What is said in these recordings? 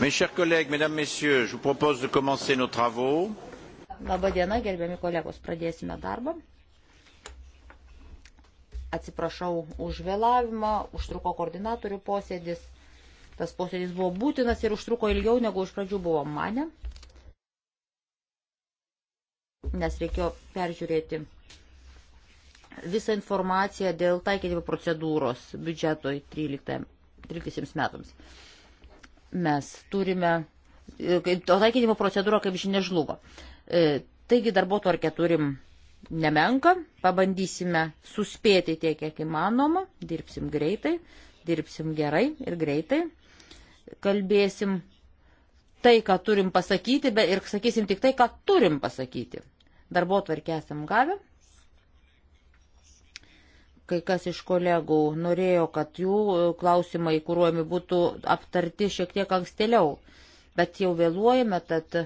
Mes chers collègues, mesdames, messieurs, je vous propose de commencer nos travaux. Labą dieną, gerbiami kolegos, pradėsime darbą. Atsiprašau už vėlavimą, užtruko koordinatorių posėdis. Tas posėdis buvo būtinas ir užtruko ilgiau, negu iš pradžių buvo mane, nes reikėjo peržiūrėti visą informaciją dėl taikytimo procedūros biudžeto 13, 13 metams mes turime, e, to taikinimo procedūra, kaip žinia, žlugo. E, taigi darbo tvarkę turim nemenka, pabandysime suspėti tiek, kiek įmanoma, dirbsim greitai, dirbsim gerai ir greitai, kalbėsim tai, ką turim pasakyti, bet ir sakysim tik tai, ką turim pasakyti. Darbo tvarkę esam gavę, kai kas iš kolegų norėjo, kad jų e, klausimai kūruojami būtų aptarti šiek tiek ankstėliau, bet jau vėluojame, tad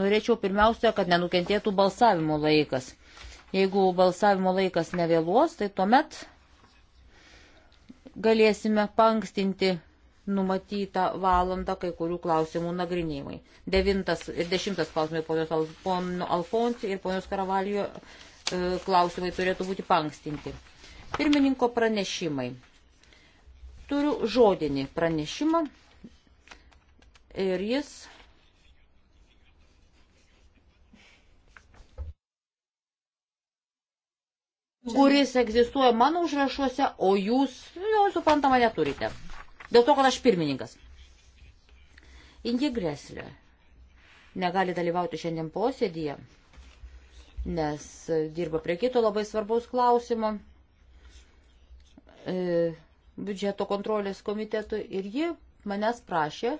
norėčiau pirmiausia, kad nenukentėtų balsavimo laikas. Jeigu balsavimo laikas nevėluos, tai tuomet galėsime pankstinti numatytą valandą kai kurių klausimų nagrinėjimai. Devintas ir dešimtas klausimai ponios Alfonsi ir ponios Karavalijo e, klausimai turėtų būti pankstinti. Pirmininko pranešimai. Turiu žodinį pranešimą ir jis. kuris egzistuoja mano užrašuose, o jūs, nu, suprantama, neturite. Dėl to, kad aš pirmininkas. Ingi Greslė negali dalyvauti šiandien posėdėje, nes dirba prie kito labai svarbaus klausimo e, biudžeto kontrolės komitetui ir ji manęs prašė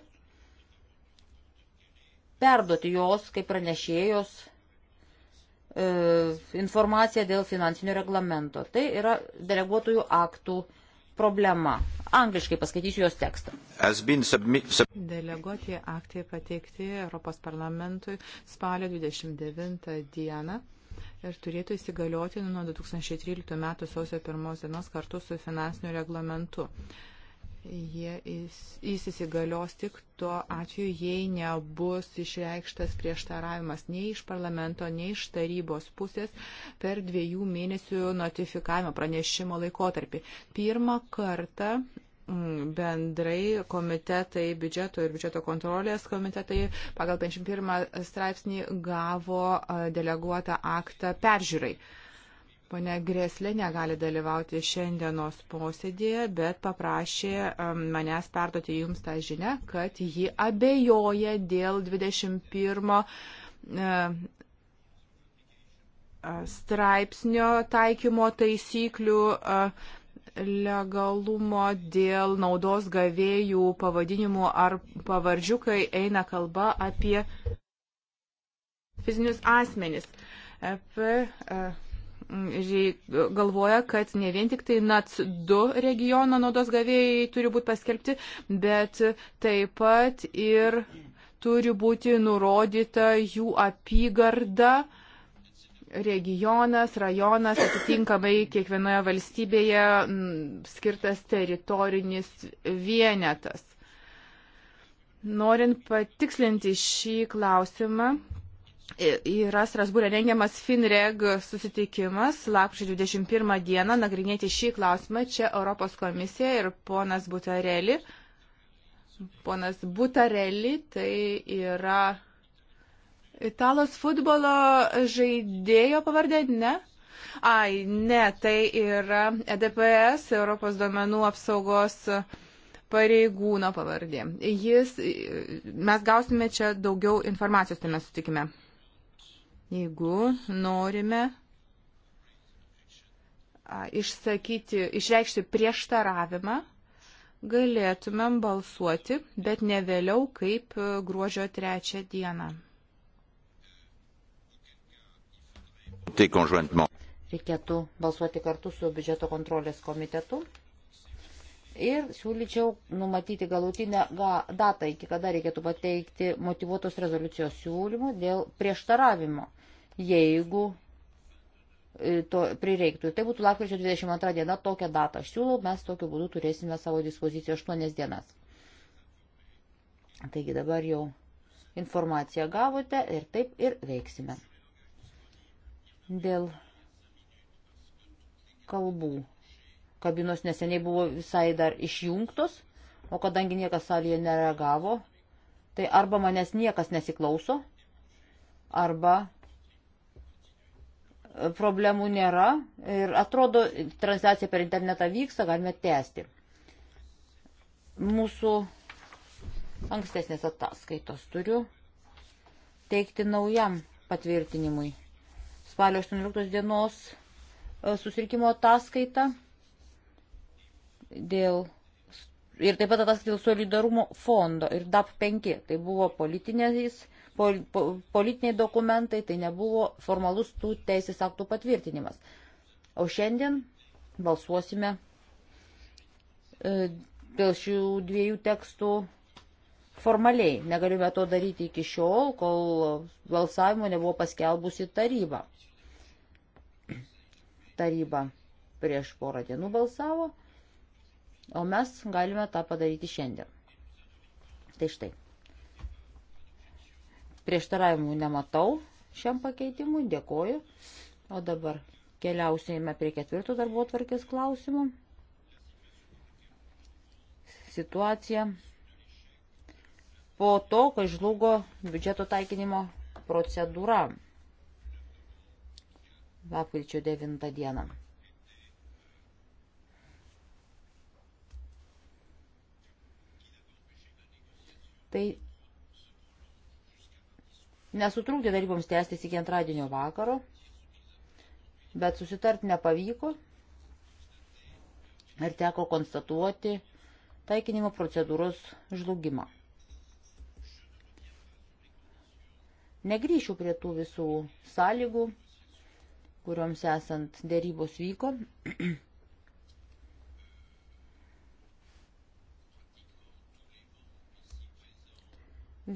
perduoti jos kaip pranešėjos e, informaciją dėl finansinio reglamento. Tai yra deleguotojų aktų problema. Angliškai paskaitysiu jos tekstą. Deleguoti aktai pateikti Europos parlamentui spalio 29 dieną ir turėtų įsigalioti nuo 2013 m. sausio 1 dienos kartu su finansiniu reglamentu. Jie, jis įsigalios tik tuo atveju, jei nebus išreikštas prieštaravimas nei iš parlamento, nei iš tarybos pusės per dviejų mėnesių notifikavimo pranešimo laikotarpį. Pirmą kartą bendrai komitetai, biudžeto ir biudžeto kontrolės komitetai pagal 51 straipsnį gavo deleguotą aktą peržiūrai. Pone Greslė negali dalyvauti šiandienos posėdėje, bet paprašė manęs perduoti jums tą žinę, kad ji abejoja dėl 21 straipsnio taikymo taisyklių. Uh, legalumo dėl naudos gavėjų pavadinimų ar pavardžių, kai eina kalba apie fizinius asmenis. EP e, galvoja, kad ne vien tik tai NAC 2 regiono naudos gavėjai turi būti paskelbti, bet taip pat ir turi būti nurodyta jų apygarda regionas, rajonas, atitinkamai kiekvienoje valstybėje skirtas teritorinis vienetas. Norint patikslinti šį klausimą, yra Strasbūrė rengiamas FinReg susitikimas, lapkričio 21 dieną, nagrinėti šį klausimą čia Europos komisija ir ponas Butareli. Ponas Butareli tai yra Italos futbolo žaidėjo pavardė, ne? Ai, ne, tai yra EDPS, Europos duomenų apsaugos pareigūno pavardė. Jis, mes gausime čia daugiau informacijos tame sutikime. Jeigu norime a, išsakyti, išreikšti prieštaravimą, galėtumėm balsuoti, bet ne vėliau kaip gruodžio trečią dieną. Reikėtų balsuoti kartu su biudžeto kontrolės komitetu. Ir siūlyčiau numatyti galutinę datą, iki kada reikėtų pateikti motivuotos rezoliucijos siūlymų dėl prieštaravimo, jeigu e, to prireiktų. Tai būtų lakryčio 22 diena, tokią datą aš siūlau, mes tokiu būdu turėsime savo dispoziciją 8 dienas. Taigi dabar jau informaciją gavote ir taip ir veiksime. Dėl kalbų. Kabinos neseniai buvo visai dar išjungtos, o kadangi niekas salėje nereagavo, tai arba manęs niekas nesiklauso, arba e, problemų nėra ir atrodo, transliacija per internetą vyksta, galime tęsti. Mūsų ankstesnės ataskaitos turiu teikti naujam patvirtinimui spalio 18 dienos e, susirkimo ataskaitą dėl ir taip pat ataskaitą dėl solidarumo fondo ir DAP 5. Tai buvo politinės, pol, politiniai dokumentai, tai nebuvo formalus tų teisės aktų patvirtinimas. O šiandien balsuosime e, dėl šių dviejų tekstų formaliai. Negalime to daryti iki šiol, kol balsavimo nebuvo paskelbusi taryba taryba prieš porą dienų balsavo, o mes galime tą padaryti šiandien. Tai štai. Prieštaravimų nematau šiam pakeitimui, dėkoju. O dabar keliausime prie ketvirto darbo tvarkės klausimų. Situacija po to, kai žlugo biudžeto taikinimo procedūra lapkričio 9 dieną. Tai nesutrūkdė daryboms tęstis iki antradienio vakaro, bet susitart nepavyko ir teko konstatuoti taikinimo procedūros žlugimą. Negryšiu prie tų visų sąlygų, kurioms esant dėrybos vyko.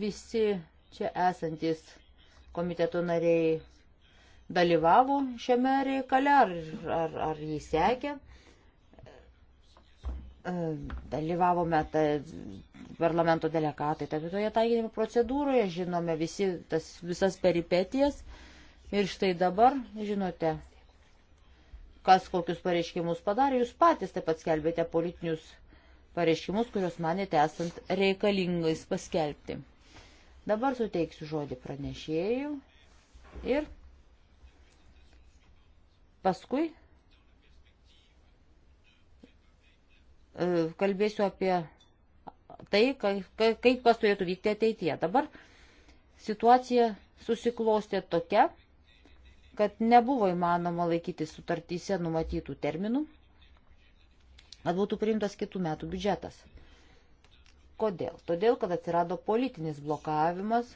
Visi čia esantis komiteto nariai dalyvavo šiame reikale ar, ar, ar jį sekė. E, dalyvavome ta, parlamento delegatai, tad toje taikinimo procedūroje žinome visi tas, visas peripetijas. E, Ir štai dabar, žinote, kas kokius pareiškimus padarė, jūs patys taip pat skelbėte politinius pareiškimus, kuriuos manėte esant reikalingais paskelbti. Dabar suteiksiu žodį pranešėjų ir paskui e, kalbėsiu apie tai, kaip kas turėtų vykti ateityje. Dabar situacija susiklostė tokia, kad nebuvo įmanoma laikyti sutartyse numatytų terminų, kad būtų priimtas kitų metų biudžetas. Kodėl? Todėl, kad atsirado politinis blokavimas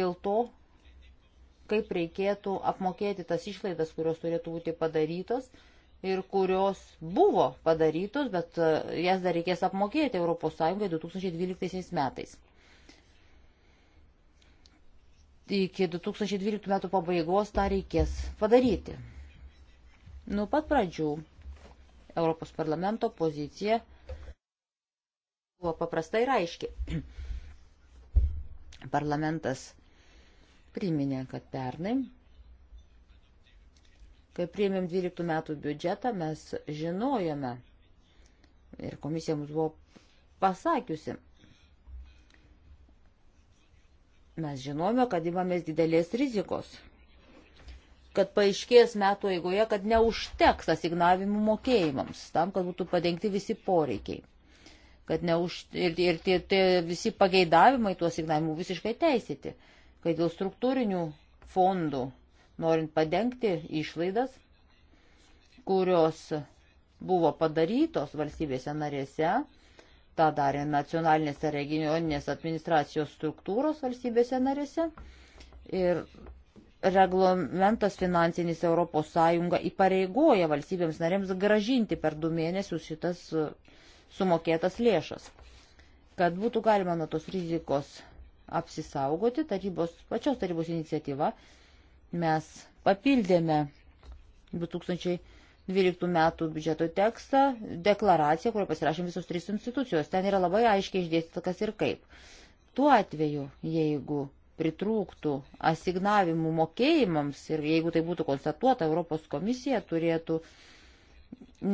dėl to, kaip reikėtų apmokėti tas išlaidas, kurios turėtų būti padarytos ir kurios buvo padarytos, bet e, jas dar reikės apmokėti ES 2012 metais iki 2012 metų pabaigos tą reikės padaryti. Nuo pat pradžių Europos parlamento pozicija buvo paprasta ir aiški. Parlamentas priminė, kad pernai, kai priėmėm 12 metų biudžetą, mes žinojome ir komisija mums buvo pasakiusi, Mes žinome, kad imamės didelės rizikos, kad paaiškės metų eigoje, kad neužteks asignavimų mokėjimams, tam, kad būtų padengti visi poreikiai. Kad neuž... Ir, ir tie, tie visi pageidavimai tų asignavimų visiškai teisėti, kad dėl struktūrinių fondų, norint padengti išlaidas, kurios buvo padarytos valstybėse narėse, tą darė nacionalinės ar regioninės administracijos struktūros valstybėse narėse. Ir reglamentas finansinis ES įpareigoja valstybėms narėms gražinti per du mėnesius šitas e, sumokėtas lėšas. Kad būtų galima nuo tos rizikos apsisaugoti, tarybos, pačios tarybos iniciatyva mes papildėme 2000. 12 metų biudžeto tekstą, deklaraciją, kurią pasirašėm visos trys institucijos. Ten yra labai aiškiai išdėstyta, kas ir kaip. Tuo atveju, jeigu pritrūktų asignavimų mokėjimams ir jeigu tai būtų konstatuota, Europos komisija turėtų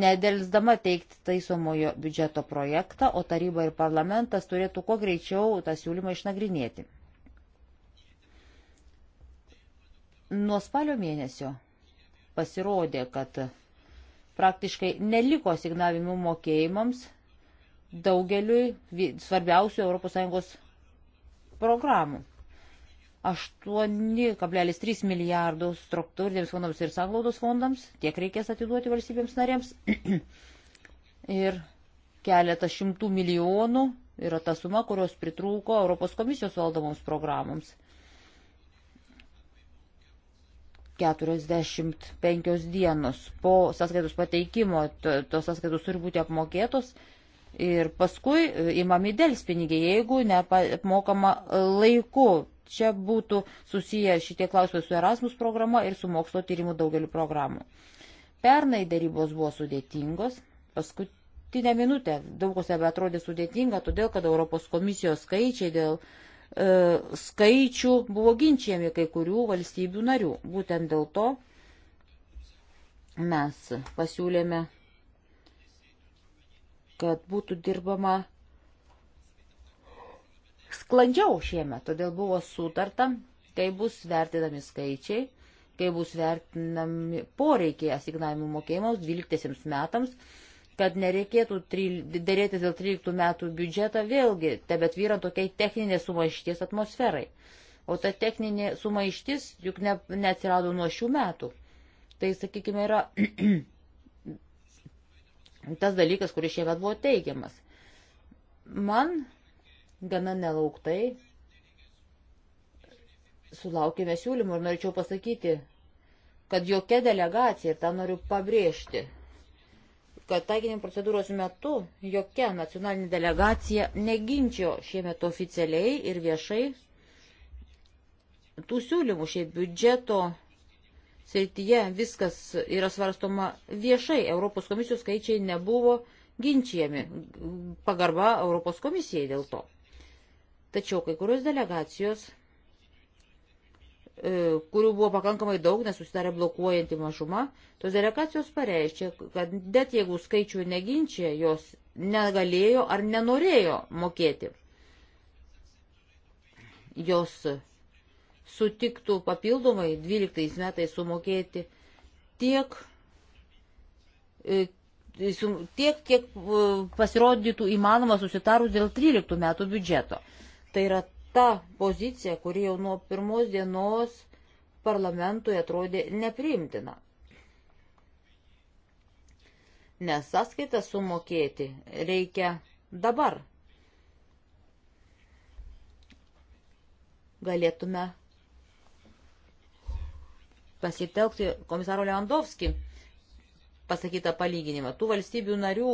nedelsdama teikti taisomojo biudžeto projektą, o taryba ir parlamentas turėtų kuo greičiau tą siūlymą išnagrinėti. Nuo spalio mėnesio pasirodė, kad praktiškai neliko signavimų mokėjimams daugeliui svarbiausių ES programų. 8,3 milijardų struktūriniams fondams ir sanglaudos fondams tiek reikės atiduoti valstybėms narėms. ir keletas šimtų milijonų yra ta suma, kurios pritrūko Europos komisijos valdomoms programoms. 45 dienos po sąskaitos pateikimo, tos sąskaitos turi būti apmokėtos ir paskui įmami e, dėlspinigiai, jeigu neapmokama e, laiku. Čia būtų susiję šitie klausimai su Erasmus programa ir su mokslo tyrimų daugeliu programų. Pernai darybos buvo sudėtingos, paskutinę minutę daug kas nebeatrodė sudėtinga, todėl kad Europos komisijos skaičiai dėl uh, E, skaičių buvo ginčiami kai kurių valstybių narių. Būtent dėl to mes pasiūlėme, kad būtų dirbama sklandžiau šiemet, todėl buvo sutarta, kai bus vertinami skaičiai, kai bus vertinami poreikiai asignavimų mokėjimams 12 metams kad nereikėtų dėrėtis dėl 13 metų biudžetą, vėlgi tebet vyra tokiai techninės sumaišties atmosferai. O ta techninė sumaištis juk ne, neatsirado nuo šių metų. Tai, sakykime, yra tas dalykas, kuris šiemet buvo teigiamas. Man gana nelauktai sulaukėme siūlymų ir norėčiau pasakyti, kad jokia delegacija, ir tą noriu pabrėžti, kad taikinimo procedūros metu jokia nacionalinė delegacija neginčio šiemet oficialiai ir viešai tų siūlymų šiaip biudžeto srityje viskas yra svarstoma viešai. Europos komisijos skaičiai nebuvo ginčiami. Pagarba Europos komisijai dėl to. Tačiau kai kurios delegacijos E, kurių buvo pakankamai daug, nes susidarė blokuojanti mažuma, tos delegacijos pareiškė, kad net jeigu skaičių neginčia, jos negalėjo ar nenorėjo mokėti. Jos sutiktų papildomai 12 metais sumokėti tiek, e, tiek, kiek e, pasirodytų įmanoma susitarus dėl 13 metų biudžeto. Tai yra ta pozicija, kuri jau nuo pirmos dienos parlamentui atrodė nepriimtina. Nes sąskaitą sumokėti reikia dabar. Galėtume pasitelkti komisaro Lewandowski pasakytą palyginimą. Tų valstybių narių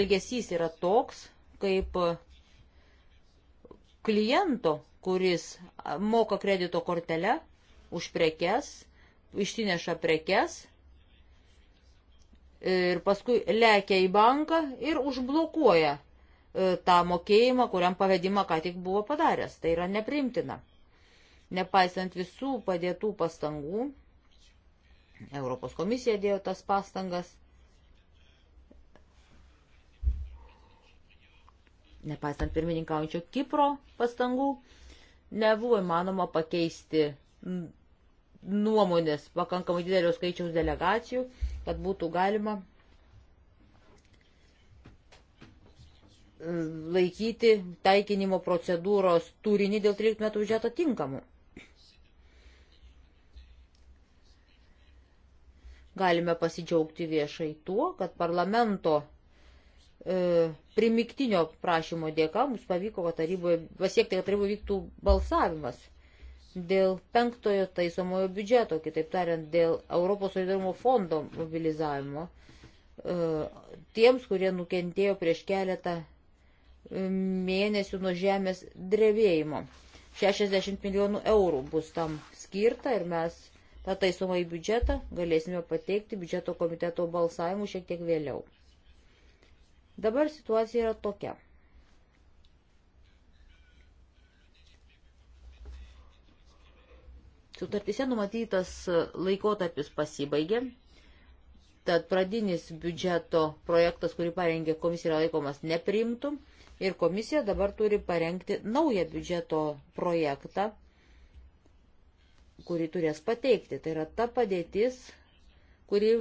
elgesys yra toks, kaip kliento, kuris moka kredito kortelę už prekes, ištineša prekes ir paskui lekia į banką ir užblokuoja e, tą mokėjimą, kuriam pavedimą ką tik buvo padaręs. Tai yra neprimtina. Nepaisant visų padėtų pastangų, Europos komisija dėjo tas pastangas, nepaisant pirmininkaujančio Kipro pastangų, nebuvo įmanoma pakeisti nuomonės pakankamai didelio skaičiaus delegacijų, kad būtų galima laikyti taikinimo procedūros turinį dėl 13 metų biudžeto tinkamų. Galime pasidžiaugti viešai tuo, kad parlamento E, primiktinio prašymo dėka mums pavyko, kad taryboje pasiekti, kad taryboje vyktų balsavimas dėl penktojo taisomojo biudžeto, kitaip tariant, dėl Europos solidarumo fondo mobilizavimo e, tiems, kurie nukentėjo prieš keletą e, mėnesių nuo žemės drevėjimo. 60 milijonų eurų bus tam skirta ir mes tą taisomą į biudžetą galėsime pateikti biudžeto komiteto balsavimu šiek tiek vėliau. Dabar situacija yra tokia. Sutartise numatytas laikotarpis pasibaigė, tad pradinis biudžeto projektas, kurį parengė komisija, yra laikomas neprimtų ir komisija dabar turi parengti naują biudžeto projektą, kurį turės pateikti. Tai yra ta padėtis, kuri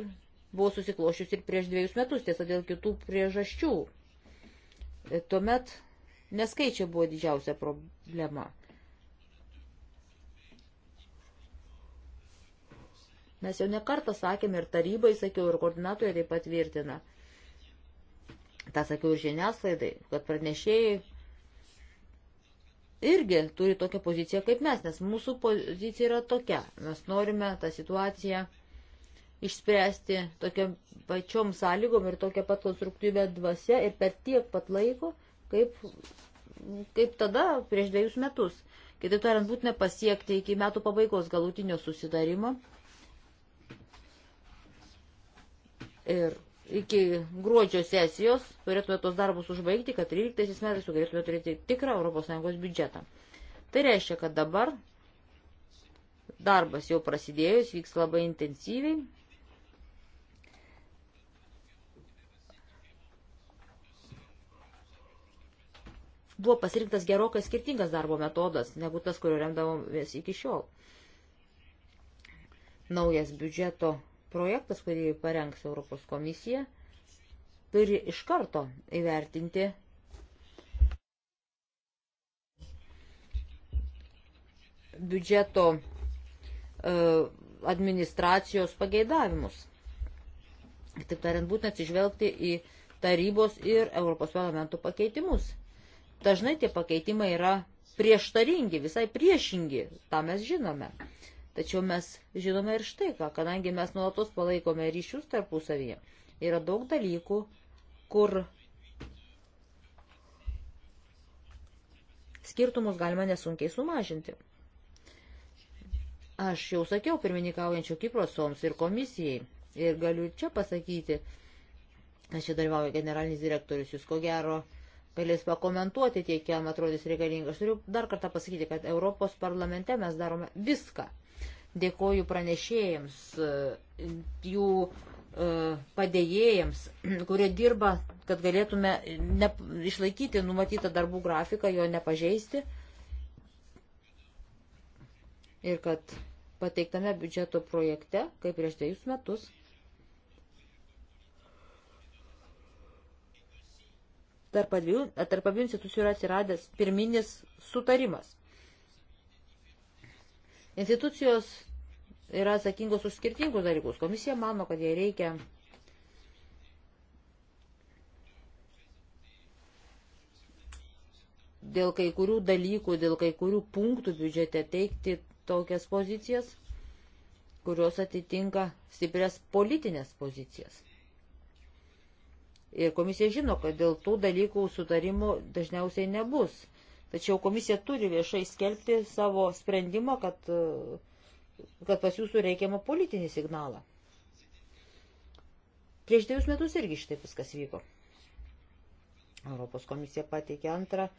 buvo susiklošius ir prieš dviejus metus, tiesa dėl kitų priežasčių. E, tuomet neskaičiai buvo didžiausia problema. Mes jau nekartą sakėme ir tarybai, sakiau, ir koordinatoriai taip pat tvirtina. Ta sakiau ir žiniasklaidai, kad pranešėjai irgi turi tokią poziciją kaip mes, nes mūsų pozicija yra tokia. Mes norime tą situaciją išspręsti tokiam pačiom sąlygom ir tokia pat konstruktyvė dvasia ir per tiek pat laiko, kaip, kaip tada prieš dviejus metus. Kitaip tariant, būtina pasiekti iki metų pabaigos galutinio susidarimo ir iki gruodžio sesijos turėtume tos darbus užbaigti, kad 13 metais jau galėtume turėti tikrą ES biudžetą. Tai reiškia, kad dabar darbas jau prasidėjus, vyks labai intensyviai buvo pasirinktas gerokai skirtingas darbo metodas negu tas, kurio remdavomės iki šiol. Naujas biudžeto projektas, kurį parengs Europos komisija, turi iš karto įvertinti biudžeto e, administracijos pageidavimus. Taip tariant, būtent atsižvelgti į tarybos ir Europos parlamento pakeitimus dažnai tie pakeitimai yra prieštaringi, visai priešingi, tą mes žinome. Tačiau mes žinome ir štai ką, kadangi mes nuolatos palaikome ryšius tarpusavyje, yra daug dalykų, kur skirtumus galima nesunkiai sumažinti. Aš jau sakiau pirmininkaujančio Kiprosoms ir komisijai, ir galiu čia pasakyti, aš čia dalyvauju generalinis direktorius, jūs ko gero galės pakomentuoti tiek, jam atrodys reikalinga. Aš turiu dar kartą pasakyti, kad Europos parlamente mes darome viską. Dėkoju pranešėjams, jų e, padėjėjams, kurie dirba, kad galėtume ne, išlaikyti numatytą darbų grafiką, jo nepažeisti. Ir kad pateiktame biudžeto projekte, kaip prieš dviejus metus, Tarp abiejų, tarp abiejų institucijų yra atsiradęs pirminis sutarimas. Institucijos yra atsakingos už skirtingus dalykus. Komisija mano, kad jai reikia dėl kai kurių dalykų, dėl kai kurių punktų biudžete teikti tokias pozicijas, kurios atitinka stiprias politinės pozicijas. Ir komisija žino, kad dėl tų dalykų sutarimo dažniausiai nebus. Tačiau komisija turi viešai skelbti savo sprendimą, kad, kad pasiūsų reikiamą politinį signalą. Prieš dviejus metus irgi šitai viskas vyko. Europos komisija pateikė antrą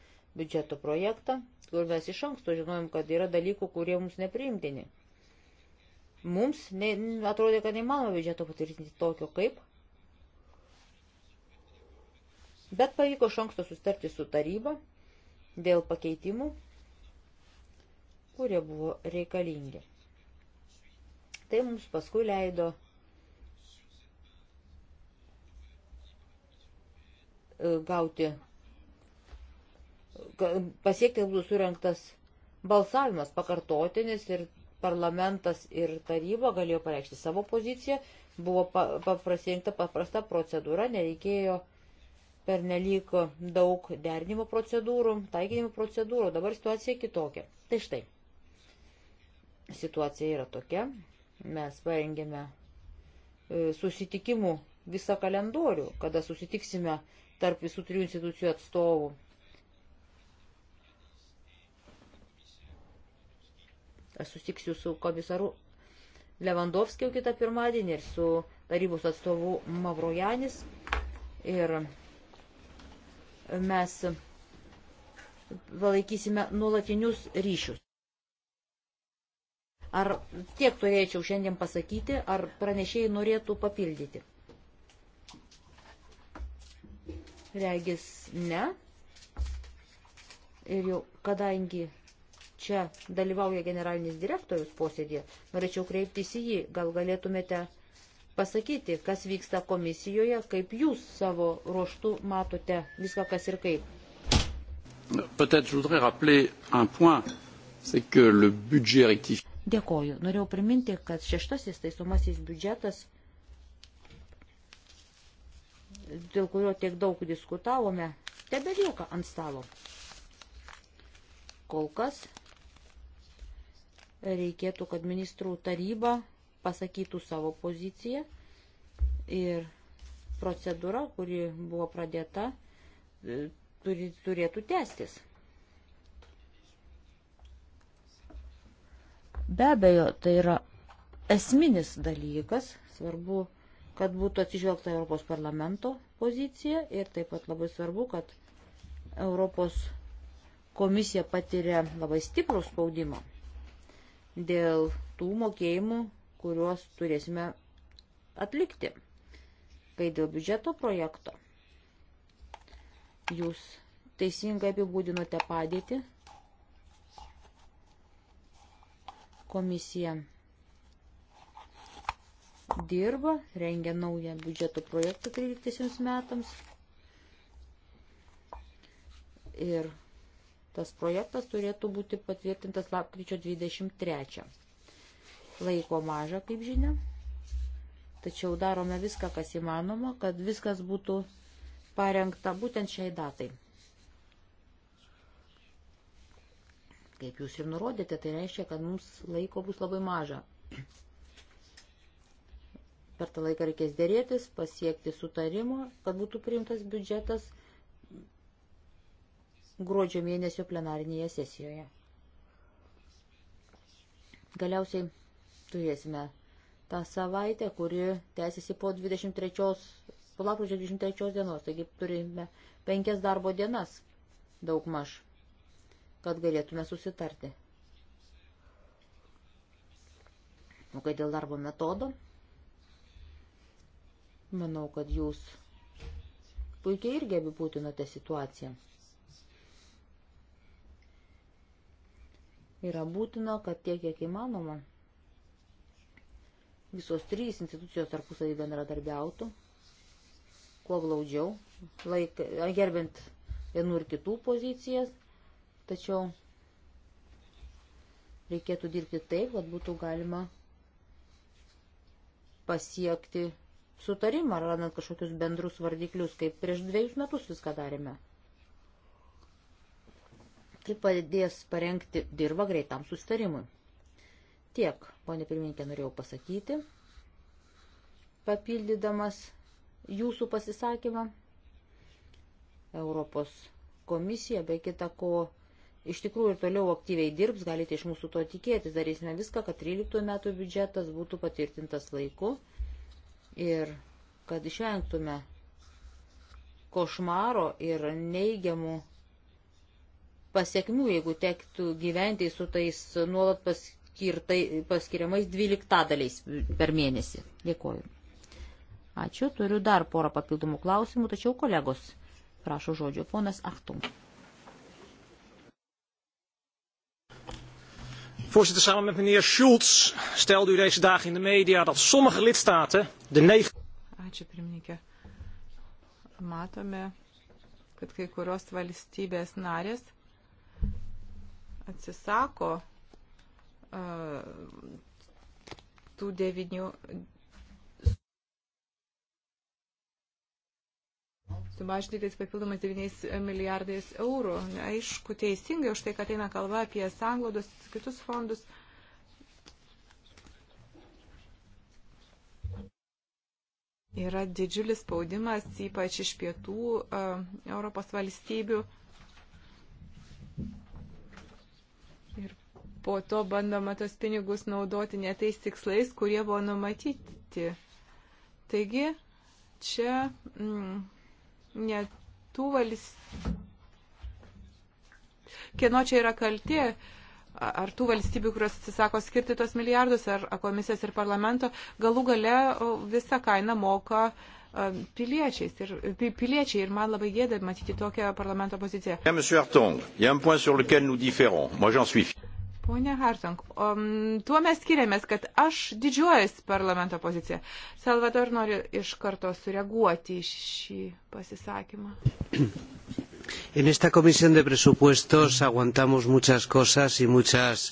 biudžeto projektą, kur mes iš anksto žinojom, kad yra dalykų, kurie mums nepriimtini. Mums ne, atrodė, kad neįmanoma biudžeto patvirtinti tokio kaip Bet pavyko iš anksto sustarti su taryba dėl pakeitimų, kurie buvo reikalingi. Tai mums paskui leido e, gauti, pasiekti būtų surinktas balsavimas pakartotinis ir parlamentas ir taryba galėjo pareikšti savo poziciją, buvo paprasirinkta paprasta procedūra, nereikėjo pernelyg daug derinimo procedūrų, taikinimo procedūrų, dabar situacija kitokia. Tai štai, situacija yra tokia, mes parengėme e, susitikimų visą kalendorių, kada susitiksime tarp visų trijų institucijų atstovų. Aš susitiksiu su komisaru Levandovskiu kitą pirmadienį ir su tarybos atstovu Mavrojanis. Ir mes palaikysime nuolatinius ryšius. Ar tiek turėčiau šiandien pasakyti, ar pranešėjai norėtų papildyti? Regis ne. Ir jau kadangi čia dalyvauja generalinis direktorius posėdėje, norėčiau kreiptis į jį, gal galėtumėte pasakyti, kas vyksta komisijoje, kaip jūs savo ruoštų matote viską, kas ir kaip. Dėkoju. Norėjau priminti, kad šeštasis taisomasis biudžetas, dėl kurio tiek daug diskutavome, tebelieka ant stalo. Kol kas reikėtų, kad ministrų taryba pasakytų savo poziciją ir procedūra, kuri buvo pradėta, e, turi, turėtų tęstis. Be abejo, tai yra esminis dalykas, svarbu, kad būtų atsižvelgta Europos parlamento pozicija ir taip pat labai svarbu, kad Europos komisija patiria labai stiprų spaudimą dėl tų mokėjimų kuriuos turėsime atlikti, kai dėl biudžeto projekto jūs teisingai apibūdinote padėtį. Komisija dirba, rengia naują biudžeto projektą 13 metams. Ir tas projektas turėtų būti patvirtintas lapkričio 23. Laiko maža, kaip žinia. Tačiau darome viską, kas įmanoma, kad viskas būtų parengta būtent šiai datai. Kaip jūs ir nurodėte, tai reiškia, kad mums laiko bus labai maža. Per tą laiką reikės dėrėtis, pasiekti sutarimo, kad būtų priimtas biudžetas gruodžio mėnesio plenarinėje sesijoje. Galiausiai turėsime tą savaitę, kuri tęsiasi po 23, po lapkričio 23 dienos, taigi turime penkias darbo dienas daugmaž, kad galėtume susitarti. O kai dėl darbo metodo, manau, kad jūs puikiai irgi apibūtinote situaciją. Yra būtina, kad tiek, kiek įmanoma, visos trys institucijos tarpusavį bendradarbiautų, kuo glaudžiau, laik, gerbint vienų ir kitų pozicijas, tačiau reikėtų dirbti taip, kad būtų galima pasiekti sutarimą ar randant kažkokius bendrus vardiklius, kaip prieš dviejus metus viską darėme. Tai padės parengti dirbą greitam sustarimui. Tiek, ponė pirmininkė, norėjau pasakyti, papildydamas jūsų pasisakymą. Europos komisija, be kita ko, iš tikrųjų ir toliau aktyviai dirbs, galite iš mūsų to tikėtis, darysime viską, kad 13 metų biudžetas būtų patvirtintas laiku ir kad išvengtume košmaro ir neigiamų pasiekmių, jeigu tektų gyventi su tais nuolat pas, paskirtai, paskiriamais dvyliktadaliais per mėnesį. Dėkuoju. Ačiū. Turiu dar porą papildomų klausimų, tačiau kolegos prašo žodžio. Ponas Achtum. Voorzitter, samen met meneer Schulz stelde u deze dagen in de media dat sommige lidstaten de negen. Ačiū, pirmininkė. Matome, kad kai kurios valstybės narės atsisako tų devinių. Sumažinti tais papildomais 9 milijardais eurų. Aišku, teisingai už tai, kad eina kalba apie sanglodus, kitus fondus. Yra didžiulis spaudimas, ypač iš pietų uh, Europos valstybių. Uh, po to bandoma tos pinigus naudoti ne tais tikslais, kurie buvo numatyti. Taigi čia mm, ne tų valstybių. Kieno čia yra kalti? Ar tų valstybių, kurios atsisako skirti tos milijardus, ar komisijos ir parlamento, galų gale visą kainą moka piliečiais ir piliečiai ir man labai gėda matyti tokią parlamento poziciją. Pone Hartung, um, tuo mes skiriamės, kad aš didžiuojas parlamento poziciją. Salvador nori iš karto sureaguoti į šį pasisakymą. En esta comisión de presupuestos aguantamos muchas cosas y muchas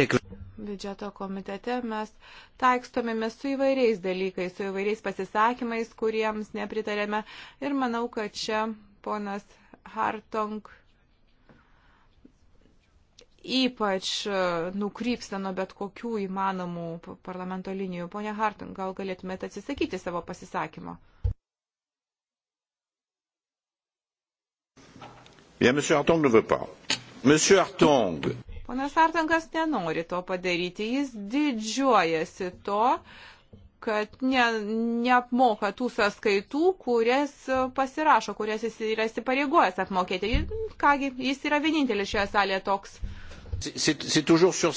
declaraciones biudžeto komitete mes taikstomėmės su įvairiais dalykais, su įvairiais pasisakymais, kuriems nepritarėme. Ir manau, kad čia ponas Hartong ypač e, nukrypsta nuo bet kokių įmanomų parlamento linijų. Pone Hartung, gal galėtumėte atsisakyti savo pasisakymo? Bien, monsieur Hartung ne veut pas. Monsieur Hartung. Ponas Hartungas nenori to padaryti. Jis didžiuojasi to, kad ne, neapmoka tų sąskaitų, kurias e, pasirašo, kurias jis yra įsipareigojęs apmokėti. Kągi, jis yra vienintelis šioje salėje toks. C'est toujours sur.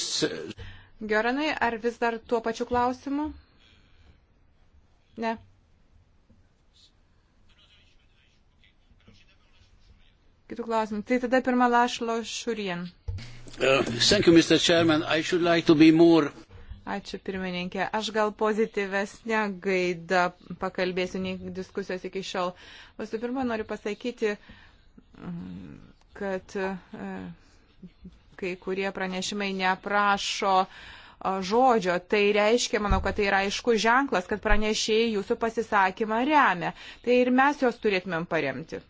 Geranai, ar vis dar tuo pačiu klausimu? Ne. Kitų klausimų. Tai tada pirma Lašlo Šurien. Uh, you, like more... Ačiū pirmininkė. Aš gal pozityvesnę gaidą pakalbėsiu nei diskusijos iki šiol. Visų pirma, noriu pasakyti, mm, kad. Uh, kai kurie pranešimai neprašo žodžio. Tai reiškia, manau, kad tai yra aišku ženklas, kad pranešėjai jūsų pasisakymą remia. Tai ir mes juos turėtumėm paremti.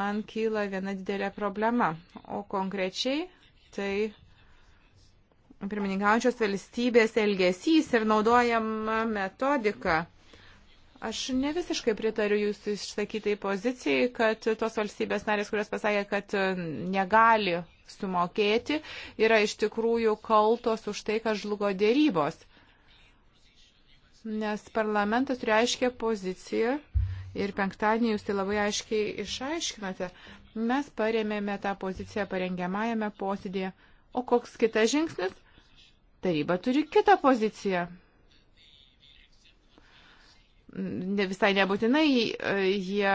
Man kyla viena didelė problema, o konkrečiai tai pirmininkaujančios valstybės elgesys ir naudojama metodika. Aš ne visiškai pritariu jūsų išsakytai pozicijai, kad tos valstybės narės, kurios pasakė, kad negali sumokėti, yra iš tikrųjų kaltos už tai, kad žlugo dėrybos. Nes parlamentas turi aiškę poziciją ir penktadienį jūs tai labai aiškiai išaiškinote. Mes paremėme tą poziciją parengiamajame posėdėje. O koks kitas žingsnis? Taryba turi kitą poziciją. Ne, visai nebūtinai e, jie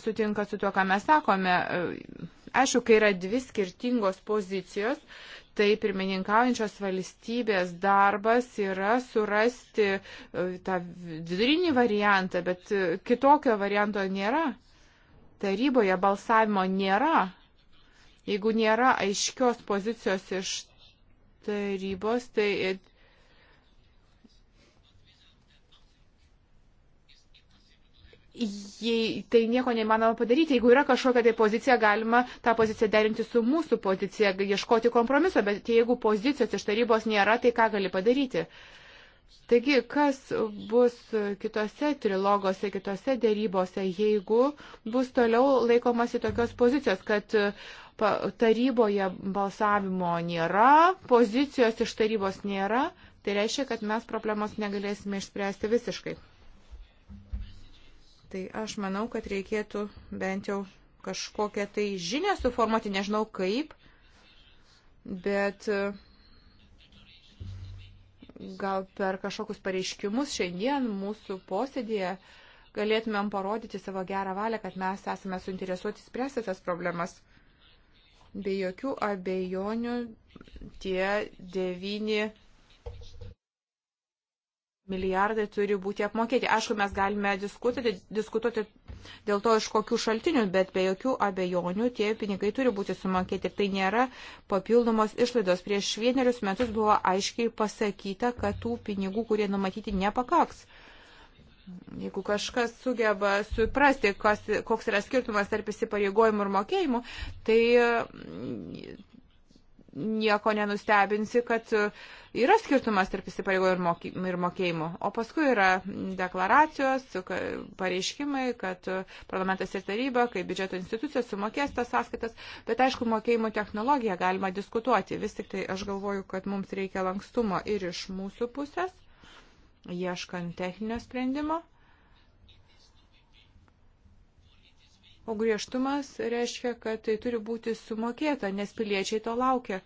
sutinka su tuo, ką mes sakome e, Aišku, kai yra dvi skirtingos pozicijos, tai pirmininkaujančios valstybės darbas yra surasti e, tą vidurinį variantą, bet e, kitokio varianto nėra. Taryboje balsavimo nėra. Jeigu nėra aiškios pozicijos iš tarybos, tai e, jei tai nieko neįmanoma padaryti. Jeigu yra kažkokia tai pozicija, galima tą poziciją derinti su mūsų pozicija, ieškoti kompromiso, bet jeigu pozicijos iš tarybos nėra, tai ką gali padaryti? Taigi, kas bus kitose trilogose, kitose dėrybose, jeigu bus toliau laikomasi tokios pozicijos, kad taryboje balsavimo nėra, pozicijos iš tarybos nėra, tai reiškia, kad mes problemos negalėsime išspręsti visiškai. Tai aš manau, kad reikėtų bent jau kažkokią tai žinią suformuoti, nežinau kaip, bet e, gal per kažkokius pareiškimus šiandien mūsų posėdėje galėtumėm parodyti savo gerą valią, kad mes esame suinteresuoti spręsti tas problemas. Be jokių abejonių tie devyni milijardai turi būti apmokėti. Aišku, mes galime diskutuoti, diskutuoti dėl to, iš kokių šaltinių, bet be jokių abejonių tie pinigai turi būti sumokėti. Tai nėra papildomos išlaidos. Prieš vienerius metus buvo aiškiai pasakyta, kad tų pinigų, kurie numatyti, nepakaks. Jeigu kažkas sugeba suprasti, kas, koks yra skirtumas tarp įsipareigojimų ir mokėjimų, tai nieko nenustebinsi, kad e, yra skirtumas tarp įsipareigojimų ir mokėjimų. O paskui yra deklaracijos, pareiškimai, kad e, parlamentas ir taryba, kaip biudžeto institucijos, sumokės tas sąskaitas, bet aišku, mokėjimų technologiją galima diskutuoti. Vis tik tai aš galvoju, kad mums reikia lankstumo ir iš mūsų pusės, ieškant techninio sprendimo. O griežtumas reiškia, kad tai turi būti sumokėta, nes piliečiai to laukia.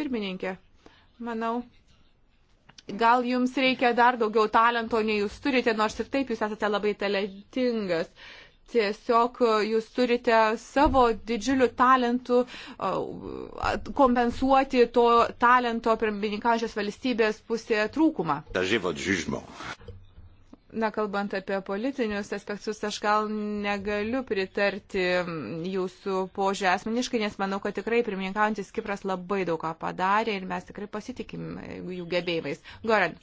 Pirmininkė, manau, gal jums reikia dar daugiau talento, nei jūs turite, nors ir taip jūs esate labai talentingas. Tiesiog jūs turite savo didžiuliu talentu kompensuoti to talento pirmininkančios valstybės pusėje trūkumą. Na, kalbant apie politinius aspektus, aš gal negaliu pritarti jūsų požiūrį asmeniškai, nes manau, kad tikrai pirmininkaujantis Kipras labai daug ką padarė ir mes tikrai pasitikim jų gebėjimais. Goran.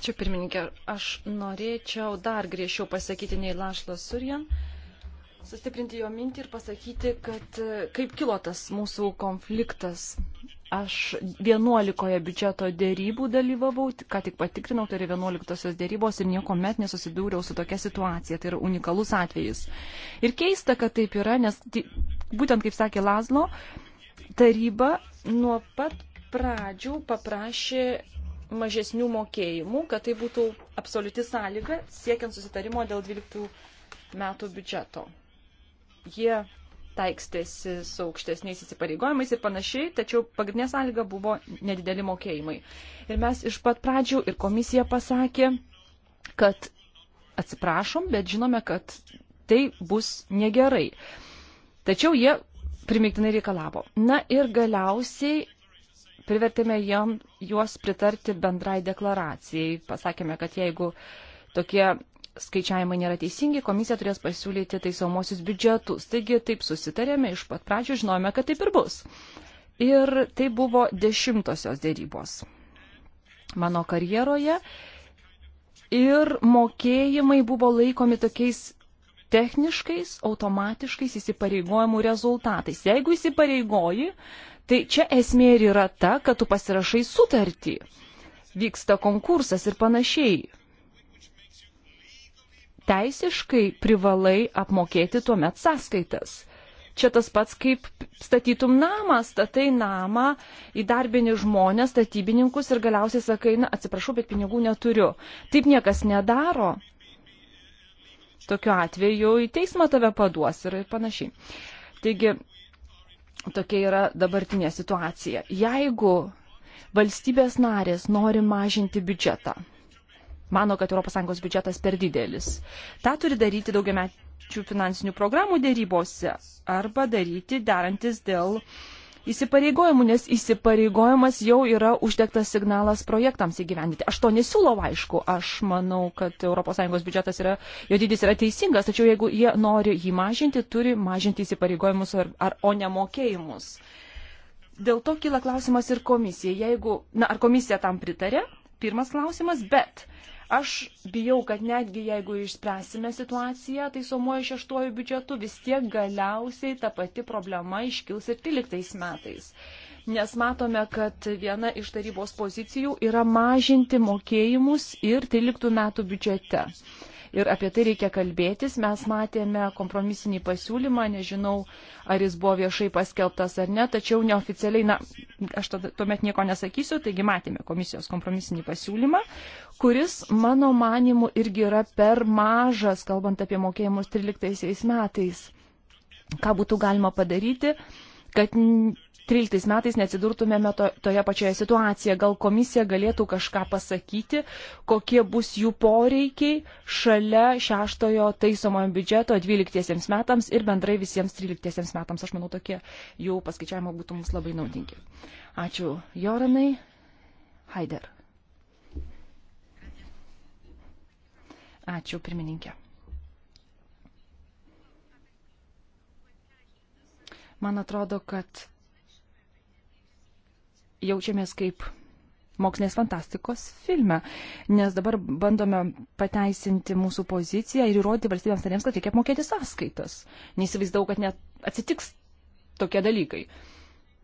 Ačiū pirmininkė. Aš norėčiau dar griežčiau pasakyti nei Lašlas Surjan. Uh, sustiprinti jo mintį ir pasakyti, kad e, kaip kilo tas mūsų konfliktas. Aš 11 biudžeto dėrybų dalyvavau, ką tik patikrinau, tai yra 11 dėrybos ir nieko met nesusidūriau su tokia situacija. Tai yra unikalus atvejis. Ir keista, kad taip yra, nes būtent kaip sakė Lazlo, taryba nuo pat pradžių paprašė mažesnių mokėjimų, kad tai būtų absoliuti sąlyga siekiant susitarimo dėl 12 metų biudžeto jie taikstėsi su aukštesniais įsipareigojimais ir panašiai, tačiau pagrindinė sąlyga buvo nedideli mokėjimai. Ir mes iš pat pradžių ir komisija pasakė, kad atsiprašom, bet žinome, kad tai bus negerai. Tačiau jie primiktinai reikalavo. Na ir galiausiai privertėme jam, juos pritarti bendrai deklaracijai. Pasakėme, kad jeigu tokie skaičiavimai nėra teisingi, komisija turės pasiūlyti taisomosius biudžetus. Taigi taip susitarėme iš pat pradžių, žinojome, kad taip ir bus. Ir tai buvo dešimtosios dėrybos mano karjeroje. Ir mokėjimai buvo laikomi tokiais techniškais, automatiškais įsipareigojimų rezultatais. Jeigu įsipareigoji, tai čia esmė ir yra ta, kad tu pasirašai sutartį vyksta konkursas ir panašiai teisiškai privalai apmokėti tuomet sąskaitas. Čia tas pats, kaip statytum namą, statai namą, įdarbini žmonės, statybininkus ir galiausiai sakai, na atsiprašau, bet pinigų neturiu. Taip niekas nedaro. Tokiu atveju į teismą tave paduos ir panašiai. Taigi, tokia yra dabartinė situacija. Jeigu valstybės narės nori mažinti biudžetą, mano, kad ES biudžetas per didelis. Ta turi daryti daugiamečių finansinių programų dėrybose arba daryti derantis dėl įsipareigojimų, nes įsipareigojimas jau yra uždegtas signalas projektams įgyvendyti. Aš to nesiūlau, aišku, aš manau, kad ES biudžetas yra, jo dydis yra teisingas, tačiau jeigu jie nori jį mažinti, turi mažinti įsipareigojimus ar, ar o nemokėjimus. Dėl to kyla klausimas ir komisijai. Jeigu, na, ar komisija tam pritarė? Pirmas klausimas, bet Aš bijau, kad netgi jeigu išspręsime situaciją, tai somuoju šeštuoju biudžetu, vis tiek galiausiai ta pati problema iškils ir 13 metais. Nes matome, kad viena iš tarybos pozicijų yra mažinti mokėjimus ir 13 metų biudžete ir apie tai reikia kalbėtis. Mes matėme kompromisinį pasiūlymą, nežinau, ar jis buvo viešai paskelbtas ar ne, tačiau neoficialiai, na, aš tada, tuomet nieko nesakysiu, taigi matėme komisijos kompromisinį pasiūlymą, kuris, mano manimu, irgi yra per mažas, kalbant apie mokėjimus 13 metais. Ką būtų galima padaryti, kad 2013 metais neatsidurtumėme to, toje pačioje situacijoje. Gal komisija galėtų kažką pasakyti, kokie bus jų poreikiai šalia šeštojo taisomojo biudžeto 12 metams ir bendrai visiems 13 metams. Aš manau, tokie jų paskaičiavimo būtų mums labai naudingi. Ačiū Joranai. Haider. Ačiū pirmininkė. Man atrodo, kad jaučiamės kaip mokslinės fantastikos filme, nes dabar bandome pateisinti mūsų poziciją ir įrodyti valstybėms narėms, kad reikia apmokėti sąskaitas. Neįsivaizdavau, kad net atsitiks tokie dalykai.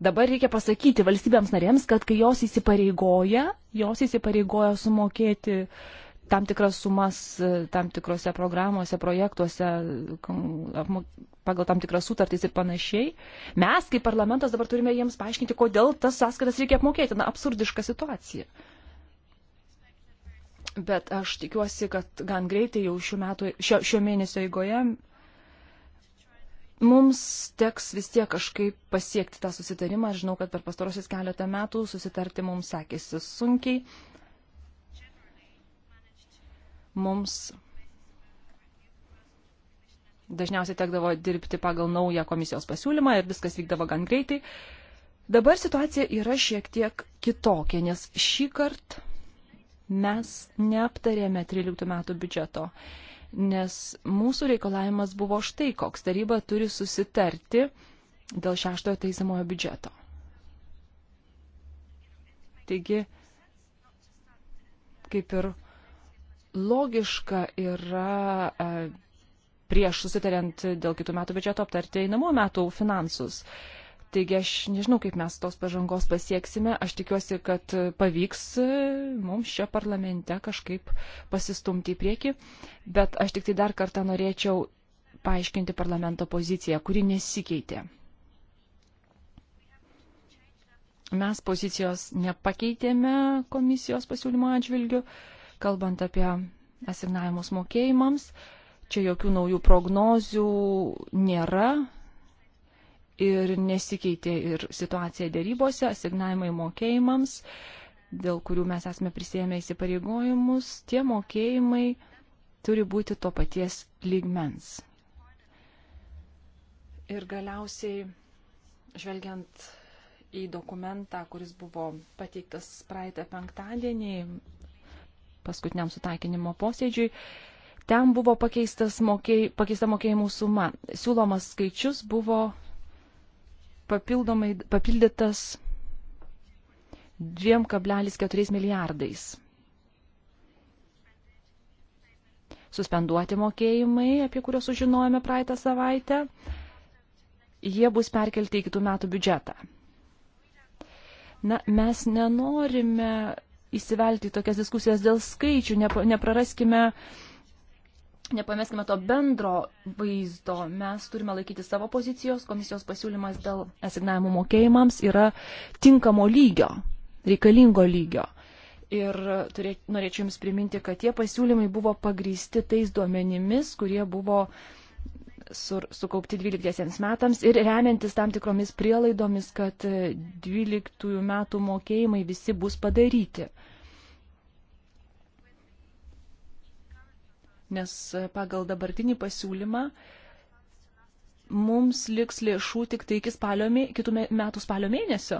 Dabar reikia pasakyti valstybėms narėms, kad kai jos įsipareigoja, jos įsipareigoja sumokėti uh, tam tikras sumas e, tam tikrose programuose, projektuose, pagal tam tikras sutartys ir panašiai. Mes, kaip parlamentas, dabar turime jiems paaiškinti, kodėl tas sąskaitas reikia apmokėti. Na, absurdiška situacija. Bet aš tikiuosi, kad gan greitai jau šių metų, šio, šio mėnesio eigoje mums teks vis tiek kažkaip pasiekti tą susitarimą. Aš žinau, kad per pastarosius keletą metų susitarti mums sekėsi sunkiai mums dažniausiai tekdavo dirbti pagal naują komisijos pasiūlymą ir viskas vykdavo gan greitai. Dabar situacija yra šiek tiek kitokia, nes šį kartą mes neaptarėme 13 metų biudžeto, nes mūsų reikalavimas buvo štai koks. Taryba turi susitarti dėl šeštojo teisamojo biudžeto. Taigi, kaip ir logiška yra e, prieš susitariant dėl kitų metų biudžeto aptarti einamų metų finansus. Taigi aš nežinau, kaip mes tos pažangos pasieksime. Aš tikiuosi, kad pavyks e, mums čia parlamente kažkaip pasistumti į priekį. Bet aš tik tai dar kartą norėčiau paaiškinti parlamento poziciją, kuri nesikeitė. Mes pozicijos nepakeitėme komisijos pasiūlymo atžvilgiu. Uh, Kalbant apie asignavimus mokėjimams, čia jokių naujų prognozių nėra ir nesikeitė ir situacija dėrybose, asignavimai mokėjimams, dėl kurių mes esame prisėmę įsipareigojimus, tie mokėjimai turi būti to paties lygmens. Ir galiausiai, žvelgiant į dokumentą, kuris buvo pateiktas praeitą penktadienį, paskutiniam sutaikinimo posėdžiui. Ten buvo mokėj, pakeista mokėjimų suma. Siūlomas skaičius buvo papildytas 2,4 milijardais. Suspenduoti mokėjimai, apie kuriuos sužinojome praeitą savaitę, jie bus perkelti į kitų metų biudžetą. Na, mes nenorime įsivelti į tokias diskusijas dėl skaičių, nepraraskime. Nepameskime to bendro vaizdo. Mes turime laikyti savo pozicijos. Komisijos pasiūlymas dėl asignavimų mokėjimams yra tinkamo lygio, reikalingo lygio. Ir turėt, norėčiau Jums priminti, kad tie pasiūlymai buvo pagrysti tais duomenimis, kurie buvo uh, sur, sukaupti 12 metams ir remiantis tam tikromis prielaidomis, kad 12 metų mokėjimai visi bus padaryti. Nes pagal dabartinį pasiūlymą mums liks lėšų tik tai iki spalio, kitų metų spalio mėnesio.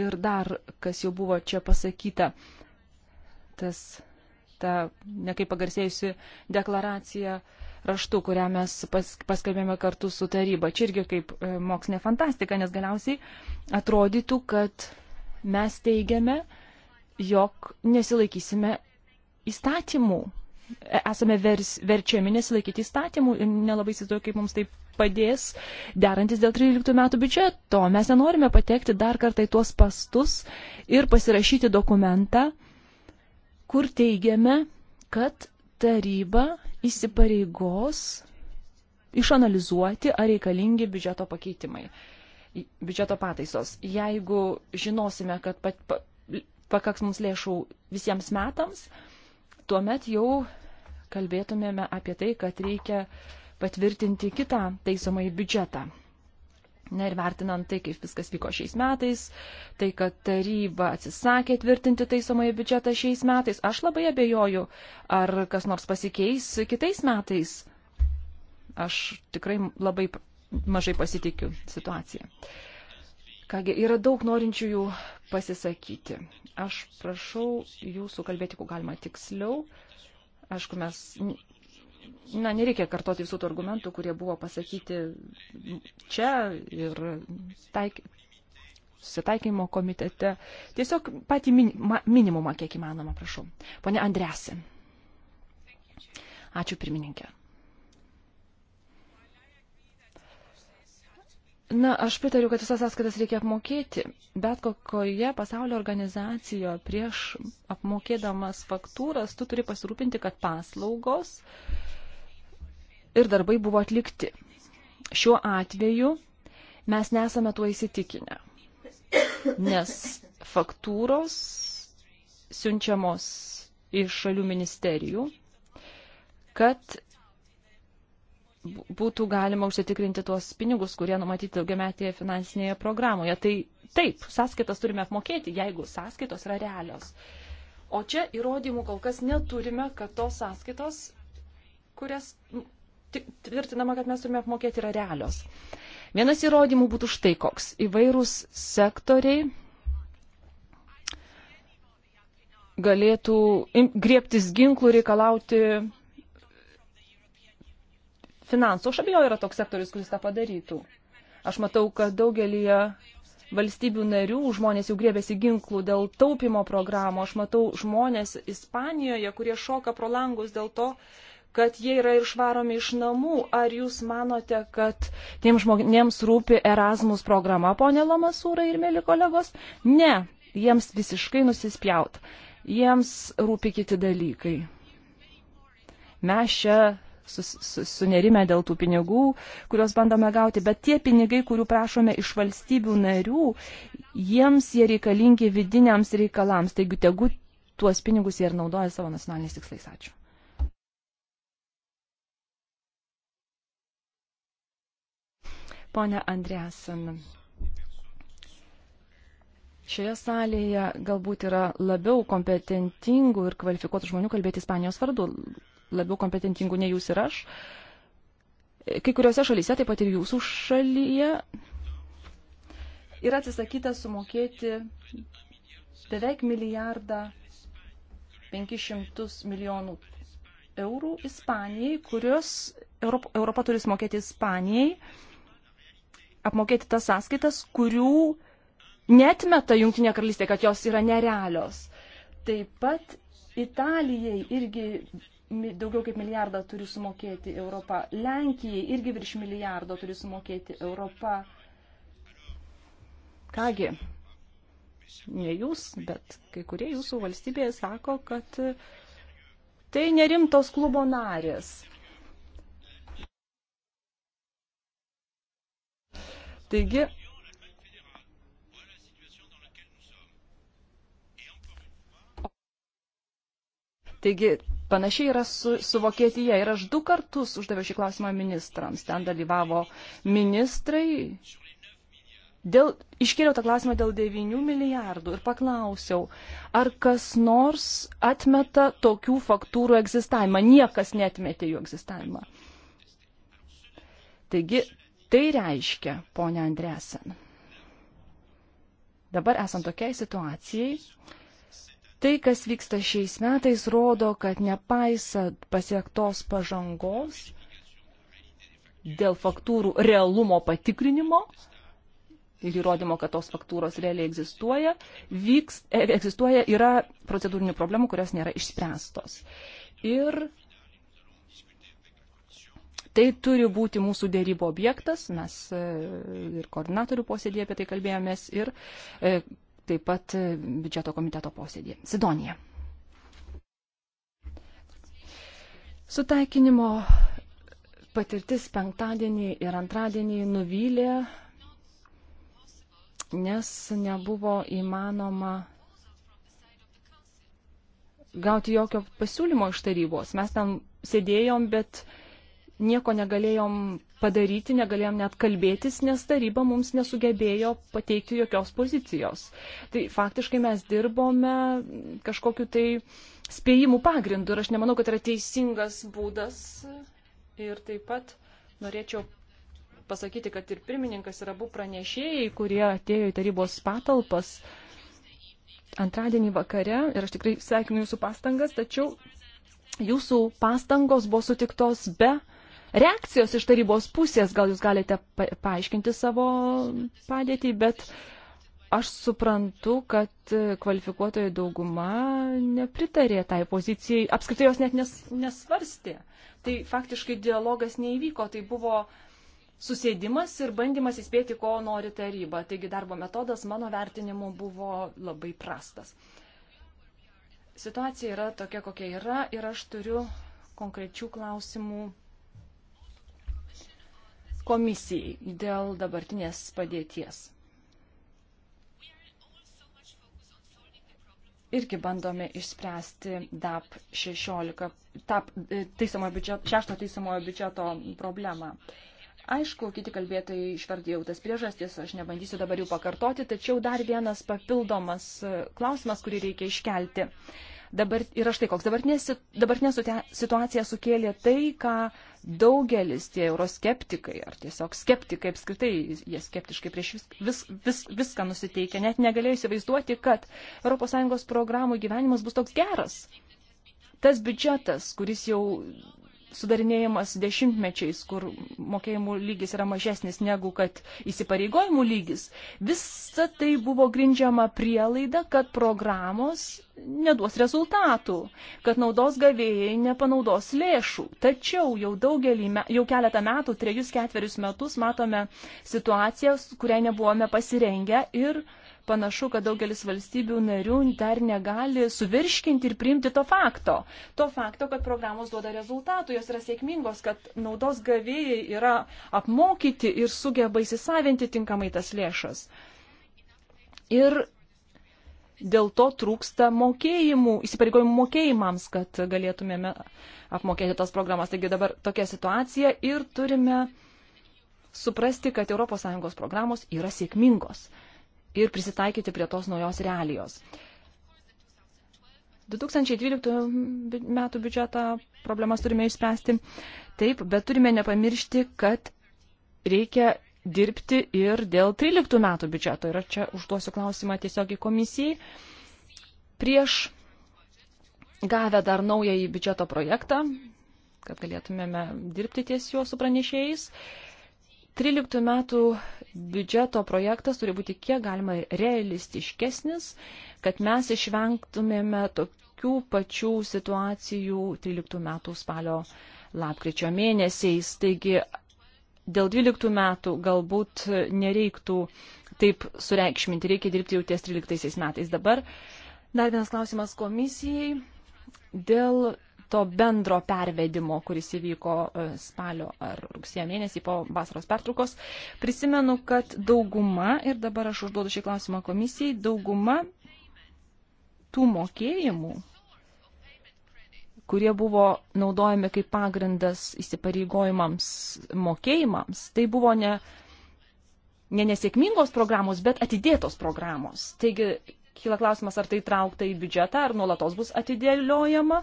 Ir dar, kas jau buvo čia pasakyta, tas ta nekaip pagarsėjusi deklaracija uh, raštu, kurią mes pas, paskelbėme kartu su taryba. Čia irgi kaip e, mokslinė fantastika, nes galiausiai atrodytų, kad mes teigiame, jog nesilaikysime įstatymų. E, esame vers, verčiami nesilaikyti įstatymų ir nelabai įsivaizduoju, kaip mums tai padės derantis dėl 13 metų biudžeto. Mes nenorime patekti dar kartą į tuos pastus ir pasirašyti dokumentą, kur teigiame, kad taryba įsipareigos išanalizuoti, ar reikalingi biudžeto pakeitimai, biudžeto pataisos. Jeigu žinosime, kad pat, pa, pakaks mums lėšų visiems metams, tuomet jau kalbėtumėme apie tai, kad reikia patvirtinti kitą taisomąjį biudžetą. Na ir vertinant tai, kaip viskas vyko šiais metais, tai, kad taryba atsisakė tvirtinti taisomąjį biudžetą šiais metais, aš labai abejoju, ar kas nors pasikeis kitais metais. Aš tikrai labai mažai pasitikiu situaciją. Kągi, yra daug norinčiųjų pasisakyti. Aš prašau jūsų kalbėti, kuo galima tiksliau. Aišku, mes na, nereikia kartoti visų tų argumentų, kurie buvo pasakyti čia ir taik, susitaikymo komitete. Tiesiog patį min, ma, minimumą, kiek įmanoma, prašau. Pone Andresi. Ačiū pirmininkė. Na, aš pritariu, kad visas sąskaitas reikia apmokėti, bet kokioje pasaulio organizacijoje prieš apmokėdamas faktūras tu turi pasirūpinti, kad paslaugos ir darbai buvo atlikti. Šiuo atveju mes nesame tuo įsitikinę, nes faktūros siunčiamos iš šalių ministerijų, kad būtų galima užsitikrinti tuos pinigus, kurie numatyti daugiametėje finansinėje programoje. Tai taip, sąskaitas turime apmokėti, jeigu sąskaitos yra realios. O čia įrodymų kol kas neturime, kad tos sąskaitos, kurias tvirtinama, kad mes turime apmokėti, yra realios. Vienas įrodymų būtų štai koks. Įvairūs sektoriai galėtų griebtis ginklų reikalauti finansų. Aš abejoju, yra toks sektorius, kuris tą padarytų. Aš matau, kad daugelį valstybių narių žmonės jau grėbėsi ginklų dėl taupimo programų. Aš matau žmonės Ispanijoje, kurie šoka pro langus dėl to, kad jie yra išvaromi iš namų. Ar jūs manote, kad tiems žmonėms rūpi Erasmus programa, ponė Lamasūra ir mėly kolegos? Ne, jiems visiškai nusispjaut. Jiems rūpi kiti dalykai. Mes čia sus, sus, sunerime dėl tų pinigų, kuriuos bandome gauti, bet tie pinigai, kurių prašome iš valstybių narių, jiems jie reikalingi vidiniams reikalams. Taigi tegu tuos pinigus jie ir naudoja savo nacionaliniais tikslais. Ačiū. Pone Andresen, šioje salėje galbūt yra labiau kompetentingų ir kvalifikuotų žmonių kalbėti Ispanijos vardu labiau kompetentingų nei jūs ir aš. Kai kuriuose šalyse, taip pat ir jūsų šalyje, yra atsisakyta sumokėti beveik milijardą 500 milijonų eurų Ispanijai, kurios Europa, Europa turi sumokėti Ispanijai, apmokėti tas sąskaitas, kurių netmeta Junktinė karalystė, kad jos yra nerealios. Taip pat Italijai irgi daugiau kaip milijardą turi sumokėti Europa. Lenkijai irgi virš milijardo turi sumokėti Europa. Kągi, ne jūs, bet kai kurie jūsų valstybėje sako, kad tai nerimtos klubo narės. Taigi, taigi Panašiai yra su, su Vokietija. Ir aš du kartus uždaviau šį klausimą ministrams. Ten dalyvavo ministrai. Dėl, iškėliau tą klausimą dėl 9 milijardų ir paklausiau, ar kas nors atmeta tokių faktūrų egzistavimą. Niekas netmetė jų egzistavimą. Taigi, tai reiškia, ponia Andresen. Dabar esant tokiai situacijai, Tai, kas vyksta šiais metais, rodo, kad nepaisant pasiektos pažangos dėl faktūrų realumo patikrinimo ir įrodymo, kad tos faktūros realiai egzistuoja, vyks, e, egzistuoja, yra procedūrinių problemų, kurios nėra išspręstos. Ir tai turi būti mūsų dėrybo objektas, mes e, ir koordinatorių posėdėje apie tai kalbėjomės ir e, taip pat e, biudžeto komiteto posėdį. Sidonija. Sutaikinimo patirtis penktadienį ir antradienį nuvylė, nes nebuvo įmanoma gauti jokio pasiūlymo iš tarybos. Mes ten sėdėjom, bet uh, nieko negalėjom padaryti, negalėjom net kalbėtis, nes taryba mums nesugebėjo pateikti jokios pozicijos. Tai faktiškai mes dirbome kažkokiu tai spėjimų pagrindu ir aš nemanau, kad yra teisingas būdas. Ir taip pat norėčiau pasakyti, kad ir pirmininkas yra abu pranešėjai, kurie atėjo į tarybos patalpas antradienį vakare ir aš tikrai sveikinu jūsų pastangas, tačiau jūsų pastangos buvo sutiktos be uh, reakcijos iš tarybos pusės, gal jūs galite paaiškinti savo padėtį, bet aš suprantu, kad kvalifikuotojų dauguma nepritarė tai pozicijai, apskritai jos net nes, nesvarstė. Tai faktiškai dialogas neįvyko, tai buvo susėdimas ir bandymas įspėti, ko nori taryba. Taigi darbo metodas mano vertinimu buvo labai prastas. Situacija yra tokia, kokia yra ir aš turiu konkrečių klausimų komisijai dėl dabartinės padėties. Irgi bandome išspręsti DAP 16, TAP e, teisamojo biudžeto, šešto teisamojo biudžeto problemą. Aišku, kiti kalbėtojai išvardėjau tas priežastis, aš nebandysiu dabar jų pakartoti, tačiau dar vienas papildomas e, klausimas, kurį reikia iškelti. Uh, dabar yra štai koks. Dabartinė situacija sukėlė tai, ką daugelis tie euroskeptikai ar tiesiog skeptikai apskritai, jie skeptiškai prieš vis, vis, vis, viską nusiteikia, net negalėjo įsivaizduoti, kad ES programų gyvenimas bus toks geras. Tas biudžetas, kuris jau sudarinėjamas dešimtmečiais, kur mokėjimų lygis yra mažesnis negu kad įsipareigojimų lygis, visa tai buvo grindžiama prielaida, kad programos neduos rezultatų, kad naudos gavėjai nepanaudos lėšų. Tačiau jau daugelį, jau keletą metų, trejus ketverius metus matome situacijas, kuriai nebuvome pasirengę ir uh, panašu, kad daugelis valstybių narių dar negali suvirškinti ir priimti to fakto. To fakto, kad programos duoda rezultatų, jos yra sėkmingos, kad naudos gavėjai yra apmokyti ir sugeba įsisavinti tinkamai tas lėšas. Ir dėl to trūksta mokėjimų, įsipareigojimų mokėjimams, kad galėtumėme apmokėti tas programas. Taigi dabar tokia situacija ir turime suprasti, kad ES programos yra sėkmingos ir prisitaikyti prie tos naujos realijos. 2012 metų biudžetą problemas turime išspręsti. Taip, bet turime nepamiršti, kad reikia dirbti ir dėl 13 metų biudžeto. Ir čia užduosiu klausimą tiesiog į komisijai. Prieš gavę dar naują į biudžeto projektą, kad galėtumėme dirbti ties juo su pranešėjais, 13 metų biudžeto projektas turi būti kiek galima realistiškesnis, kad mes išvengtumėme tokių pačių situacijų 13 metų spalio lapkričio mėnesiais. Taigi dėl 12 metų galbūt nereiktų taip sureikšminti, reikia dirbti jau ties 13 metais dabar. Dar vienas klausimas komisijai dėl to bendro pervedimo, kuris įvyko e, spalio ar rugsėjo mėnesį po vasaros pertraukos. Prisimenu, kad dauguma, ir dabar aš užduodu šį klausimą komisijai, dauguma tų mokėjimų kurie buvo naudojami kaip pagrindas įsipareigojimams mokėjimams, tai buvo ne, ne nesėkmingos programos, bet atidėtos programos. Taigi kyla klausimas, ar tai traukta į biudžetą, ar nuolatos bus atidėliojama,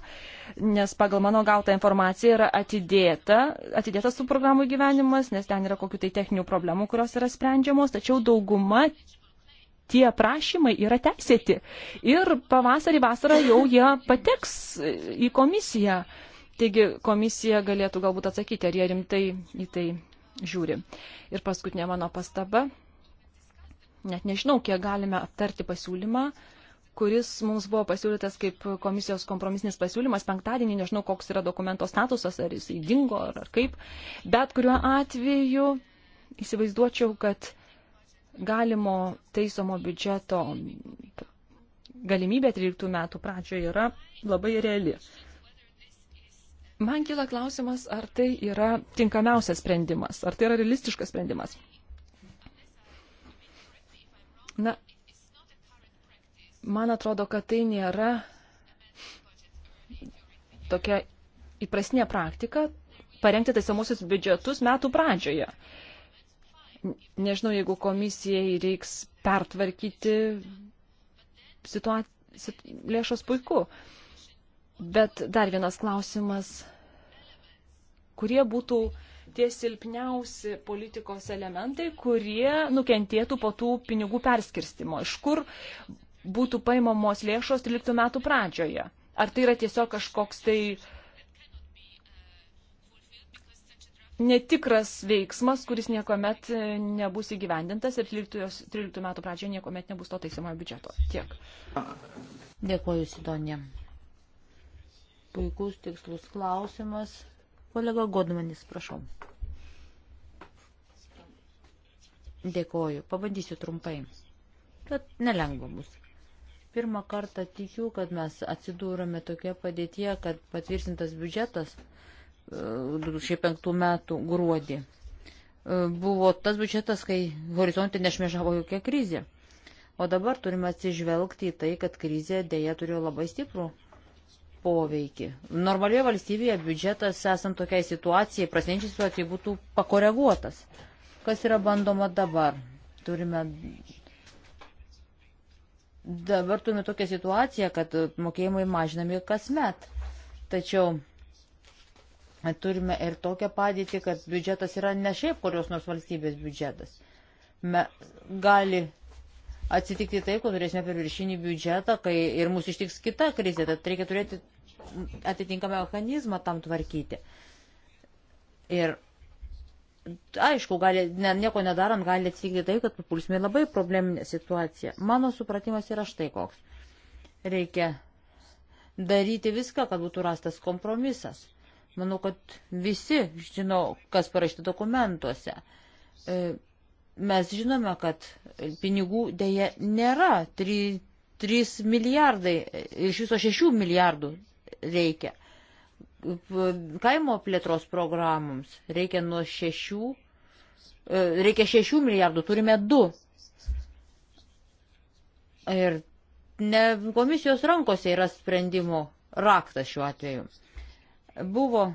nes pagal mano gautą informaciją yra atidėta, atidėtas tų programų gyvenimas, nes ten yra kokių tai techninių problemų, kurios yra sprendžiamos, tačiau dauguma tie prašymai yra teisėti. Ir pavasarį, vasarą jau jie pateks į komisiją. Taigi komisija galėtų galbūt atsakyti, ar jie rimtai į tai žiūri. Ir paskutinė mano pastaba Net nežinau, kiek galime aptarti pasiūlymą, kuris mums buvo pasiūlytas kaip komisijos kompromisinis pasiūlymas penktadienį, nežinau, koks yra dokumento statusas, ar jis įdingo, ar, ar kaip, bet kuriuo atveju įsivaizduočiau, kad galimo taisomo biudžeto galimybė 13 metų pradžioje yra labai reali. Man kyla klausimas, ar tai yra tinkamiausias sprendimas, ar tai yra realistiškas sprendimas. Na, man atrodo, kad tai nėra tokia įprasnė praktika parengti taisamosius biudžetus metų pradžioje. Nežinau, jeigu komisijai reiks pertvarkyti situa... sit... lėšos puiku. Bet dar vienas klausimas, kurie būtų uh, tie silpniausi politikos elementai, kurie nukentėtų po tų pinigų perskirstimo? Iš kur būtų paimamos lėšos 13 metų pradžioje? Ar tai yra tiesiog kažkoks tai netikras veiksmas, kuris niekuomet e, nebus įgyvendintas ir 13, 13 metų pradžioje niekuomet nebus to taisymojo biudžeto. Tiek. Dėkuoju, Sidonė. Puikus tikslus klausimas. Kolega Godmanis, prašau. Dėkoju, pabandysiu trumpai, bet nelengva bus. Pirmą kartą tikiu, kad mes atsidūrame tokia padėtie, kad patvirtintas biudžetas 2005 e, metų gruodį e, buvo tas biudžetas, kai horizontė nešmežavo jokia krizė. O dabar turime atsižvelgti į tai, kad krizė dėja turėjo labai stiprų poveikį. Normalioje valstybėje biudžetas, esant tokiai situacijai, prasnėčiai situacijai, būtų pakoreguotas. Kas yra bandoma dabar? Turime dabar turime tokią situaciją, kad mokėjimai mažinami kasmet. Tačiau turime ir tokią padėtį, kad biudžetas yra ne šiaip kurios nors valstybės biudžetas. Me, gali atsitikti taip, kad turėsime per viršinį biudžetą, kai ir mūsų ištiks kita krizė. Tad reikia turėti atitinkamą mechanizmą tam tvarkyti. Ir aišku, gali, ne, nieko nedarant gali atsitikti tai, kad papulsime labai probleminę situaciją. Mano supratimas yra štai koks. Reikia daryti viską, kad būtų rastas kompromisas. Manau, kad visi žino, kas parašyta dokumentuose. E, mes žinome, kad pinigų dėje nėra. 3, 3 milijardai iš viso 6 milijardų reikia. Kaimo plėtros programoms reikia nuo 6, e, reikia 6 milijardų, turime 2. Ir ne komisijos rankose yra sprendimo raktas šiuo atveju. Buvo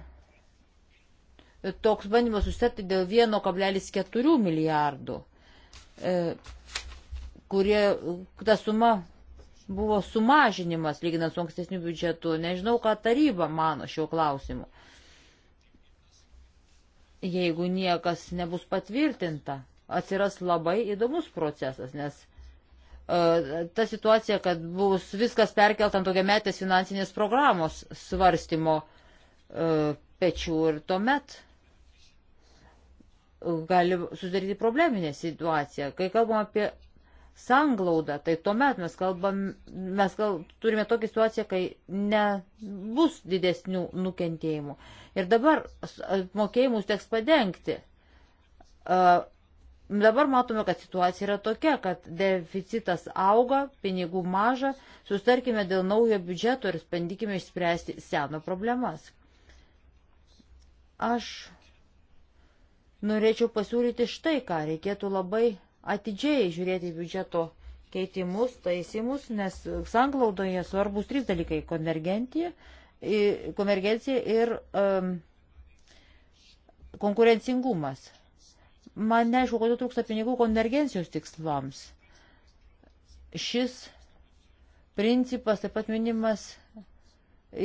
toks bandymas susitarti dėl 1,4 milijardų, e, kurie ta suma buvo sumažinimas, lyginant su ankstesniu biudžetu. Nežinau, ką taryba mano šiuo klausimu. Jeigu niekas nebus patvirtinta, atsiras labai įdomus procesas, nes uh, ta situacija, kad bus viskas perkelt ant tokia metės finansinės programos svarstymo uh, pečių ir tuomet gali susidaryti probleminę situaciją. Kai kalbam apie sanglaudą, tai tuomet mes, kalbam, mes gal, turime tokią situaciją, kai nebus didesnių nukentėjimų. Ir dabar mokėjimus teks padengti. Uh, dabar matome, kad situacija yra tokia, kad deficitas auga, pinigų maža, sustarkime dėl naujo biudžeto ir spandykime išspręsti seno problemas. Aš norėčiau pasiūlyti štai ką, reikėtų labai atidžiai žiūrėti biudžeto keitimus, taisimus, nes sanglaudoje svarbus trys dalykai - konvergencija, konvergencija ir um, konkurencingumas. Man neaišku, kodėl trūksta pinigų konvergencijos tikslams. Šis principas taip pat minimas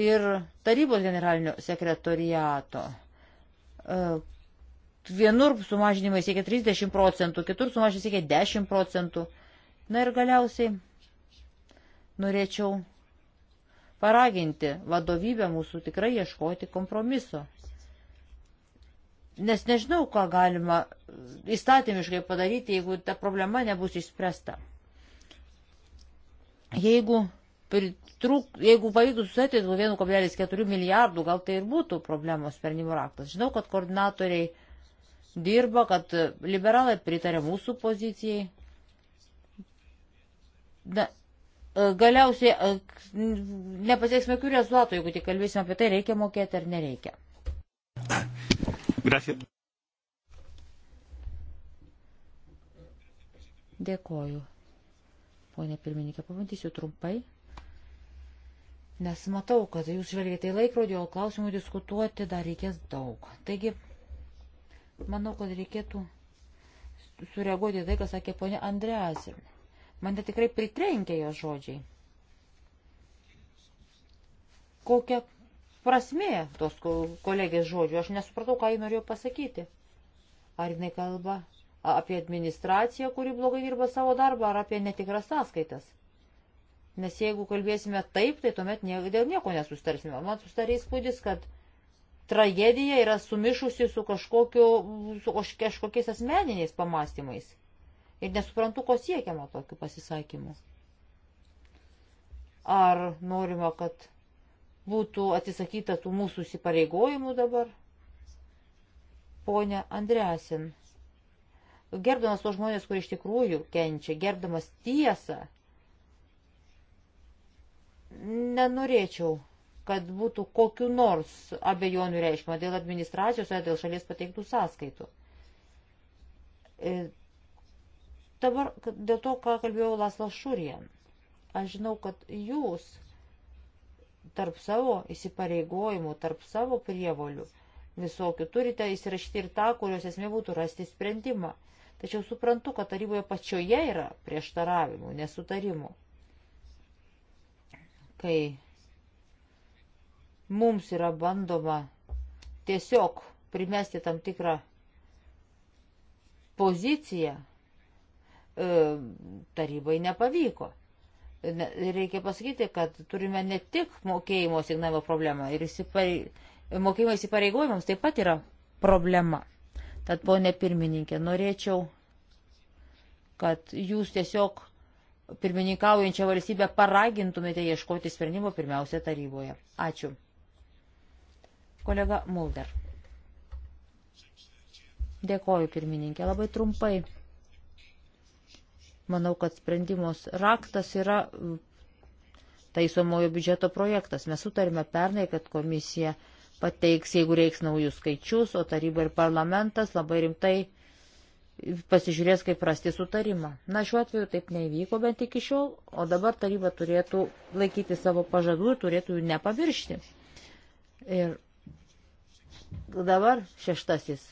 ir tarybos generalinio sekretoriato. Uh, vienur sumažinimai siekia 30 procentų, kitur sumažinimai siekia 10 procentų. Na ir galiausiai norėčiau paraginti vadovybę mūsų tikrai ieškoti kompromiso. Nes nežinau, ką galima įstatymiškai padaryti, jeigu ta problema nebus išspręsta. Jeigu, pritrūk, jeigu pavyktų susitėti 1,4 milijardų, gal tai ir būtų problemos sprendimo raktas. Žinau, kad koordinatoriai dirba, kad liberalai pritarė mūsų pozicijai. Da, e, galiausiai e, nepasieksime jokių rezultatų, jeigu tik kalbėsime apie tai, reikia mokėti ar nereikia. Gracias. Dėkoju. Pone pirmininkė, pamatysiu trumpai, nes matau, kad jūs žvelgėte į laikrodį, o klausimų diskutuoti dar reikės daug. Taigi, Manau, kad reikėtų sureaguoti tai, ką sakė ponė Andreasin. Mane tikrai pritrenkė jo žodžiai. Kokia prasmė tos kolegės žodžių? Aš nesupratau, ką ji norėjo pasakyti. Ar jinai kalba apie administraciją, kuri blogai dirba savo darbą, ar apie netikras sąskaitas? Nes jeigu kalbėsime taip, tai tuomet dėl nieko nesustarsime. Man sustarė įspūdis, kad tragedija yra sumišusi su, kažkokiu, su kažkokiais asmeniniais pamastymais. Ir nesuprantu, ko siekiama tokiu pasisakymu. Ar norima, kad būtų atsisakyta tų mūsų įsipareigojimų dabar? Pone Andresin, gerbdamas to žmonės, kurie iš tikrųjų kenčia, gerbdamas tiesą, nenorėčiau kad būtų kokiu nors abejonių reiškimo dėl administracijos ar dėl šalies pateiktų sąskaitų. E, dabar dėl to, ką kalbėjau Laslas Šurien, aš žinau, kad jūs tarp savo įsipareigojimų, tarp savo prievolių visokių turite įsirašyti ir tą, kurios esmė būtų rasti sprendimą. Tačiau suprantu, kad taryboje pačioje yra prieštaravimų, nesutarimų. Kai mums yra bandoma tiesiog primesti tam tikrą poziciją, e, tarybai nepavyko. Reikia pasakyti, kad turime ne tik mokėjimo signalo problemą, ir įsiparei... mokėjimo įsipareigojimams taip pat yra problema. Tad, ponė pirmininkė, norėčiau, kad jūs tiesiog pirmininkaujančią valstybę paragintumėte ieškoti sprendimo pirmiausia taryboje. Ačiū. Kolega Mulder. Dėkoju, pirmininkė, labai trumpai. Manau, kad sprendimos raktas yra mm, taisomojo biudžeto projektas. Mes sutarime pernai, kad komisija pateiks, jeigu reiks naujus skaičius, o taryba ir parlamentas labai rimtai pasižiūrės, kaip rasti sutarimą. Na, šiuo atveju taip nevyko bent iki šiol, o dabar taryba turėtų laikyti savo pažadų ir turėtų jų nepaviršti. Ir Dabar šeštasis.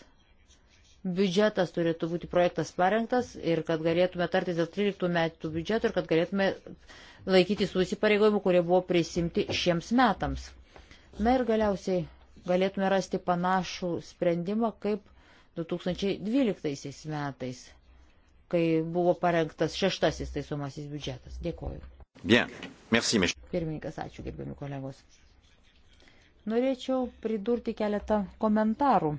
Biudžetas turėtų būti projektas parengtas ir kad galėtume tartis dėl 13 metų biudžeto ir kad galėtume laikytis tų įsipareigojimų, kurie buvo prisimti šiems metams. Na ir galiausiai galėtume rasti panašų sprendimą kaip 2012 metais, kai buvo parengtas šeštasis taisomasis biudžetas. Dėkoju. Bien. Merci, mes... Pirmininkas, ačiū gerbiami kolegos. Norėčiau pridurti keletą komentarų.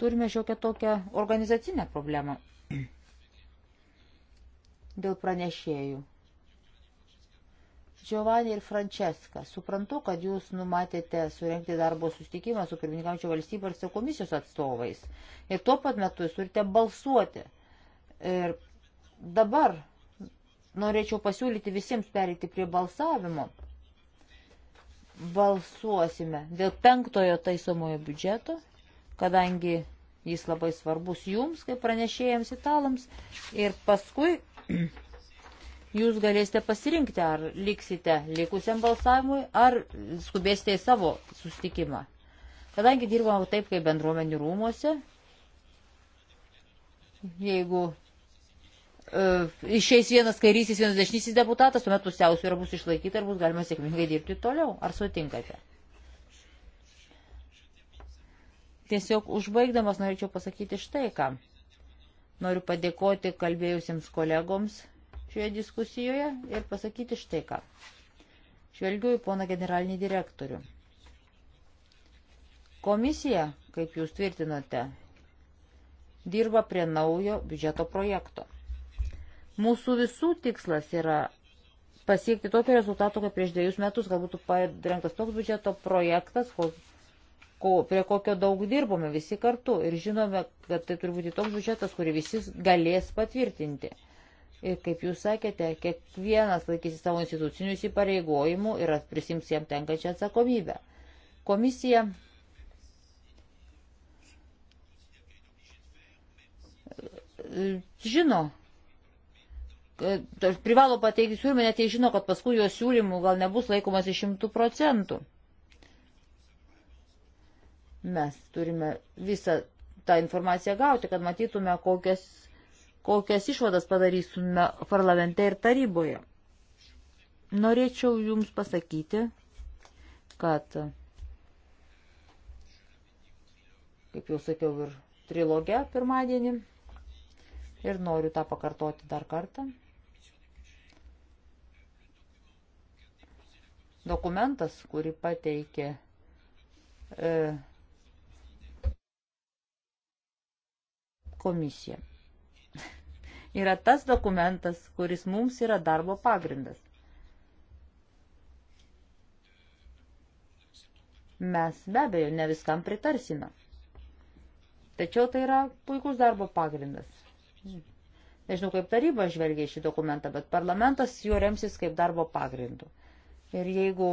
Turime šiokią tokią organizacinę problemą dėl pranešėjų. Giovanni ir Francesca, suprantu, kad jūs numatėte surenkti darbo sustikimą su pirmininkaučio valstybės ir komisijos atstovais. Ir tuo pat metu jūs turite balsuoti. Ir dabar norėčiau pasiūlyti visiems pereiti prie balsavimo. Balsuosime dėl penktojo taisomojo biudžeto, kadangi jis labai svarbus jums, kaip pranešėjams italams. Ir paskui jūs galėsite pasirinkti, ar liksite likusiam balsavimui, ar skubėsite į savo sustikimą. Kadangi dirbame taip, kaip bendruomenių rūmose, jeigu E, išeis vienas kairysis, vienas dešinysis deputatas, tuomet pusiausvyrą bus išlaikyta ir bus galima sėkmingai dirbti toliau. Ar sutinkate? Tiesiog užbaigdamas norėčiau pasakyti štai ką. Noriu padėkoti kalbėjusiems kolegoms šioje diskusijoje ir pasakyti štai ką. Žvelgiu į poną generalinį direktorių. Komisija, kaip jūs tvirtinote, dirba prie naujo biudžeto projekto. Mūsų visų tikslas yra pasiekti tokio rezultato, kaip prieš dviejus metus, kad būtų padrengtas toks biudžeto projektas, ko, ko, prie kokio daug dirbome visi kartu ir žinome, kad tai turi būti toks biudžetas, kurį visi galės patvirtinti. Ir kaip jūs sakėte, kiekvienas laikysi savo institucinių įsipareigojimų ir prisims jam tenkančią atsakomybę. Komisija žino, E, privalo pateikti siūlymą, net jei žino, kad paskui jo siūlymų gal nebus laikomas iš šimtų procentų. Mes turime visą tą informaciją gauti, kad matytume, kokias, kokias išvadas padarysime parlamente ir taryboje. Norėčiau Jums pasakyti, kad, kaip jau sakiau, ir trilogė pirmadienį, ir noriu tą pakartoti dar kartą. dokumentas, kurį pateikė e, komisija. Yra tas dokumentas, kuris mums yra darbo pagrindas. Mes be abejo ne viskam pritarsime. Tačiau tai yra puikus darbo pagrindas. Nežinau, kaip taryba žvelgia šį dokumentą, bet parlamentas juo remsis kaip darbo pagrindu. Ir jeigu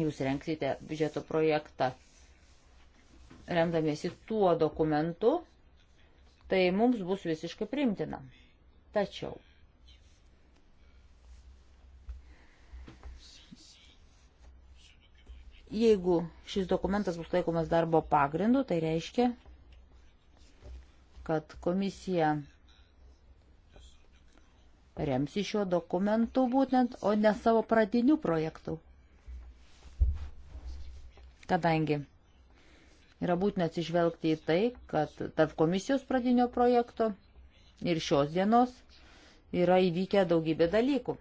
jūs renksite biudžeto projektą remdamiesi tuo dokumentu, tai mums bus visiškai primtina. Tačiau. Jeigu šis dokumentas bus laikomas darbo pagrindu, tai reiškia, kad komisija remsi šio dokumentu būtent, o ne savo pradinių projektų. Kadangi yra būtina atsižvelgti į tai, kad tarp komisijos pradinio projekto ir šios dienos yra įvykę daugybė dalykų.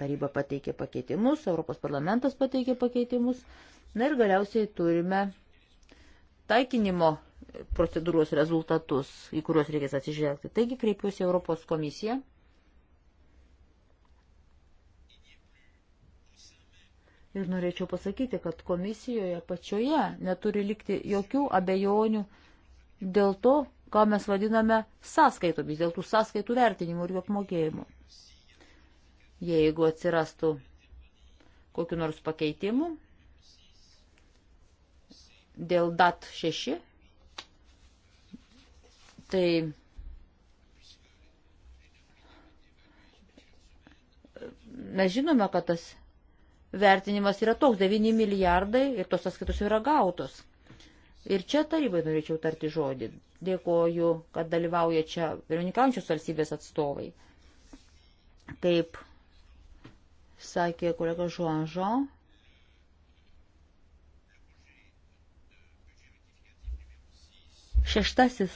Taryba pateikė pakeitimus, Europos parlamentas pateikė pakeitimus, na ir galiausiai turime taikinimo procedūros rezultatus, į kuriuos reikės atsižvelgti. Taigi kreipiuosi Europos komisiją Ir norėčiau pasakyti, kad komisijoje pačioje neturi likti jokių abejonių dėl to, ką mes vadiname sąskaitomis, dėl tų sąskaitų vertinimų ir jų apmokėjimų. Jeigu atsirastų kokiu nors pakeitimu dėl DAT 6, tai mes žinome, kad tas vertinimas yra toks, 9 milijardai ir tos sąskaitos yra gautos. Ir čia tarybai norėčiau tarti žodį. Dėkoju, kad dalyvauja čia pirmininkaujančios valstybės atstovai. Kaip sakė kolega Žuanžo, šeštasis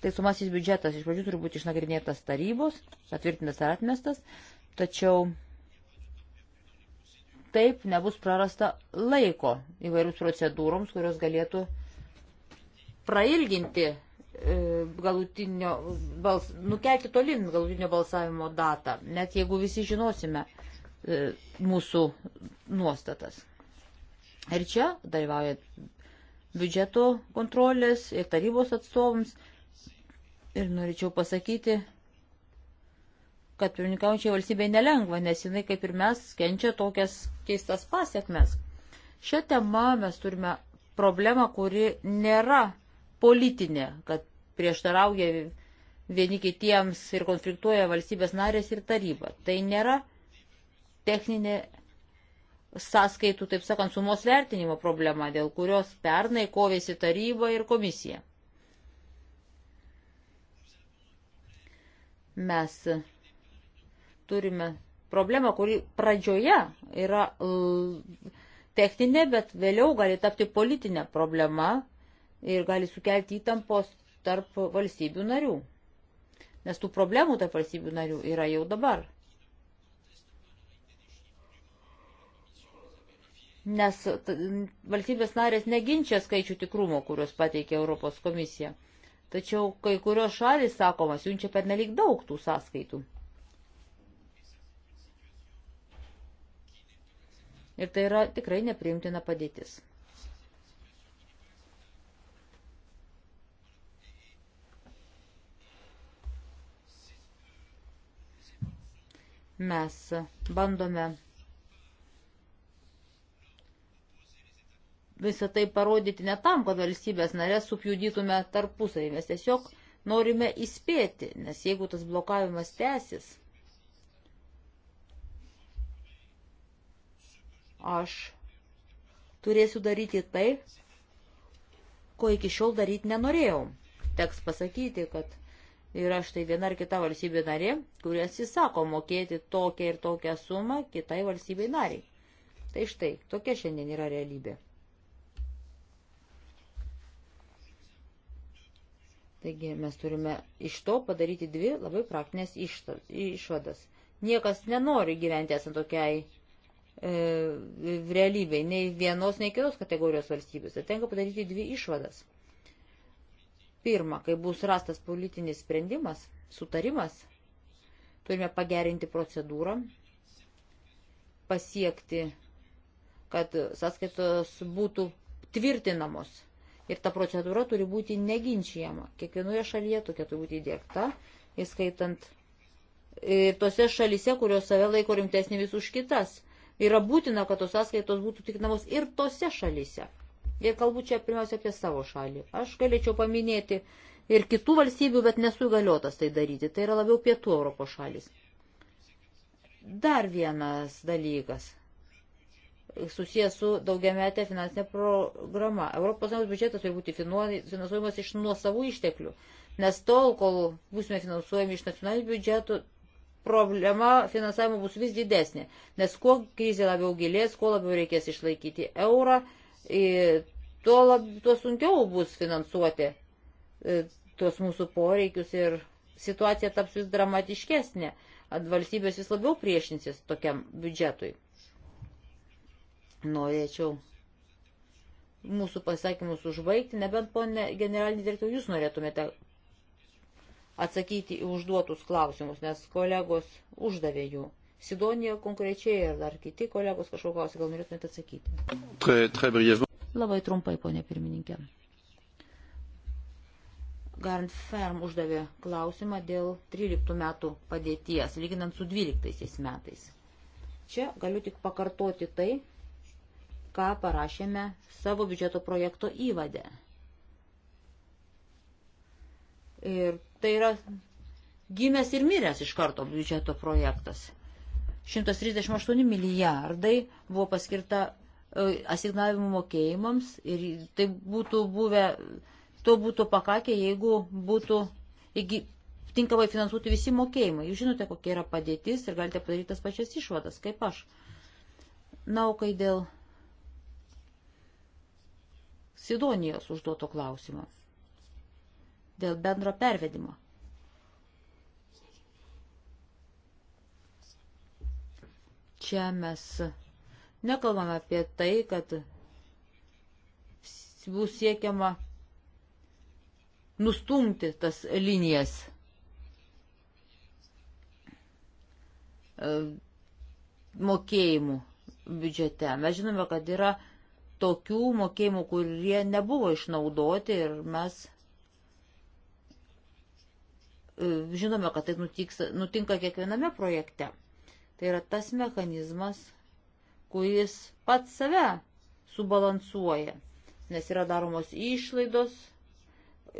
tai sumasis biudžetas iš pradžių turi būti išnagrinėtas tarybos, patvirtintas ar atmestas, tačiau Kitaip nebus prarasta laiko įvairius procedūroms, kurios galėtų prailginti e, galutinio, bals, nukelti tolin galutinio balsavimo datą, net jeigu visi žinosime e, mūsų nuostatas. Ir čia dalyvauja biudžeto kontrolės ir tarybos atstovams. Ir norėčiau pasakyti, kad pirmininkaujančiai valstybei nelengva, nes jinai kaip ir mes kenčia tokias keistas pasiekmes. Šią temą mes turime problemą, kuri nėra politinė, kad prieštarauja vieni kitiems ir konfliktuoja valstybės narės ir taryba. Tai nėra techninė sąskaitų, taip sakant, sumos vertinimo problema, dėl kurios pernai kovėsi taryba ir komisija. Mes turime problemą, kuri pradžioje yra techninė, bet vėliau gali tapti politinė problema ir gali sukelti įtampos tarp valstybių narių. Nes tų problemų tarp valstybių narių yra jau dabar. Nes valstybės narės neginčia skaičių tikrumo, kuriuos pateikė Europos komisija. Tačiau kai kurios šalis, sakoma, siunčia per nelik daug tų sąskaitų. Ir tai yra tikrai nepriimtina padėtis. Mes bandome visą tai parodyti ne tam, kad valstybės narės supjudytume tarpusavį, mes tiesiog norime įspėti, nes jeigu tas blokavimas tęsis, Aš turėsiu daryti tai, ko iki šiol daryti nenorėjau. Teks pasakyti, kad yra štai viena ar kita valstybė narė, kurie atsisako mokėti tokią ir tokią sumą kitai valstybei nariai. Tai štai, tokia šiandien yra realybė. Taigi mes turime iš to padaryti dvi labai praktinės išvadas. Niekas nenori gyventi esant tokiai E, realybei, nei vienos, nei kitos kategorijos valstybės. Tenka padaryti dvi išvadas. Pirma, kai bus rastas politinis sprendimas, sutarimas, turime pagerinti procedūrą, pasiekti, kad sąskaitos būtų tvirtinamos. Ir ta procedūra turi būti neginčiama. Kiekvienoje šalyje tokia turi būti įdėkta, įskaitant ir tose šalise, kurios save laiko rimtesnė vis už kitas. Yra būtina, kad tos sąskaitos būtų tikrinamos ir tose šalyse. Ir kalbu čia pirmiausia apie savo šalį. Aš galėčiau paminėti ir kitų valstybių, bet nesu galiotas tai daryti. Tai yra labiau pietų Europos šalis. Dar vienas dalykas susijęs su daugiametė finansinė programa. ES biudžetas turi būti finansuojamas iš nuosavų išteklių, nes tol, kol būsime finansuojami iš nacionalinių biudžetų, problema finansavimo bus vis didesnė, nes kuo krizė labiau gilės, kuo labiau reikės išlaikyti eurą, tuo, lab, tuo sunkiau bus finansuoti tuos mūsų poreikius ir situacija taps vis dramatiškesnė, valstybės vis labiau priešinsis tokiam biudžetui. Norėčiau mūsų pasakymus užbaigti, nebent, ponė generalinį direktorių, jūs norėtumėte atsakyti į užduotus klausimus, nes kolegos uždavė jų. Sidonija konkrečiai ir dar kiti kolegos kažko klausė, gal norėtumėte atsakyti. Très, très Labai trumpai, ponė pirmininkė. Garant Ferm uždavė klausimą dėl 13 metų padėties, lyginant su 12 metais. Čia galiu tik pakartoti tai, ką parašėme savo biudžeto projekto įvadę. Ir tai yra gimęs ir miręs iš karto biudžeto projektas. 138 milijardai buvo paskirta e, asignavimų mokėjimams ir tai būtų buvę, to būtų pakakę, jeigu būtų įgy, tinkamai finansuoti visi mokėjimai. Jūs žinote, kokia yra padėtis ir galite padaryti tas pačias išvadas, kaip aš. Na, o kai dėl Sidonijos užduoto klausimo dėl bendro pervedimo. Čia mes nekalbame apie tai, kad bus siekiama nustumti tas linijas. Ehm, mokėjimų biudžete. Mes žinome, kad yra tokių mokėjimų, kurie nebuvo išnaudoti ir mes E, žinome, kad tai nutiks, nutinka kiekviename projekte. Tai yra tas mechanizmas, kuris pats save subalansuoja, nes yra daromos išlaidos,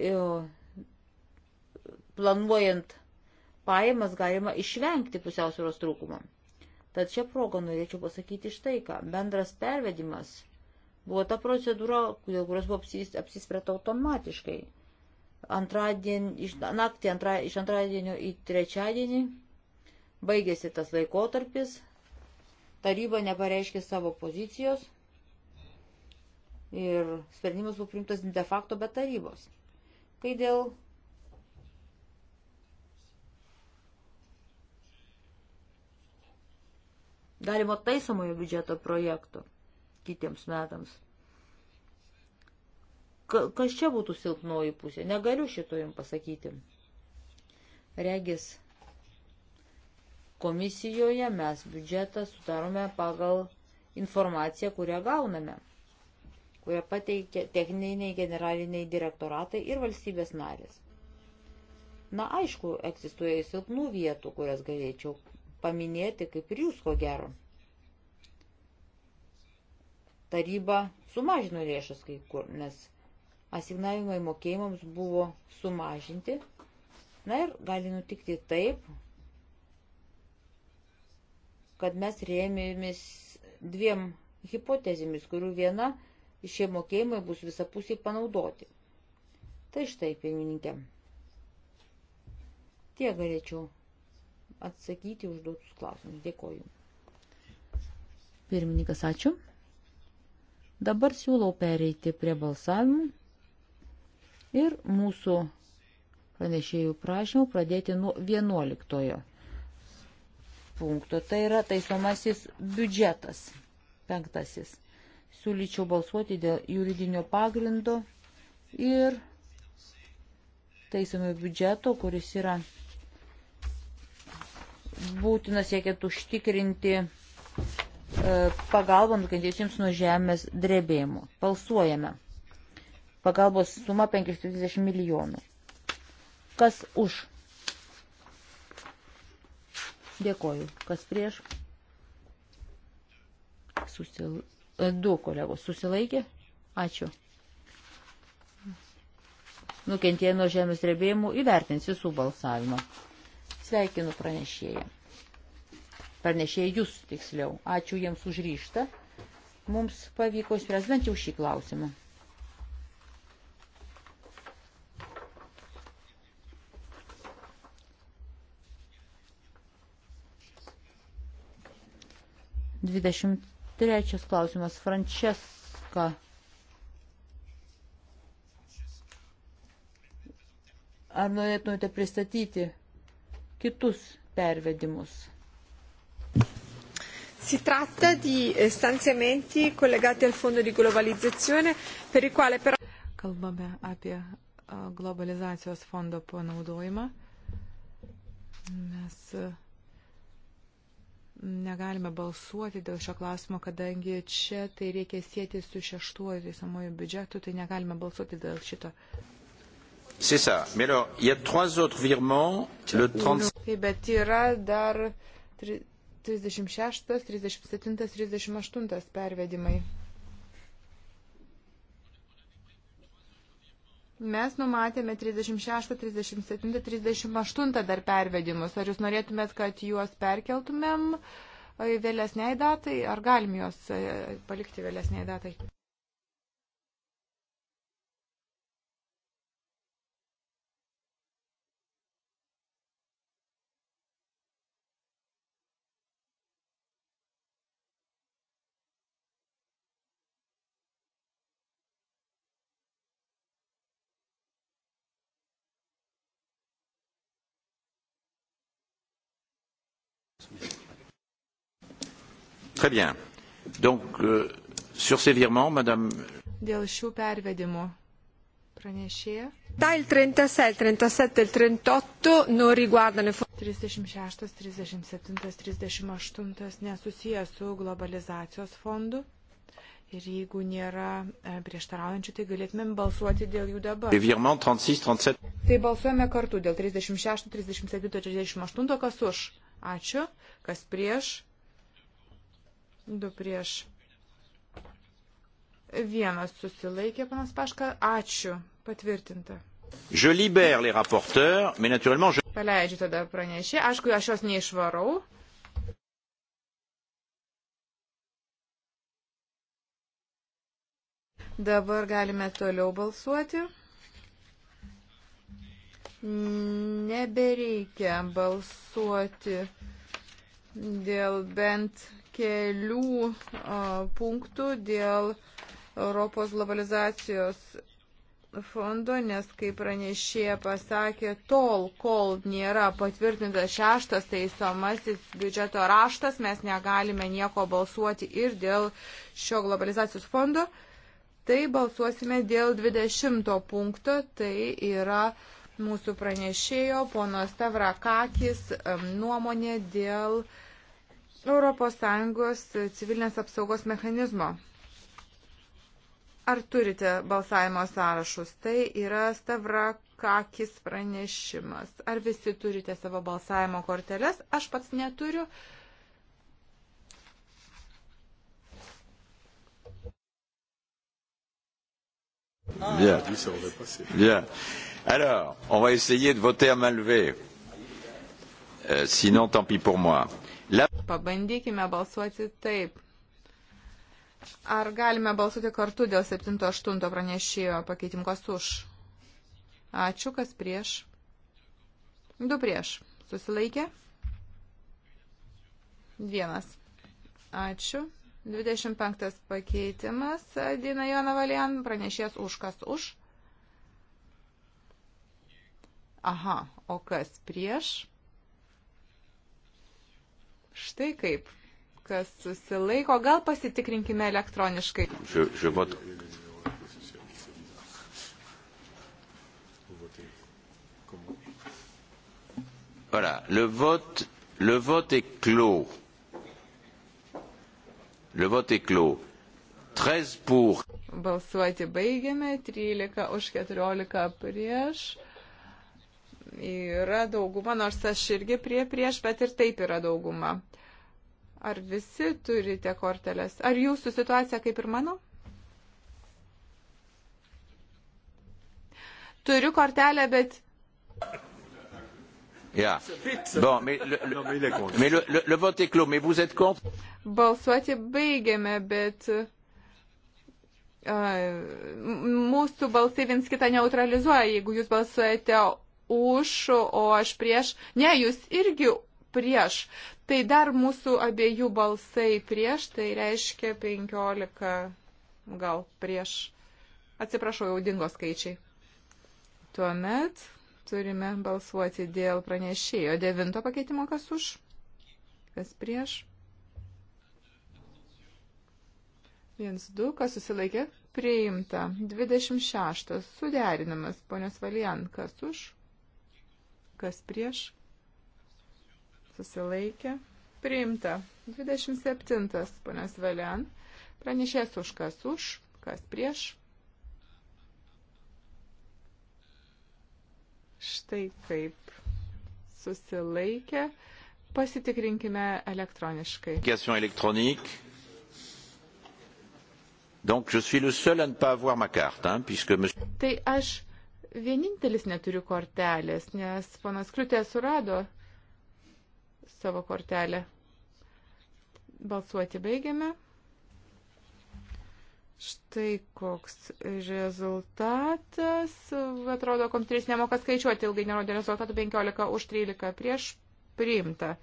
e, planuojant pajamas galima išvengti pusiausvėros trūkumo. Tad čia progą norėčiau pasakyti štai ką. Bendras pervedimas buvo ta procedūra, kurios buvo apsispręta automatiškai. Antradien, iš, naktį antra, iš antradienio į trečiadienį baigėsi tas laikotarpis, taryba nepareiškė savo pozicijos ir sprendimas buvo priimtas de facto be tarybos. Kai dėl galimo taisomojo biudžeto projekto kitiems metams. Kas čia būtų silpnoji pusė? Negaliu šito jums pasakyti. Regis, komisijoje mes biudžetą sudarome pagal informaciją, kurią gauname, kurią pateikia techniniai generaliniai direktoratai ir valstybės narės. Na, aišku, egzistuoja ir silpnų vietų, kurias galėčiau paminėti, kaip ir jūs, ko gero. Taryba sumažino lėšas kai kur, nes asignavimai mokėjimams buvo sumažinti. Na ir gali nutikti taip, kad mes rėmėmis dviem hipotezėmis, kurių viena šie mokėjimai bus visapusiai panaudoti. Tai štai, pirmininkė. Tie galėčiau atsakyti užduotus klausimus. Dėkoju. Pirmininkas, ačiū. Dabar siūlau pereiti prie balsavimų ir mūsų pranešėjų prašymų pradėti nuo 11 punkto. Tai yra taisomasis biudžetas. Penktasis. Siūlyčiau balsuoti dėl juridinio pagrindo ir taisomojo biudžeto, kuris yra būtina siekiant užtikrinti e, pagalbą nukentėjusiems nuo žemės drebėjimo. Balsuojame. Pagalbos suma 530 milijonų. Kas už? Dėkoju. Kas prieš? Susil... E, du kolegos susilaikė. Ačiū. Nukentėjo nuo žemės drebėjimų įvertins visų balsavimą. Sveikinu pranešėją. Pranešėjai jūs tiksliau. Ačiū jiems už ryštą. Mums pavyko spręs bent jau šį klausimą. 23 klausimas. Frančeska. Ar norėtumėte pristatyti kitus pervedimus? Si tratta di eh, stanziamenti collegati al fondo di globalizzazione per il quale però... Kalbame apie eh, globalizacijos fondo panaudojimą. Mes eh, negalime balsuoti dėl šio klausimo, kadangi čia tai reikia sėti su šeštuoju teisamuoju biudžetu, tai negalime balsuoti dėl šito. C'est ça. Mais alors, il y a trois autres virements. Le 30... Taip, bet yra dar 36, 37, 38 pervedimai. Mes numatėme 36, 37, 38 dar pervedimus. Ar jūs norėtumėt, kad juos perkeltumėm e, vėlesniai datai, ar galim juos e, palikti vėlesniai datai? Très bien. Donc, euh, sur ces virements, madame. Dėl šių pervedimų pranešėja. Dal 36, 37 ir 38 nu riguardano. 36, 37, 38 nesusijęs su globalizacijos fondu. Ir jeigu nėra e, prieštaraujančių, tai galėtumėm balsuoti dėl jų dabar. Virement 36, 37. Tai balsuojame kartu dėl 36, 37, 38, kas už. Ačiū. Kas prieš? 2 prieš. Vienas susilaikė, panas Paška. Ačiū. Patvirtinta. Je libère les rapporteurs, mais naturellement je... Paleidžiu tada pranešė. Aišku, aš jos neišvarau. Dabar galime toliau balsuoti. Nebereikia balsuoti dėl bent kelių punktų dėl Europos globalizacijos fondo, nes kaip pranešėja pasakė, tol, kol nėra patvirtintas šeštas teisomasis biudžeto raštas, mes negalime nieko balsuoti ir dėl šio globalizacijos fondo. Tai balsuosime dėl 20 punkto, tai yra mūsų pranešėjo pono Stavrakakis nuomonė dėl uh, ES civilinės apsaugos mechanizmo. Ar turite balsavimo sąrašus? Tai yra Stavrakakis pranešimas. Ar visi turite savo balsavimo korteles? Aš pats neturiu. Bien. Bien. Alors, on va essayer de voter à main levée. Euh, sinon, tant pis pour moi. Euh, Pabandykime balsuoti taip. Ar galime balsuoti kartu dėl 7-8 pranešėjo pakeitimkos už? Ačiū, kas prieš? Du prieš. Susilaikė? Vienas. Ačiū. 25 pakeitimas. Dina Jona Valian, pranešės už kas už. Aha, o kas prieš? Štai kaip. Kas susilaiko, gal pasitikrinkime elektroniškai. Je, je vote. Voilà, le vote, le vote est clos. Le vote est clos. 13 pour. Balsuoti baigiame, 13 už 14 prieš yra dauguma, nors aš irgi prie prieš, bet ir taip yra dauguma. Ar visi turite korteles? Ar jūsų situacija kaip ir mano? Turiu kortelę, bet. Yeah. Uh, bon, mais le, le, mais le, le, le vote est clos, mais vous êtes contre Balsuoti baigėme, bet uh, mūsų balsai viens kitą neutralizuoja. Jeigu jūs balsuojate už, o aš prieš. Ne, jūs irgi prieš. Tai dar mūsų abiejų balsai prieš, tai reiškia 15 gal prieš. Atsiprašau, jau dingo skaičiai. Tuomet turime balsuoti dėl pranešėjo devinto pakeitimo, kas už, kas prieš. Vienas, du, kas susilaikė, priimta. 26. Suderinamas, ponios Valijan, kas už, Kas prieš? Susilaikė. Priimta. 27. Ponas Valian. Pranešės už kas už, kas prieš. Štai kaip susilaikė. Pasitikrinkime elektroniškai. Donc je suis le seul à ne pas avoir ma carte, hein, puisque monsieur... Tai aš vienintelis neturiu kortelės, nes panas Kliutė surado savo kortelę. Balsuoti baigiame. Štai koks rezultatas. Atrodo, kompiuteris nemoka skaičiuoti ilgai, nerodė rezultatų 15 už 13 prieš priimta.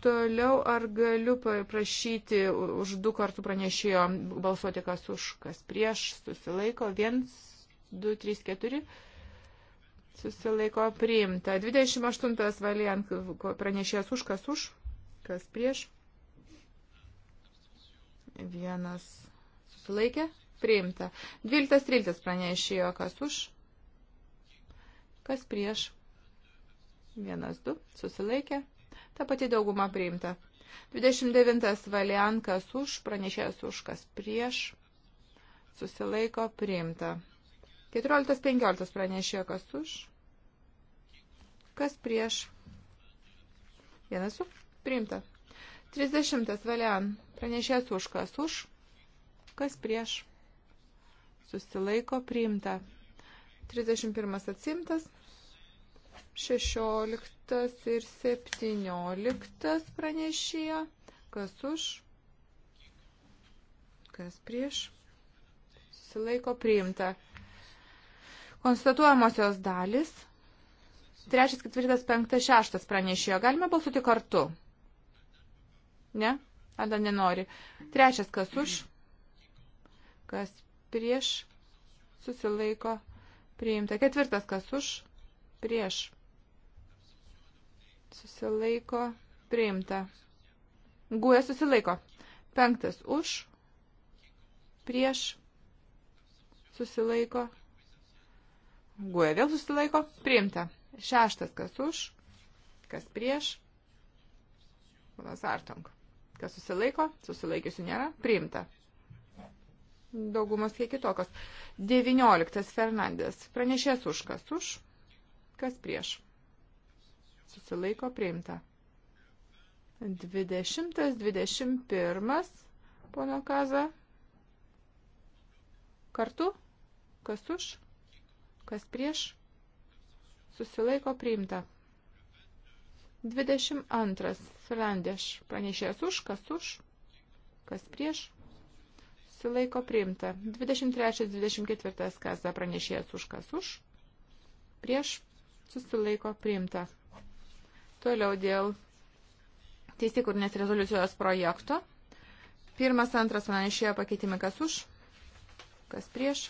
Toliau ar galiu prašyti už du kartų pranešėjo balsuoti kas už, kas prieš, susilaiko, viens 2, 3, 4 susilaiko priimta. 28 valiant pranešėjas už, kas už, kas prieš. Vienas susilaikė, priimta. 12, 13 pranešėjo, kas už, kas prieš. Vienas, du, susilaikė. Ta pati dauguma priimta. 29 valiant, kas už, pranešėjas už, kas prieš. Susilaiko priimta. 14.15 pranešė, kas už, kas prieš. Vienas su, priimta. 30. Valian, pranešės už, kas už, kas prieš. Susilaiko, priimta. 31. Atsimtas. 16 ir 17 pranešėjo, kas už, kas prieš. Susilaiko, priimta. Konstatuojamosios dalis. Trečias, ketvirtas, penktas, šeštas pranešėjo. Galime balsuoti kartu. Ne? Ada nenori. Trečias, kas už, kas prieš, susilaiko, priimta. Ketvirtas, kas už, prieš, susilaiko, priimta. Guja susilaiko. Penktas, už, prieš, susilaiko, priimta Guoja vėl susilaiko. Priimta. Šeštas, kas už, kas prieš. Ponas Artong. Kas susilaiko, susilaikiusių nėra. Priimta. Daugumas kiek kitokios. Devynioliktas Fernandės. Pranešės už, kas už, kas prieš. Susilaiko, priimta. Dvidešimtas, dvidešimt pirmas, pono Kaza. Kartu, kas už, Kas prieš? Susilaiko priimta. 22. Frandeš. Pranešėjas už, kas už, kas prieš. Susilaiko priimta. 23. 24. Kas da pranešėjas už, kas už, prieš. Susilaiko priimta. Toliau dėl teisėkurnės rezoliucijos projekto. Pirmas, antras pranešėjo pakeitimai, kas už, kas prieš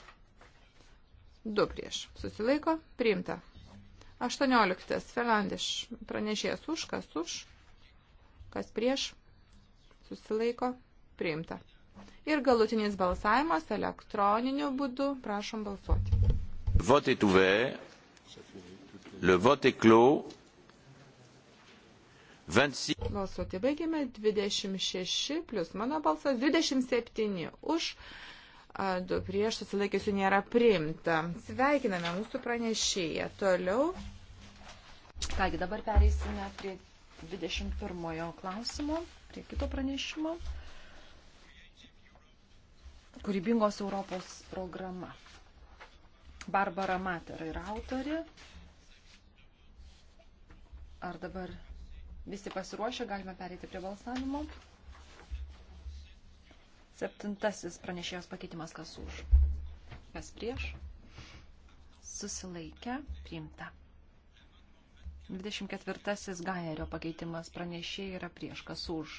2 prieš. Susilaiko? Priimta. 18. Felandiš. Pranešėjas už, kas už, kas prieš. Susilaiko? Priimta. Ir galutinis balsavimas elektroniniu būdu. Prašom balsuoti. Vote est ouvert. Le vote est clos. 26. Balsuoti baigėme 26 plus mano balsas 27 už du prieš susilaikysiu nėra priimta. Sveikiname mūsų pranešėją. Toliau. Kągi, dabar pereisime prie 21 klausimo, prie kito pranešimo. Kūrybingos Europos programa. Barbara Matera yra autori. Ar dabar visi pasiruošę, galime pereiti prie balsavimo? Septintasis pranešėjos pakeitimas kas už. Kas prieš? Susilaikę, priimta. 24 Gajerio pakeitimas pranešėjai yra prieš, kas už.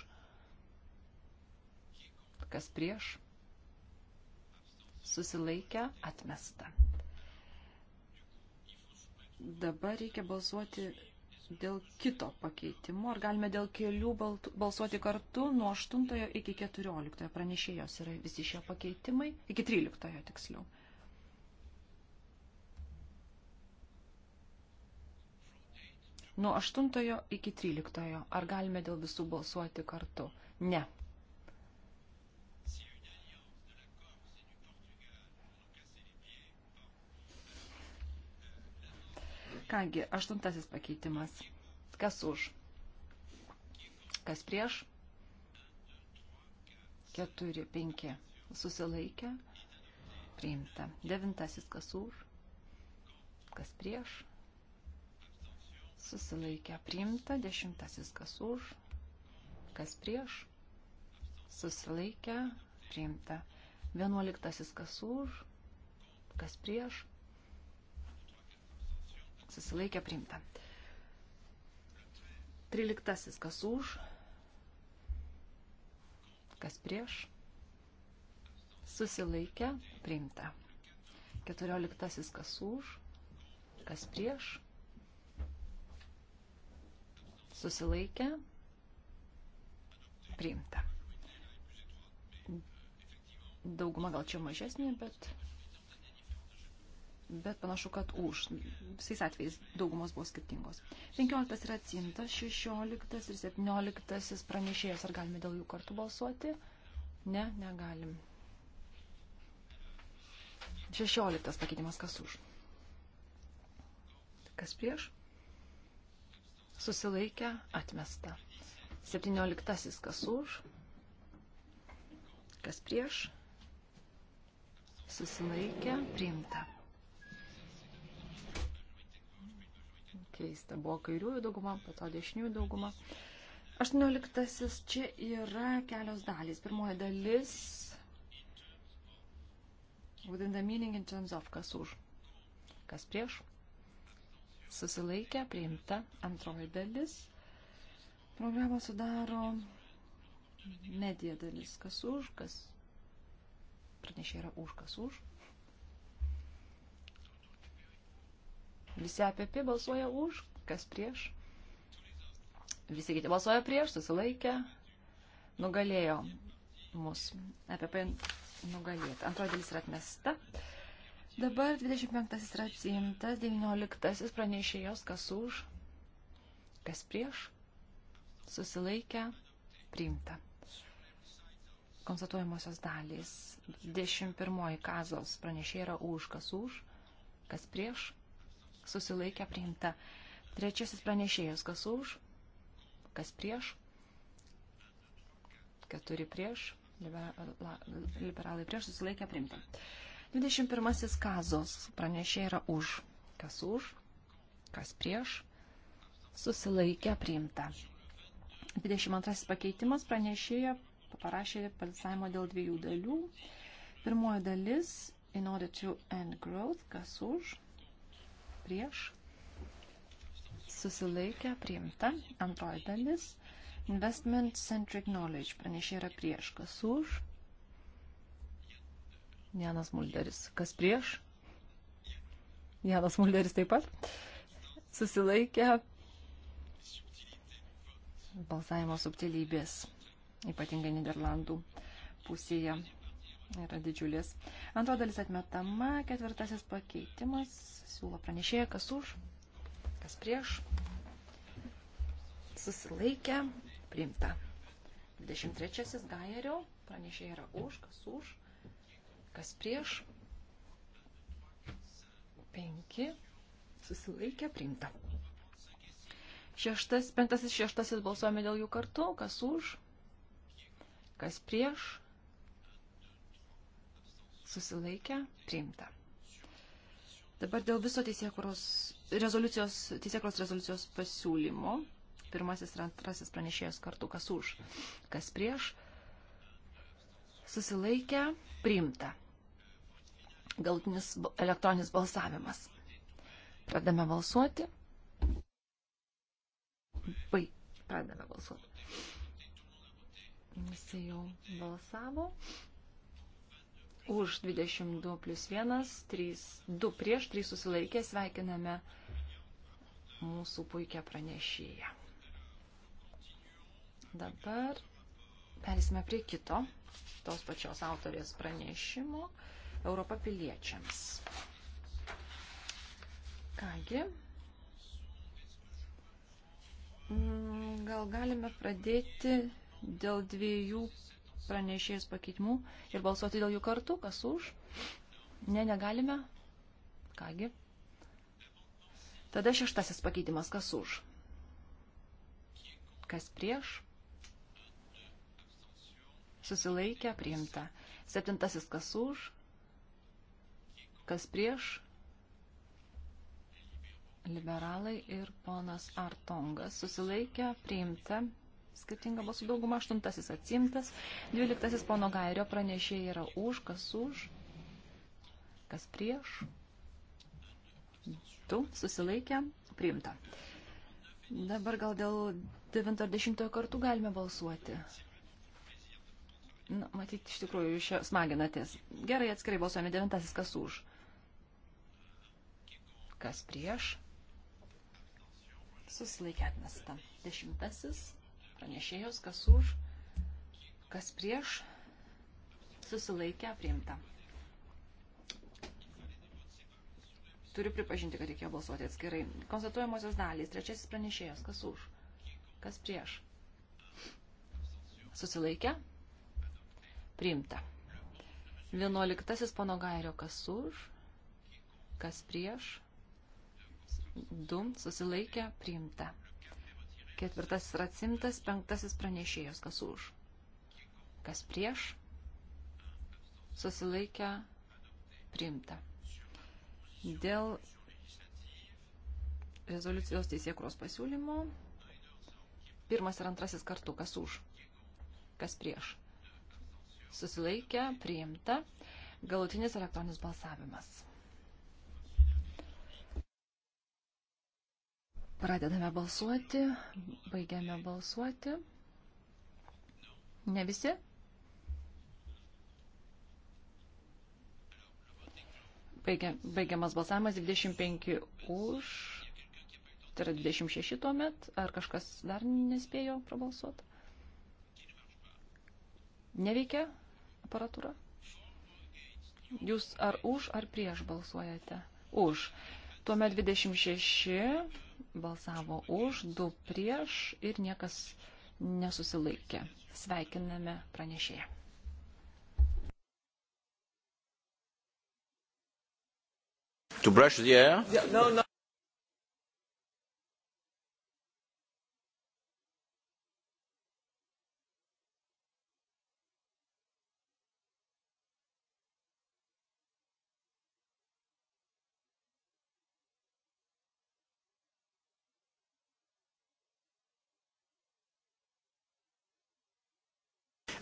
Kas prieš? Susilaikę, atmesta. Dabar reikia balsuoti dėl kito pakeitimo. Ar galime dėl kelių balsuoti kartu nuo 8 iki 14 pranešėjos yra visi šie pakeitimai, iki 13 tiksliau. Nuo 8 iki 13. Ar galime dėl visų balsuoti kartu? Ne, Kągi, aštuntasis pakeitimas. Kas už? Kas prieš? Keturi, penki. Susilaikę. Priimta. Devintasis kas už? Kas prieš? Susilaikę. Priimta. Dešimtasis kas už? Kas prieš? Susilaikę. Priimta. Vienuoliktasis kas už? Kas prieš? susilaikė priimta. Tryliktasis, kas už, kas prieš, susilaikė priimta. Keturioliktasis, kas už, kas prieš, susilaikė priimta. Dauguma gal čia mažesnė, bet bet panašu, kad už. Visais atvejais daugumos buvo skirtingos. 15 yra atsimtas, 16 ir 17 pranešėjas. Ar galime dėl jų kartu balsuoti? Ne, negalim. 16 pakeitimas kas už. Kas prieš? Susilaikę, atmesta. 17 kas už. Kas prieš? Susilaikę, priimta. pakeista. Buvo kairiųjų dauguma, po to dešiniųjų dauguma. 18. Čia yra kelios dalys. Pirmoji dalis. Within the meaning in terms of kas už. Kas prieš. Susilaikė, priimta. Antroji dalis. Programą sudaro medija dalis. Kas už, kas pranešė yra už, kas už Visi APP balsuoja už, kas prieš. Visi kiti balsuoja prieš, susilaikė. Nugalėjo mus. APP nugalėta. Antroji dalis yra atmesta. Dabar 25 yra atsiimtas, 19 pranešėjos, kas už, kas prieš, susilaikę, priimta. Konstatuojamosios dalys. 21 kazos pranešėja yra už, kas už, kas prieš, susilaikė priimta. Trečiasis pranešėjas, kas už, kas prieš, keturi prieš, liberalai prieš, susilaikė priimta. 21 kazos pranešė yra už, kas už, kas prieš, susilaikė priimta. 22 pakeitimas pranešėjo parašė balsavimo dėl dviejų dalių. Pirmoji dalis – in order to end growth, kas už, prieš, susilaikę, priimta, antroji dalis, investment centric knowledge, pranešė yra prieš, kas už, Janas Mulderis, kas prieš, Janas Mulderis taip pat, susilaikę, balsavimo subtilybės, ypatingai Niderlandų pusėje yra didžiulis. Antro dalis atmetama, ketvirtasis pakeitimas, siūlo pranešėja, kas už, kas prieš, susilaikę, priimta. 23 gairio, pranešėja yra už, kas už, kas prieš, 5, susilaikę, priimta. Šeštas, penktasis, šeštasis balsuojame dėl jų kartu, kas už, kas prieš, susilaikę, priimta. Dabar dėl viso teisėkuros rezoliucijos, teisėkuros rezoliucijos pasiūlymo, pirmasis ir antrasis pranešėjas kartu, kas už, kas prieš, susilaikę, priimta. Galtinis elektroninis balsavimas. Pradame balsuoti. Bai, pradame balsuoti. Visi jau balsavo už 22 plus 1, 3, 2 prieš, 3 susilaikė, sveikiname mūsų puikia pranešėja. Dabar perėsime prie kito, tos pačios autorės pranešimo, Europą piliečiams. Kągi, mm, gal galime pradėti dėl dviejų pranešėjus pakeitimų ir balsuoti dėl jų kartu, kas už. Ne, negalime. Kągi. Tada šeštasis pakeitimas, kas už. Kas prieš. Susilaikę, priimta. Septintasis, kas už. Kas prieš. Liberalai ir ponas Artongas susilaikė priimta skirtinga balsų dauguma, aštuntasis atsimtas, dvyliktasis pono Gairio pranešėjai yra už, kas už, kas prieš, du susilaikė, priimta. Dabar gal dėl 90 kartų galime balsuoti. Na, matyt, iš tikrųjų, jūs čia smaginatės. Gerai, atskirai balsuojame devintasis, kas už. Kas prieš? Susilaikė atmesta. Dešimtasis pranešėjos, kas už, kas prieš, susilaikę priimta. Turiu pripažinti, kad reikėjo balsuoti atskirai. Konstatuojamosios dalys, trečiasis pranešėjas, kas už, kas prieš, susilaikę, priimta. Vienuoliktasis pono gairio, kas už, kas prieš, du, susilaikę, priimta. Ketvirtasis yra atsimtas, penktasis pranešėjos, kas už. Kas prieš, susilaikę, priimta. Dėl rezoliucijos teisėkros pasiūlymo, pirmas ir antrasis kartu, kas už, kas prieš. Susilaikę, priimta, galutinis elektroninis balsavimas. Pradedame balsuoti, baigiame balsuoti. Ne visi? Baigia, baigiamas balsavimas 25 už, tai yra 26 tuomet, ar kažkas dar nespėjo prabalsuoti? Neveikia aparatūra? Jūs ar už, ar prieš balsuojate? Už. Tuomet 26 balsavo už, du prieš ir niekas nesusilaikė. Sveikiname pranešėją. To brush the air? Yeah, no, no.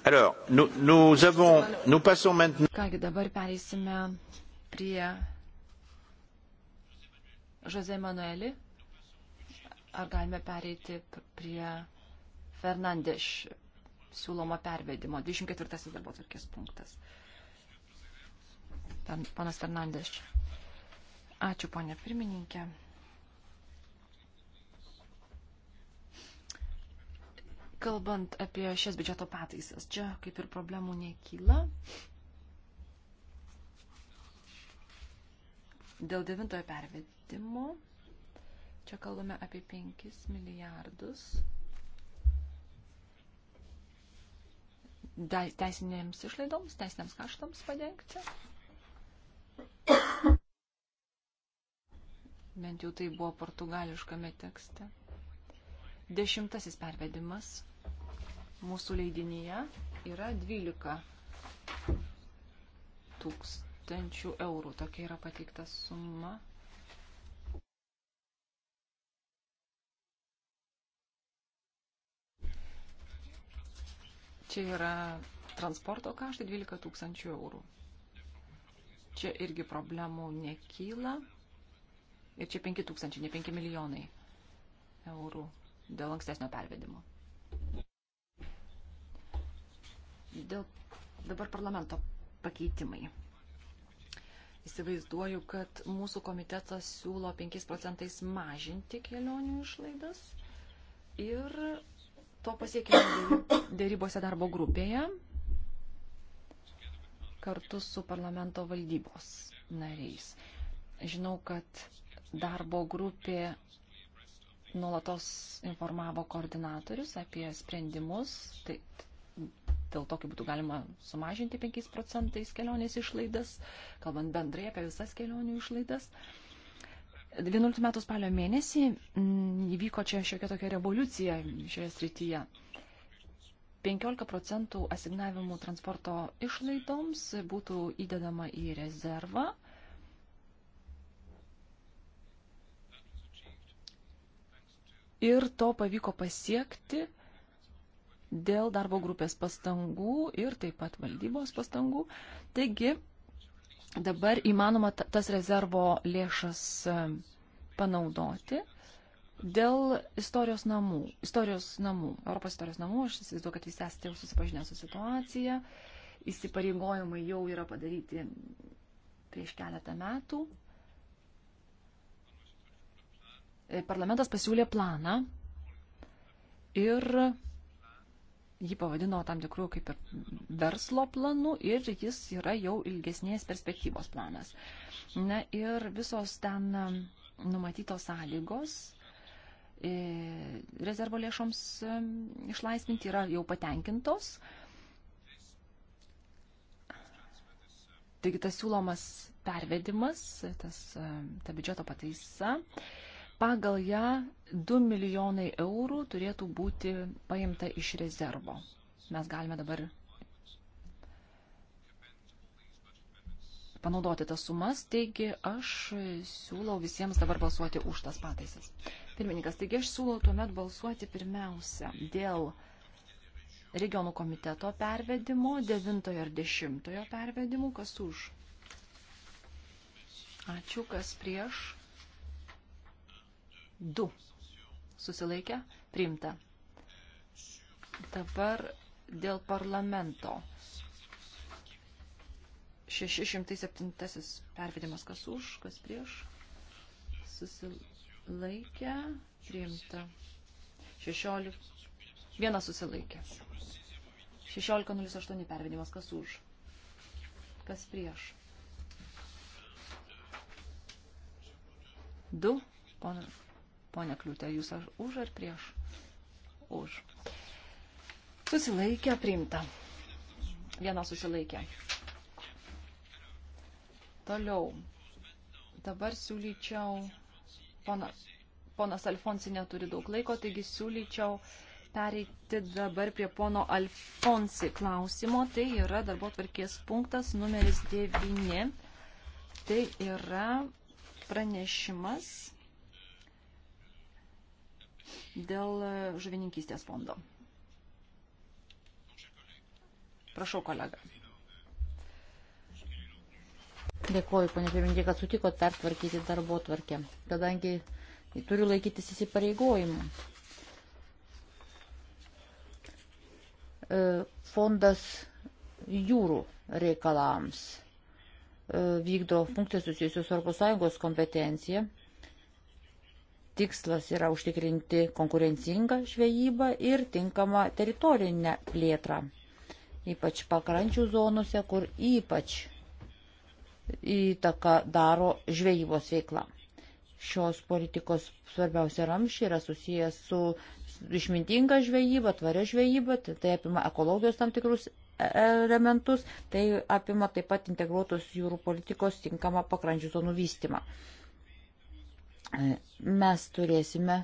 Alors, nous, nous, avons, nous passons maintenant. Kągi dabar pereisime prie Jose Manueli. Ar galime pereiti prie Fernandes siūloma pervedimo. 24 darbo tvarkės punktas. Panas Fernandes. Ačiū, ponė pirmininkė. Kalbant apie šias biudžeto pataisas, čia kaip ir problemų nekyla. Dėl devintojo pervedimo, čia kalbame apie 5 milijardus teisinėms išlaidoms, teisinėms kaštams padengti. Bent jau tai buvo portugališkame tekste. Dešimtasis pervedimas mūsų leidinyje yra 12 tūkstančių eurų. Tokia yra pateikta suma. Čia yra transporto kaštai 12 tūkstančių eurų. Čia irgi problemų nekyla. Ir čia 5 tūkstančiai, ne 5 milijonai eurų dėl ankstesnio pervedimo. dėl dabar parlamento pakeitimai. Įsivaizduoju, kad mūsų komitetas siūlo 5 procentais mažinti kelionių išlaidas ir to pasiekime dėrybose darbo grupėje kartu su parlamento valdybos nariais. Žinau, kad darbo grupė nuolatos informavo koordinatorius apie sprendimus, tai dėl to, kaip būtų galima sumažinti 5 procentais kelionės išlaidas, kalbant bendrai apie visas kelionių išlaidas. 11 metų spalio mėnesį mm, įvyko čia šiokia tokia revoliucija šioje srityje. 15 procentų asignavimų transporto išlaidoms būtų įdedama į rezervą. Ir to pavyko pasiekti dėl darbo grupės pastangų ir taip pat valdybos pastangų. Taigi dabar įmanoma tas rezervo lėšas e, panaudoti dėl istorijos namų. Istorijos namų, Europos istorijos namų, aš įsivaizduoju, kad visi esate jau susipažinę su situacija. Įsipareigojimai jau yra padaryti prieš keletą metų. E, parlamentas pasiūlė planą ir jį pavadino tam tikrų kaip ir verslo planu ir jis yra jau ilgesnės perspektyvos planas. Na ir visos ten um, numatytos sąlygos e, rezervo lėšoms um, išlaisvinti yra jau patenkintos. Taigi tas siūlomas pervedimas, tas, um, ta biudžeto pataisa, uh, Pagal ją 2 milijonai eurų turėtų būti paimta iš rezervo. Mes galime dabar panaudoti tas sumas, taigi aš siūlau visiems dabar balsuoti už tas pataisas. Pirmininkas, taigi aš siūlau tuomet balsuoti pirmiausia dėl regionų komiteto pervedimo, devintojo ir dešimtojo pervedimų, kas už. Ačiū, kas prieš 2 susilaikę priimta. Dabar dėl parlamento. 607 pervedimas kas už, kas prieš. Susilaikę priimta. 16. Vienas susilaikė. 16.08 pervedimas kas už, kas prieš. 2. Ponas Pone Kliūtė, jūs ar už ar prieš? Už. Susilaikė, priimta. Viena susilaikė. Toliau. Dabar siūlyčiau. Pona, ponas Alfonsi neturi daug laiko, taigi siūlyčiau pereiti dabar prie pono Alfonsi klausimo. Tai yra darbo tvarkės punktas numeris 9. Tai yra pranešimas dėl e, žuvininkystės fondo. Prašau, kolega. Dėkuoju, ponė pirmininkė, kad sutikot pertvarkyti darbo tvarkę, kadangi turiu laikytis įsipareigojimų. E, fondas jūrų reikalams e, vykdo funkcijas susijusius su ES kompetencija tikslas yra užtikrinti konkurencingą žvejybą ir tinkamą teritorinę plėtrą, ypač pakrančių zonose, kur ypač įtaka daro žvejybos veikla. Šios politikos svarbiausia ramšiai yra susijęs su išmintinga žvejyba, tvaria žvejyba, tai, tai apima ekologijos tam tikrus elementus, tai apima taip pat integruotos jūrų politikos tinkamą pakrančių zonų vystimą mes turėsime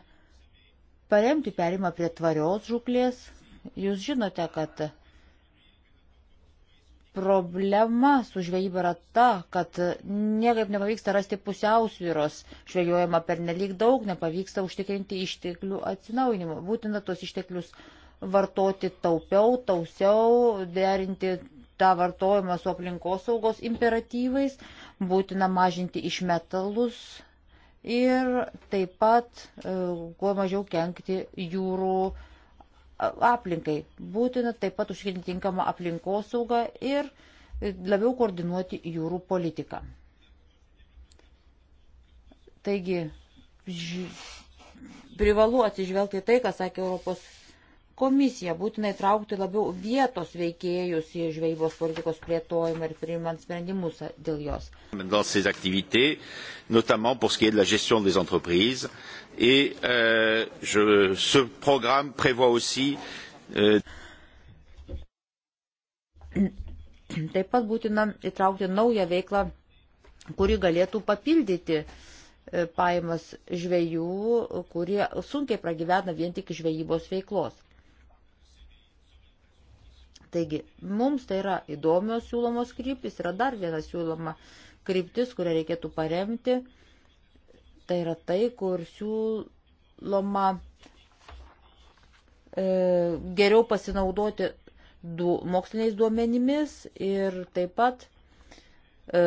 paremti perimą prie tvarios žuklės. Jūs žinote, kad problema su žvejyba yra ta, kad niekaip nepavyksta rasti pusiausvyros, žvejojama per nelik daug, nepavyksta užtikrinti išteklių atsinaujinimą. Būtina tos išteklius vartoti taupiau, tausiau, derinti tą vartojimą su aplinkosaugos imperatyvais, būtina mažinti išmetalus, ir taip pat e, kuo mažiau kenkti jūrų aplinkai. Būtina taip pat užtikrinti tinkamą aplinkosaugą ir labiau koordinuoti jūrų politiką. Taigi, privalu atsižvelgti tai, ką sakė Europos komisiją. Būtina įtraukti labiau vietos veikėjus į žvejybos politikos plėtojimą ir priimant sprendimus dėl jos. Dans ces activités, notamment pour ce qui est de la gestion des entreprises. Et euh, je, ce programme prévoit aussi. Euh... Taip pat būtina įtraukti naują veiklą, kuri galėtų papildyti e, pajamas žvėjų, kurie sunkiai pragyvena vien tik žvejybos veiklos. Taigi, mums tai yra įdomios siūlomos kryptis, yra dar viena siūloma kryptis, kurią reikėtų paremti. Tai yra tai, kur siūloma e, geriau pasinaudoti du, moksliniais duomenimis ir taip pat E,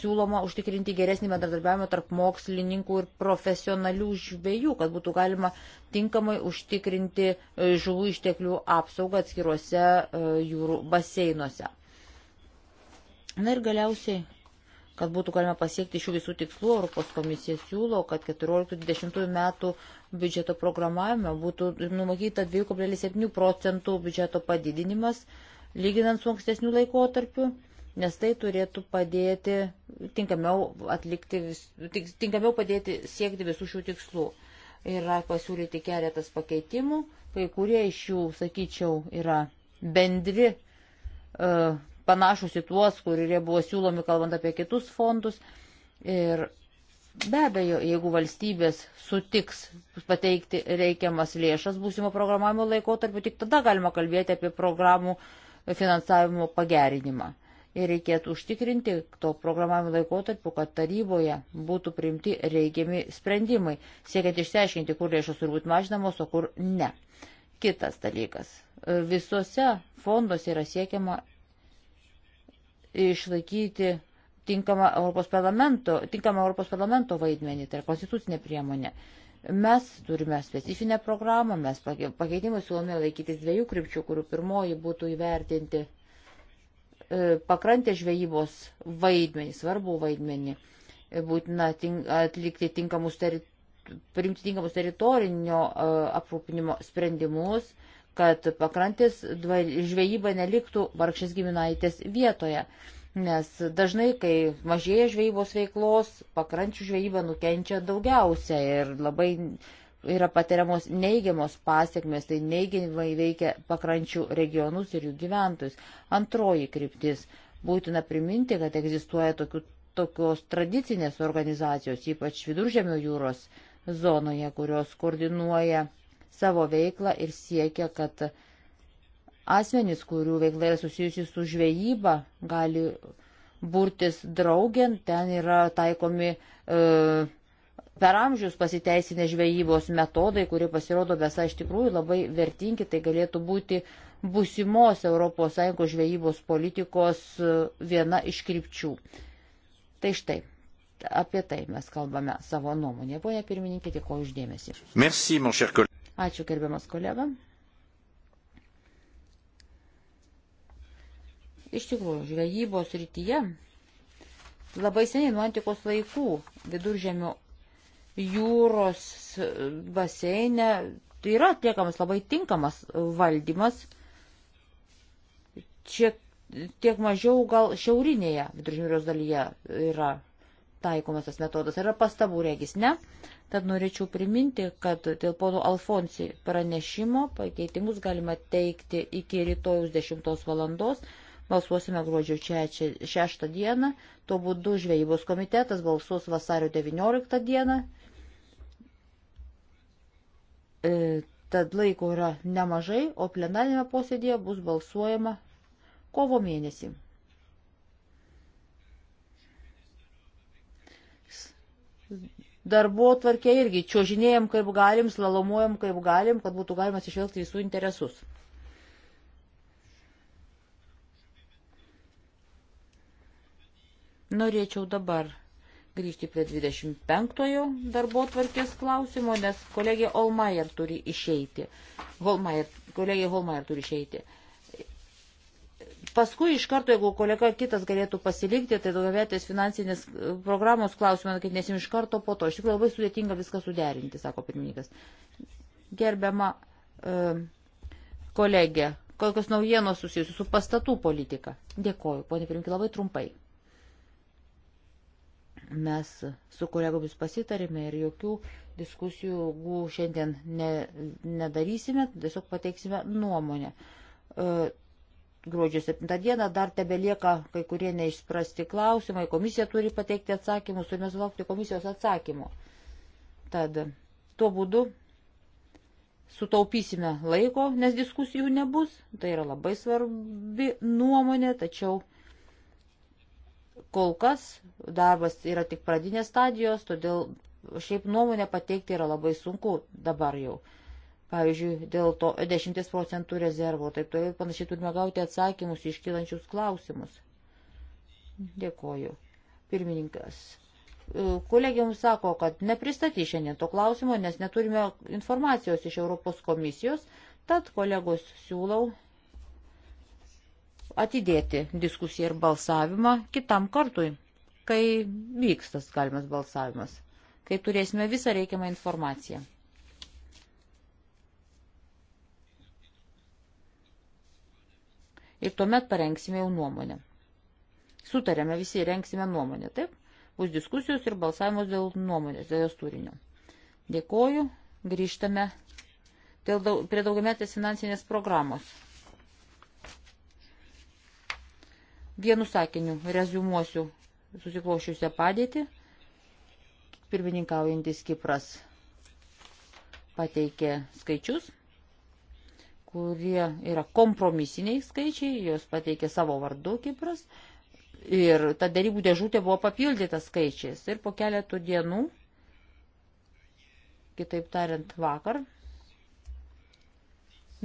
siūloma užtikrinti geresnį bendradarbiavimą tarp mokslininkų ir profesionalių žvėjų, kad būtų galima tinkamai užtikrinti e, žuvų išteklių apsaugą atskiruose e, jūrų baseinuose. Na ir galiausiai, kad būtų galima pasiekti šių visų tikslų, Europos komisija siūlo, kad 14-20 metų biudžeto programavime būtų numatyta 2,7 procentų biudžeto padidinimas, lyginant su ankstesniu laikotarpiu nes tai turėtų padėti tinkamiau atlikti, tinkamiau padėti siekti visų šių tikslų. Yra pasiūlyti keletas pakeitimų, kai kurie iš jų, sakyčiau, yra bendri, e, panašus į tuos, kurie buvo siūlomi kalbant apie kitus fondus. Ir Be abejo, jeigu valstybės sutiks pateikti reikiamas lėšas būsimo programavimo laikotarpiu, tik tada galima kalbėti apie programų finansavimo pagerinimą ir reikėtų užtikrinti to programavimo laikotarpiu, kad taryboje būtų priimti reikiami sprendimai, siekiant išsiaiškinti, kur lėšos turi būti mažinamos, o kur ne. Kitas dalykas. Visose fonduose yra siekiama išlaikyti tinkamą Europos parlamento, tinkamą Europos parlamento vaidmenį, tai yra konstitucinė priemonė. Mes turime specifinę programą, mes pakeitimus siūlome laikytis dviejų krypčių, kurių pirmoji būtų įvertinti E, pakrantės žvejybos vaidmenį, svarbų vaidmenį. E, būtina atlikti tinkamus, teri, priimti tinkamus teritorinio e, aprūpinimo sprendimus, kad pakrantės žvejyba neliktų vargšės giminaitės vietoje. Nes dažnai, kai mažėja žvejybos veiklos, pakrančių žvejyba nukenčia daugiausia ir labai yra patiriamos neigiamos pasiekmes, tai neigiamai veikia pakrančių regionus ir jų gyventojus. Antroji kryptis. Būtina priminti, kad egzistuoja tokių, tokios tradicinės organizacijos, ypač viduržėmio jūros zonoje, kurios koordinuoja savo veiklą ir siekia, kad asmenys, kurių veikla yra susijusi su žvejyba, gali burtis draugien, ten yra taikomi e, per amžius pasiteisinę žvejybos metodai, kurie pasirodo besą iš tikrųjų labai vertingi, tai galėtų būti busimos ES žvejybos politikos e, viena iš krypčių. Tai štai, apie tai mes kalbame savo nuomonė. Poje pirmininkė, dėkoju uždėmesi. Merci, Ačiū, gerbiamas kolega. Iš tikrųjų, žvejybos rytyje labai seniai nuo antikos laikų viduržėmio jūros baseine yra atliekamas labai tinkamas valdymas, šiek tiek mažiau gal šiaurinėje viduržmirios dalyje yra taikomas tas metodas. Yra pastabų regis, ne? Tad norėčiau priminti, kad dėl pono Alfonsi pranešimo pakeitimus galima teikti iki rytojus 10 valandos. Balsuosime gruodžio 6 dieną. Tuo būdu žvejybos komitetas balsuos vasario 19 dieną E, tad laiko yra nemažai, o plenarinėme posėdėje bus balsuojama kovo mėnesį. Darbo tvarkė irgi čiožinėjom kaip galim, slalomuojam kaip galim, kad būtų galima atsižvelgti visų interesus. Norėčiau dabar grįžti prie 25-ojo darbo tvarkės klausimo, nes kolegė Olmajer turi išeiti. Holmajer, kolegė Holmajer turi išeiti. Paskui iš karto, jeigu kolega kitas galėtų pasilikti, tai daugiavietės finansinės e, programos klausimą, kad nesim iš karto po to. Iš tikrųjų labai sudėtinga viską suderinti, sako pirmininkas. Gerbiama e, kolegė, kokios naujienos susijusios su pastatų politika. Dėkoju, ponė pirmininkė, labai trumpai. Mes su kolegomis pasitarėme ir jokių diskusijų šiandien ne, nedarysime, tiesiog pateiksime nuomonę. E, gruodžio 7 dieną dar tebelieka kai kurie neišspręsti klausimai, komisija turi pateikti atsakymus, turime sulaukti komisijos atsakymų. Tad tuo būdu sutaupysime laiko, nes diskusijų nebus, tai yra labai svarbi nuomonė, tačiau Kol kas darbas yra tik pradinės stadijos, todėl šiaip nuomonę pateikti yra labai sunku dabar jau. Pavyzdžiui, dėl to 10 procentų rezervo, taip to ir panašiai turime gauti atsakymus iškylančius klausimus. Dėkoju. Pirmininkas. Kolegija mums sako, kad nepristatys šiandien to klausimo, nes neturime informacijos iš Europos komisijos, tad kolegos siūlau atidėti diskusiją ir balsavimą kitam kartui, kai vyks tas galimas balsavimas, kai turėsime visą reikiamą informaciją. Ir tuomet parengsime jau nuomonę. Sutarėme visi, rengsime nuomonę, taip? Bus diskusijos ir balsavimus dėl nuomonės, dėl jos turinio. Dėkoju, grįžtame daug, prie daugiametės finansinės programos. Vienu sakiniu rezumuosiu susiklošiusią padėtį. Pirmininkaujantis Kipras pateikė skaičius, kurie yra kompromisiniai skaičiai, juos pateikė savo vardu Kipras. Ir ta darybų dėžutė buvo papildyta skaičiais. Ir po keletų dienų, kitaip tariant vakar,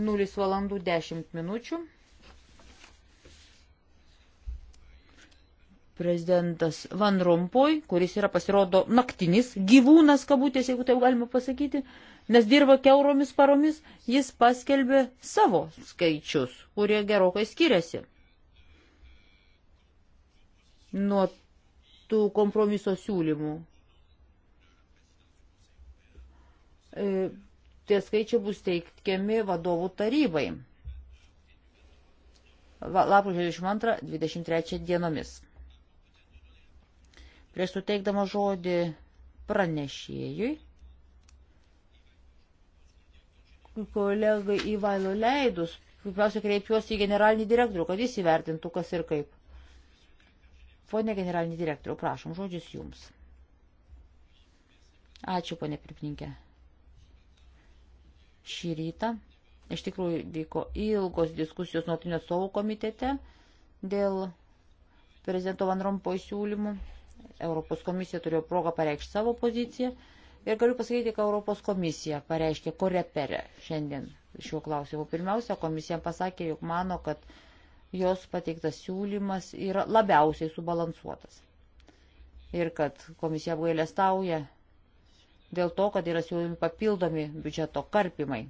0 valandų 10 minučių prezidentas Van Rompuy, kuris yra pasirodo naktinis gyvūnas, kabutės, jeigu taip galima pasakyti, nes dirba keuromis paromis, jis paskelbė savo skaičius, kurie gerokai skiriasi nuo tų kompromiso siūlymų. E, tie skaičiai bus teikiami vadovų tarybai. Lapkričio 22-23 dienomis. Prieš suteikdama žodį pranešėjui, kolegai Ivailo leidus, pirmiausia kreipiuosi į generalinį direktorių, kad jis įvertintų, kas ir kaip. Pone generalinį direktorių, prašom, žodžius jums. Ačiū, ponė pirmininkė. Šį rytą iš tikrųjų vyko ilgos diskusijos nuotinio savo komitete dėl prezidento Van Rompo įsiūlymų Europos komisija turėjo progą pareikšti savo poziciją ir galiu pasakyti, kad Europos komisija pareiškė korepere šiandien šiuo klausimu. Pirmiausia, komisija pasakė, jog mano, kad jos pateiktas siūlymas yra labiausiai subalansuotas. Ir kad komisija apgailę stauja dėl to, kad yra siūlomi papildomi biudžeto karpimai.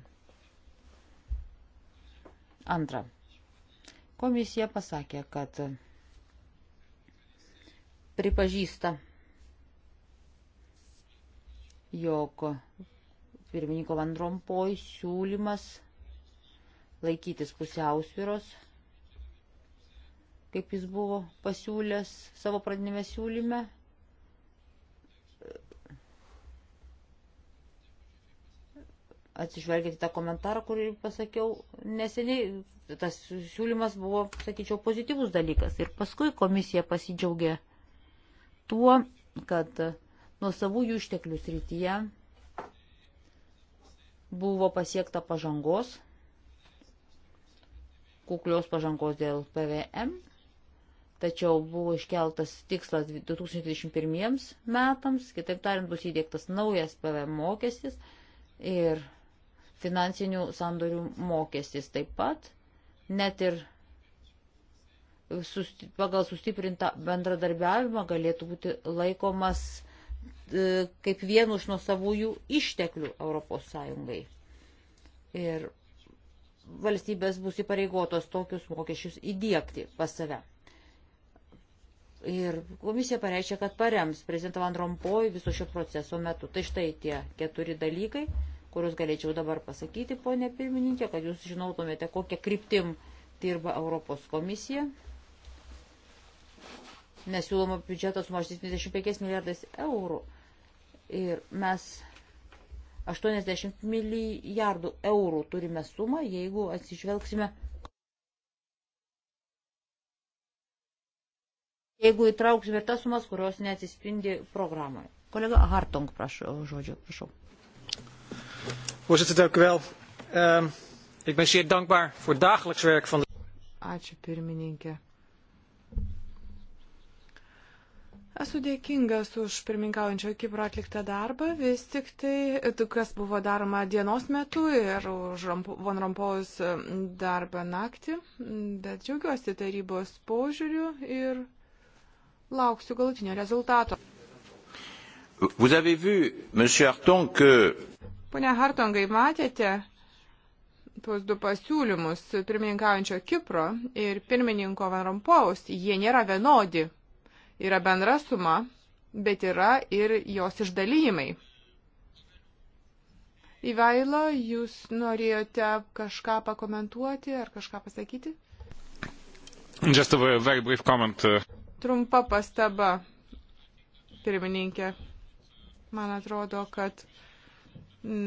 Antra. Komisija pasakė, kad pripažįsta, jog pirmininko Van Rompoj siūlymas laikytis pusiausviros, kaip jis buvo pasiūlęs savo pradinėme siūlyme. Atsižvelgiant į tą komentarą, kurį pasakiau neseniai, tas siūlymas buvo, sakyčiau, pozityvus dalykas. Ir paskui komisija pasidžiaugė tuo, kad nuo savųjų išteklių srityje buvo pasiekta pažangos, kuklios pažangos dėl PVM, tačiau buvo iškeltas tikslas 2021 metams, kitaip tariant, bus įdėktas naujas PVM mokestis ir finansinių sandorių mokestis taip pat, net ir susti, pagal sustiprintą bendradarbiavimą galėtų būti laikomas e, kaip vienu iš nuosavųjų išteklių ES. Ir valstybės bus įpareigotos tokius mokesčius įdėkti pas save. Ir komisija pareiškia, kad parems prezidentą Van Rompoj viso šio proceso metu. Tai štai tie keturi dalykai, kuriuos galėčiau dabar pasakyti, ponė pirmininkė, kad jūs žinotumėte, kokią kryptim dirba Europos komisija nes siūloma biudžetos mažinti 25 milijardais eurų. Ir mes 80 milijardų eurų turime sumą, jeigu atsižvelgsime. Jeigu įtrauksime tas sumas, kurios neatsispindi programoje. Kolega Hartong, prašau, žodžio, prašau. Voorzitter, dank u wel. Um, ik ben zeer dankbaar voor dagelijks werk van de. Ačiū pirmininkė. Esu dėkingas už pirmininkaujančio Kipro atliktą darbą, vis tik tai, kas buvo daroma dienos metu ir už Von Rompojus darbą naktį, bet džiaugiuosi tarybos požiūriu ir lauksiu galutinio rezultato. Vous avez vu, monsieur Harton, que... Pone Hartongai, matėte tuos du pasiūlymus pirmininkaujančio Kipro ir pirmininko Van Rompojaus, jie nėra vienodi. Yra bendra suma, bet yra ir jos išdalyjimai. Įvaila, jūs norėjote kažką pakomentuoti ar kažką pasakyti? Just a very brief comment. Uh. Trumpa pastaba, pirmininkė. Man atrodo, kad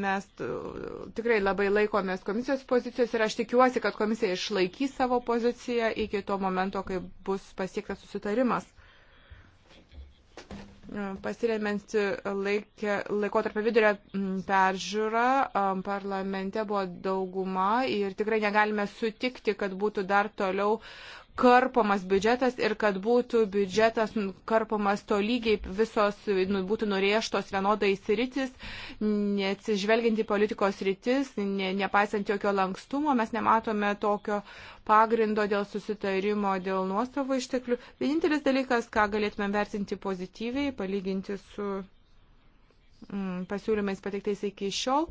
mes tikrai labai laikomės komisijos pozicijos ir aš tikiuosi, kad komisija išlaikys savo poziciją iki to momento, kai bus pasiektas susitarimas pasiremiant laikotarpio vidurio peržiūrą, parlamente buvo dauguma ir tikrai negalime sutikti, kad būtų dar toliau karpomas biudžetas ir kad būtų biudžetas karpomas to lygiai visos nu, būtų nurieštos vienodai sritis, neatsižvelginti politikos sritis, ne, nepaisant jokio lankstumo, mes nematome tokio pagrindo dėl susitarimo, dėl nuostabų išteklių. Vienintelis dalykas, ką galėtume vertinti pozityviai, palyginti su mm, pasiūlymais pateiktais iki šiol,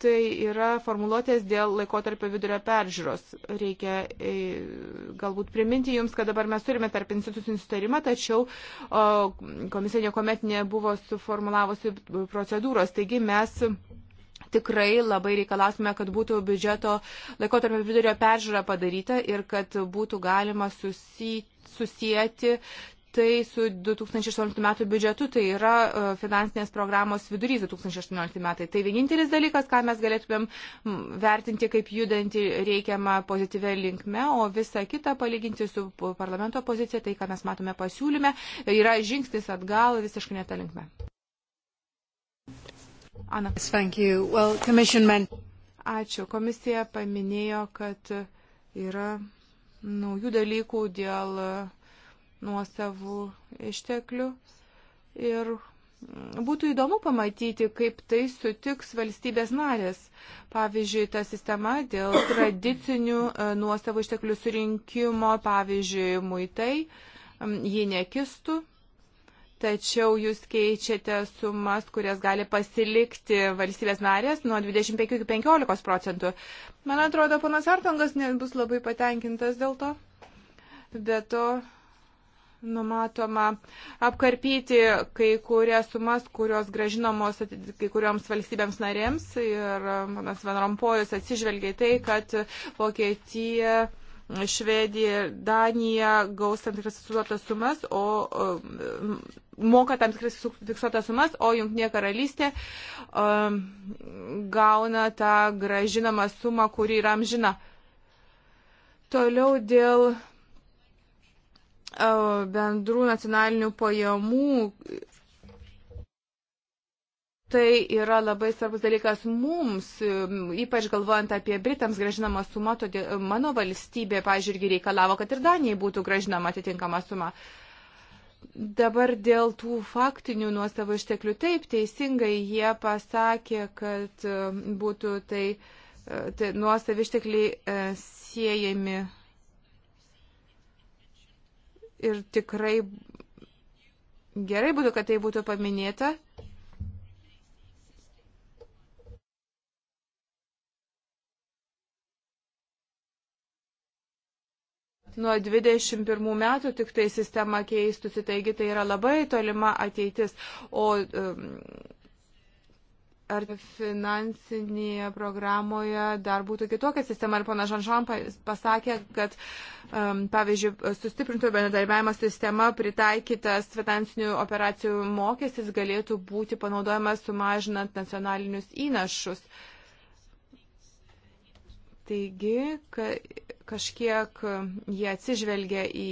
tai yra formuluotės dėl laikotarpio vidurio peržiūros. Reikia e, galbūt priminti jums, kad dabar mes turime tarp institucijų sutarimą, tačiau o, komisija niekuomet nebuvo suformulavusi procedūros. Taigi mes tikrai labai reikalausime, kad būtų biudžeto laikotarpio vidurio peržiūra padaryta ir kad būtų galima susi, susijęti tai su 2018 metų biudžetu, tai yra e, finansinės programos vidurys 2018 metai. Tai vienintelis dalykas, ką mes galėtumėm vertinti kaip judantį reikiamą pozityvę linkmę, o visa kita palyginti su parlamento pozicija, tai ką mes matome pasiūlyme, yra žingsnis atgal visiškai netą linkmę. Ana. Well, Ačiū. Komisija paminėjo, kad yra naujų dalykų dėl nuosavų išteklių. Ir būtų įdomu pamatyti, kaip tai sutiks valstybės narės. Pavyzdžiui, ta sistema dėl tradicinių e, nuosavų išteklių surinkimo, pavyzdžiui, muitai, ji nekistų. Tačiau jūs keičiate sumas, kurias gali pasilikti valstybės narės nuo 25 iki 15 procentų. Man atrodo, panas Artangas nebus labai patenkintas dėl to. Bet to numatoma apkarpyti kai kurias sumas, kurios gražinamos kai kurioms valstybėms narėms. Ir manas um, Van Rompojus atsižvelgia į tai, kad Vokietija. Švedija, Danija gaus tam tikras fiksuotas sumas, o, o um, moka tam tikras fiksuotas sumas, o Junktinė karalystė o, um, gauna tą gražinamą sumą, kuri yra amžina. Toliau dėl bendrų nacionalinių pajamų tai yra labai svarbus dalykas mums, ypač galvojant apie Britams gražinamą sumą, todėl mano valstybė, pažiūrėjau, irgi reikalavo, kad ir Danijai būtų gražinama atitinkama suma. Dabar dėl tų faktinių nuosavų išteklių, taip, teisingai jie pasakė, kad būtų tai, e, tai nuosavi ištekliai e, siejami ir tikrai gerai būtų, kad tai būtų paminėta. Nuo 21 metų tik tai sistema keistusi, taigi tai yra labai tolima ateitis. O um, ar finansinėje programoje dar būtų kitokia sistema. Ir pana Žanžan pasakė, kad, um, pavyzdžiui, sustiprintų bendradarbiavimo sistema pritaikytas finansinių operacijų mokestis galėtų būti panaudojamas sumažinant nacionalinius įnašus. Taigi, ka, kažkiek jie atsižvelgia į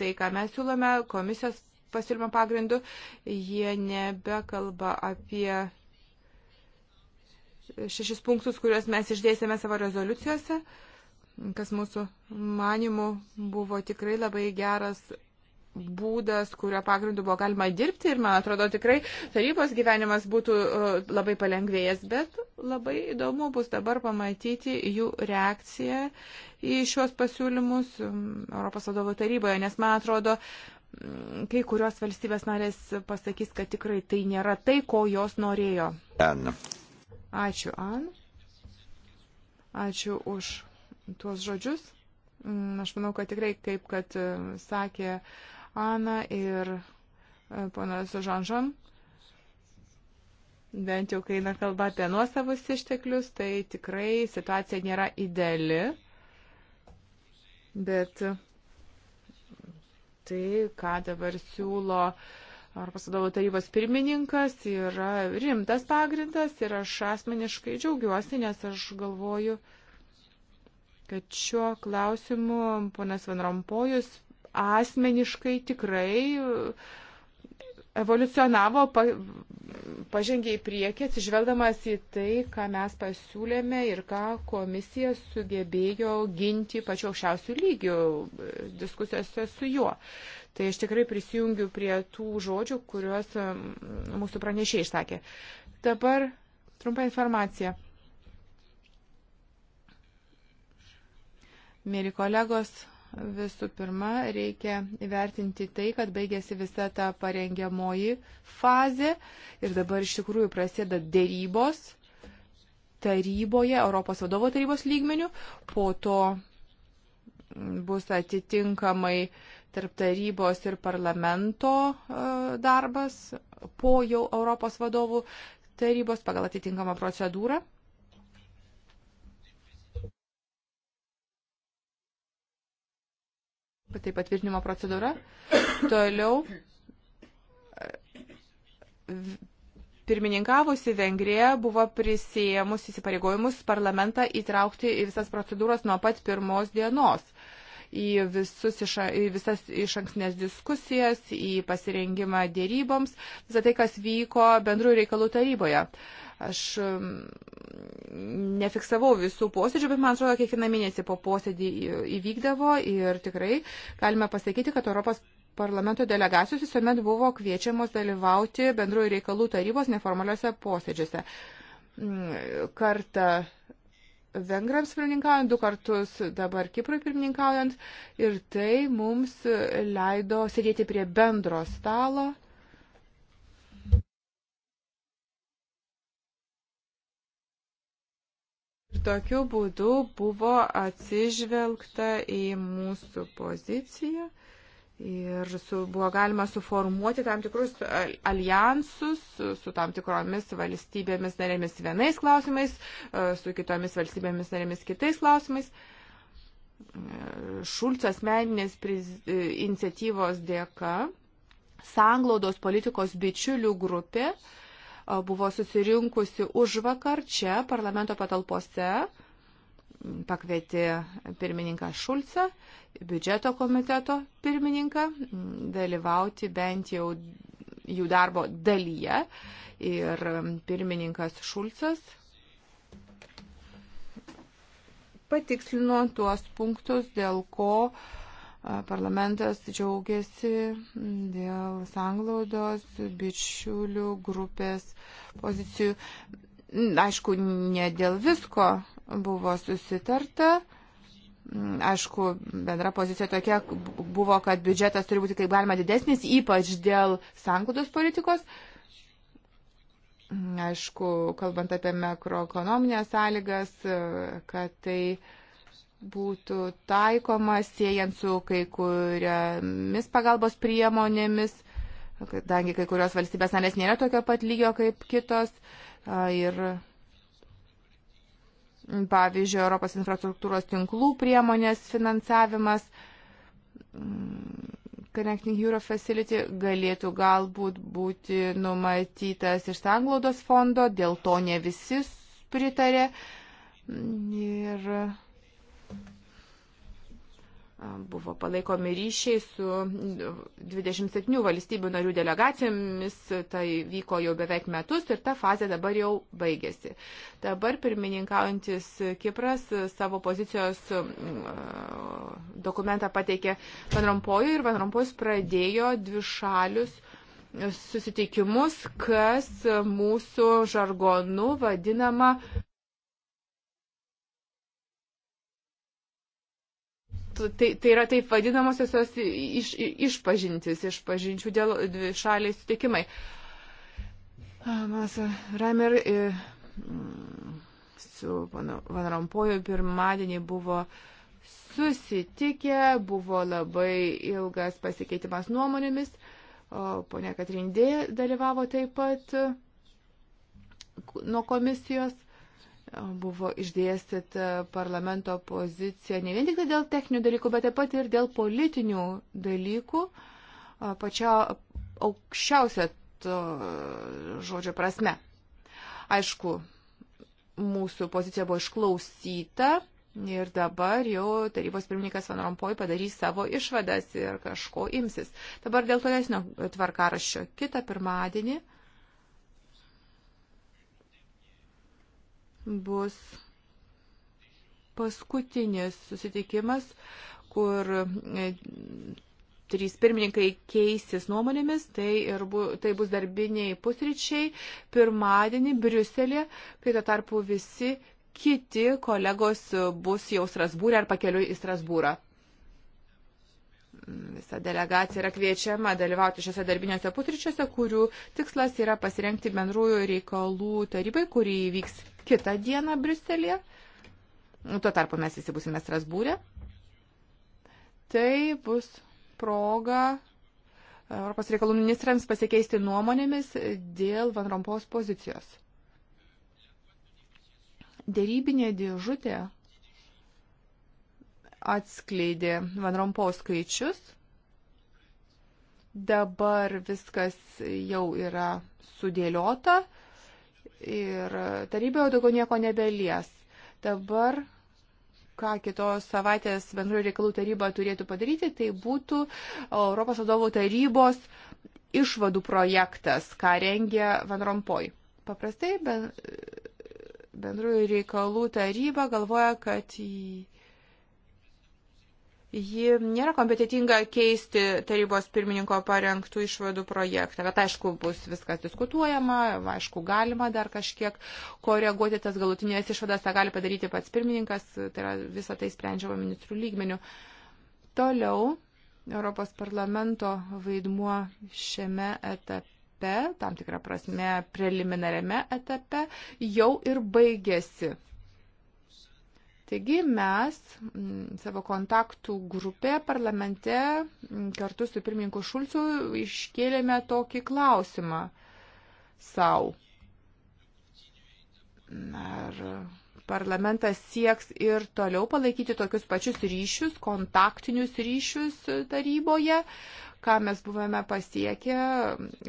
tai, ką mes siūlome komisijos pasiūlymo pagrindu, jie nebekalba apie šešis punktus, kuriuos mes išdėsėme savo rezoliucijose, kas mūsų manimų buvo tikrai labai geras būdas, kurio pagrindu buvo galima dirbti ir, man atrodo, tikrai tarybos gyvenimas būtų e, labai palengvėjęs, bet labai įdomu bus dabar pamatyti jų reakciją į šios pasiūlymus Europos vadovo taryboje, nes, man atrodo, kai kurios valstybės narės pasakys, kad tikrai tai nėra tai, ko jos norėjo. Ten. Ačiū, An. Ačiū už tuos žodžius. Mm, aš manau, kad tikrai, kaip kad e, sakė Ana ir e, ponas Žanžan, bent jau kai eina kalba apie nuosavus išteklius, tai tikrai situacija nėra ideali. Bet tai, ką dabar siūlo uh, Europos vadovų tarybos pirmininkas yra rimtas pagrindas ir aš asmeniškai džiaugiuosi, nes aš galvoju, kad šiuo klausimu ponas Van Rompojus asmeniškai tikrai evoliucionavo, pažengė į priekį, atsižvelgdamas į tai, ką mes pasiūlėme ir ką komisija sugebėjo ginti pačiu aukščiausių lygių e, diskusijose su juo. Tai aš tikrai prisijungiu prie tų žodžių, kuriuos mūsų pranešėjai išsakė. Dabar trumpa informacija. Mėly kolegos, visų pirma, reikia įvertinti tai, kad baigėsi visa ta parengiamoji fazė ir dabar iš tikrųjų prasideda dėrybos taryboje, Europos vadovo tarybos lygmenių, po to bus atitinkamai tarp tarybos ir parlamento e, darbas po jau Europos vadovų tarybos pagal atitinkamą procedūrą. tai patvirtinimo procedūra. Toliau pirmininkavusi Vengrija buvo prisėmus įsipareigojimus parlamentą įtraukti į visas procedūras nuo pat pirmos dienos. Į, visus, iša, į visas iš anksnės diskusijas, į pasirengimą dėryboms, visą tai, kas vyko bendrųjų reikalų taryboje. Uh, Aš um, nefiksavau visų posėdžių, bet man atrodo, kiekvieną mėnesį po posėdį įvykdavo ir tikrai galime pasakyti, kad Europos parlamento delegacijos visuomet buvo kviečiamos dalyvauti bendrųjų reikalų tarybos neformaliuose posėdžiuose. Mm, kartą vengrams pirmininkaujant, du kartus dabar Kiprui pirmininkaujant ir tai mums leido sėdėti prie bendro stalo tokiu būdu buvo atsižvelgta į mūsų poziciją ir su, buvo galima suformuoti tam tikrus alijansus su, su tam tikromis valstybėmis narėmis vienais klausimais, e, su kitomis valstybėmis narėmis kitais klausimais. E, Šulco asmeninės e, iniciatyvos dėka sanglaudos politikos bičiulių grupė uh, buvo susirinkusi už vakar čia parlamento patalpose, pakvietė pirmininką Šulcą, biudžeto komiteto pirmininką, dalyvauti bent jau jų darbo dalyje. Ir pirmininkas Šulcas patikslino tuos punktus, dėl ko uh, Parlamentas džiaugiasi dėl sanglaudos bičiulių grupės pozicijų. Aišku, ne dėl visko buvo susitarta. Aišku, bendra pozicija tokia buvo, kad biudžetas turi būti kaip galima didesnis, ypač dėl sanglaudos politikos aišku, kalbant apie makroekonominės sąlygas, kad tai uh, būtų taikoma siejant su kai kuriamis pagalbos priemonėmis, kadangi kai kurios valstybės narės nėra tokio pat lygio kaip kitos. Ir pavyzdžiui, Europos infrastruktūros tinklų priemonės finansavimas mm, Connecting Europe Facility galėtų galbūt būti numatytas iš sanglaudos fondo, dėl to ne visi pritarė. Mm, ir Buvo palaikomi ryšiai su 27 valstybių narių delegacijomis, tai vyko jau beveik metus ir ta fazė dabar jau baigėsi. Dabar pirmininkaujantis Kipras savo pozicijos dokumentą pateikė Van Rompojui ir Van Rompojus pradėjo dvišalius susitikimus, kas mūsų žargonu vadinama tai, tai yra taip vadinamosios jos iš, išpažintis, išpažinčių dėl šaliai sutikimai. Mas Raimer e, su Van Rompoju pirmadienį buvo susitikę, buvo labai ilgas pasikeitimas nuomonėmis, o ponia Katrindė dalyvavo taip pat nuo komisijos buvo išdėstyta parlamento pozicija ne vien tik tai dėl techninių dalykų, bet taip pat ir dėl politinių dalykų pačia aukščiausia to žodžio prasme. Aišku, mūsų pozicija buvo išklausyta ir dabar jau tarybos pirmininkas Van Rompoj padarys savo išvadas ir kažko imsis. Dabar dėl tolesnio tvarkaraščio kitą pirmadienį bus paskutinis susitikimas, kur e, trys pirmininkai keisis nuomonėmis, tai, ir bu, tai bus darbiniai pusryčiai pirmadienį Briuselė, kai tuo tarpu visi kiti kolegos bus jau Strasbūrė ar pakeliui į Strasbūrą. Visa delegacija yra kviečiama dalyvauti šiuose darbiniuose pusryčiuose, kurių tikslas yra pasirengti bendrųjų reikalų tarybai, kurį įvyks kitą dieną Briuselėje, tuo tarpu mes visi būsime Strasbūrė, tai bus proga Europos reikalų ministrams pasikeisti nuomonėmis dėl Van Rompos pozicijos. Dėrybinė dėžutė atskleidė Van Rompos skaičius. Dabar viskas jau yra sudėliota Ir taryboje daugiau nieko nebelies. Dabar ką kitos savaitės bendrojo reikalų taryba turėtų padaryti, tai būtų Europos vadovų tarybos išvadų projektas, ką rengia Van Rompoj. Paprastai bendrojo reikalų taryba galvoja, kad į ji nėra kompetitinga keisti tarybos pirmininko parengtų išvadų projektą. Bet aišku, bus viskas diskutuojama, aišku, galima dar kažkiek koreguoti tas galutinės išvadas, tą gali padaryti pats pirmininkas, tai yra visą tai sprendžiama ministrų lygmenių. Toliau Europos parlamento vaidmuo šiame etape etape, tam tikrą prasme preliminariame etape, jau ir baigėsi. Taigi mes mm, savo kontaktų grupė parlamente mm, kartu su pirmininku Šulcu iškėlėme tokį klausimą savo. Ar parlamentas sieks ir toliau palaikyti tokius pačius ryšius, kontaktinius ryšius taryboje, ką mes buvome pasiekę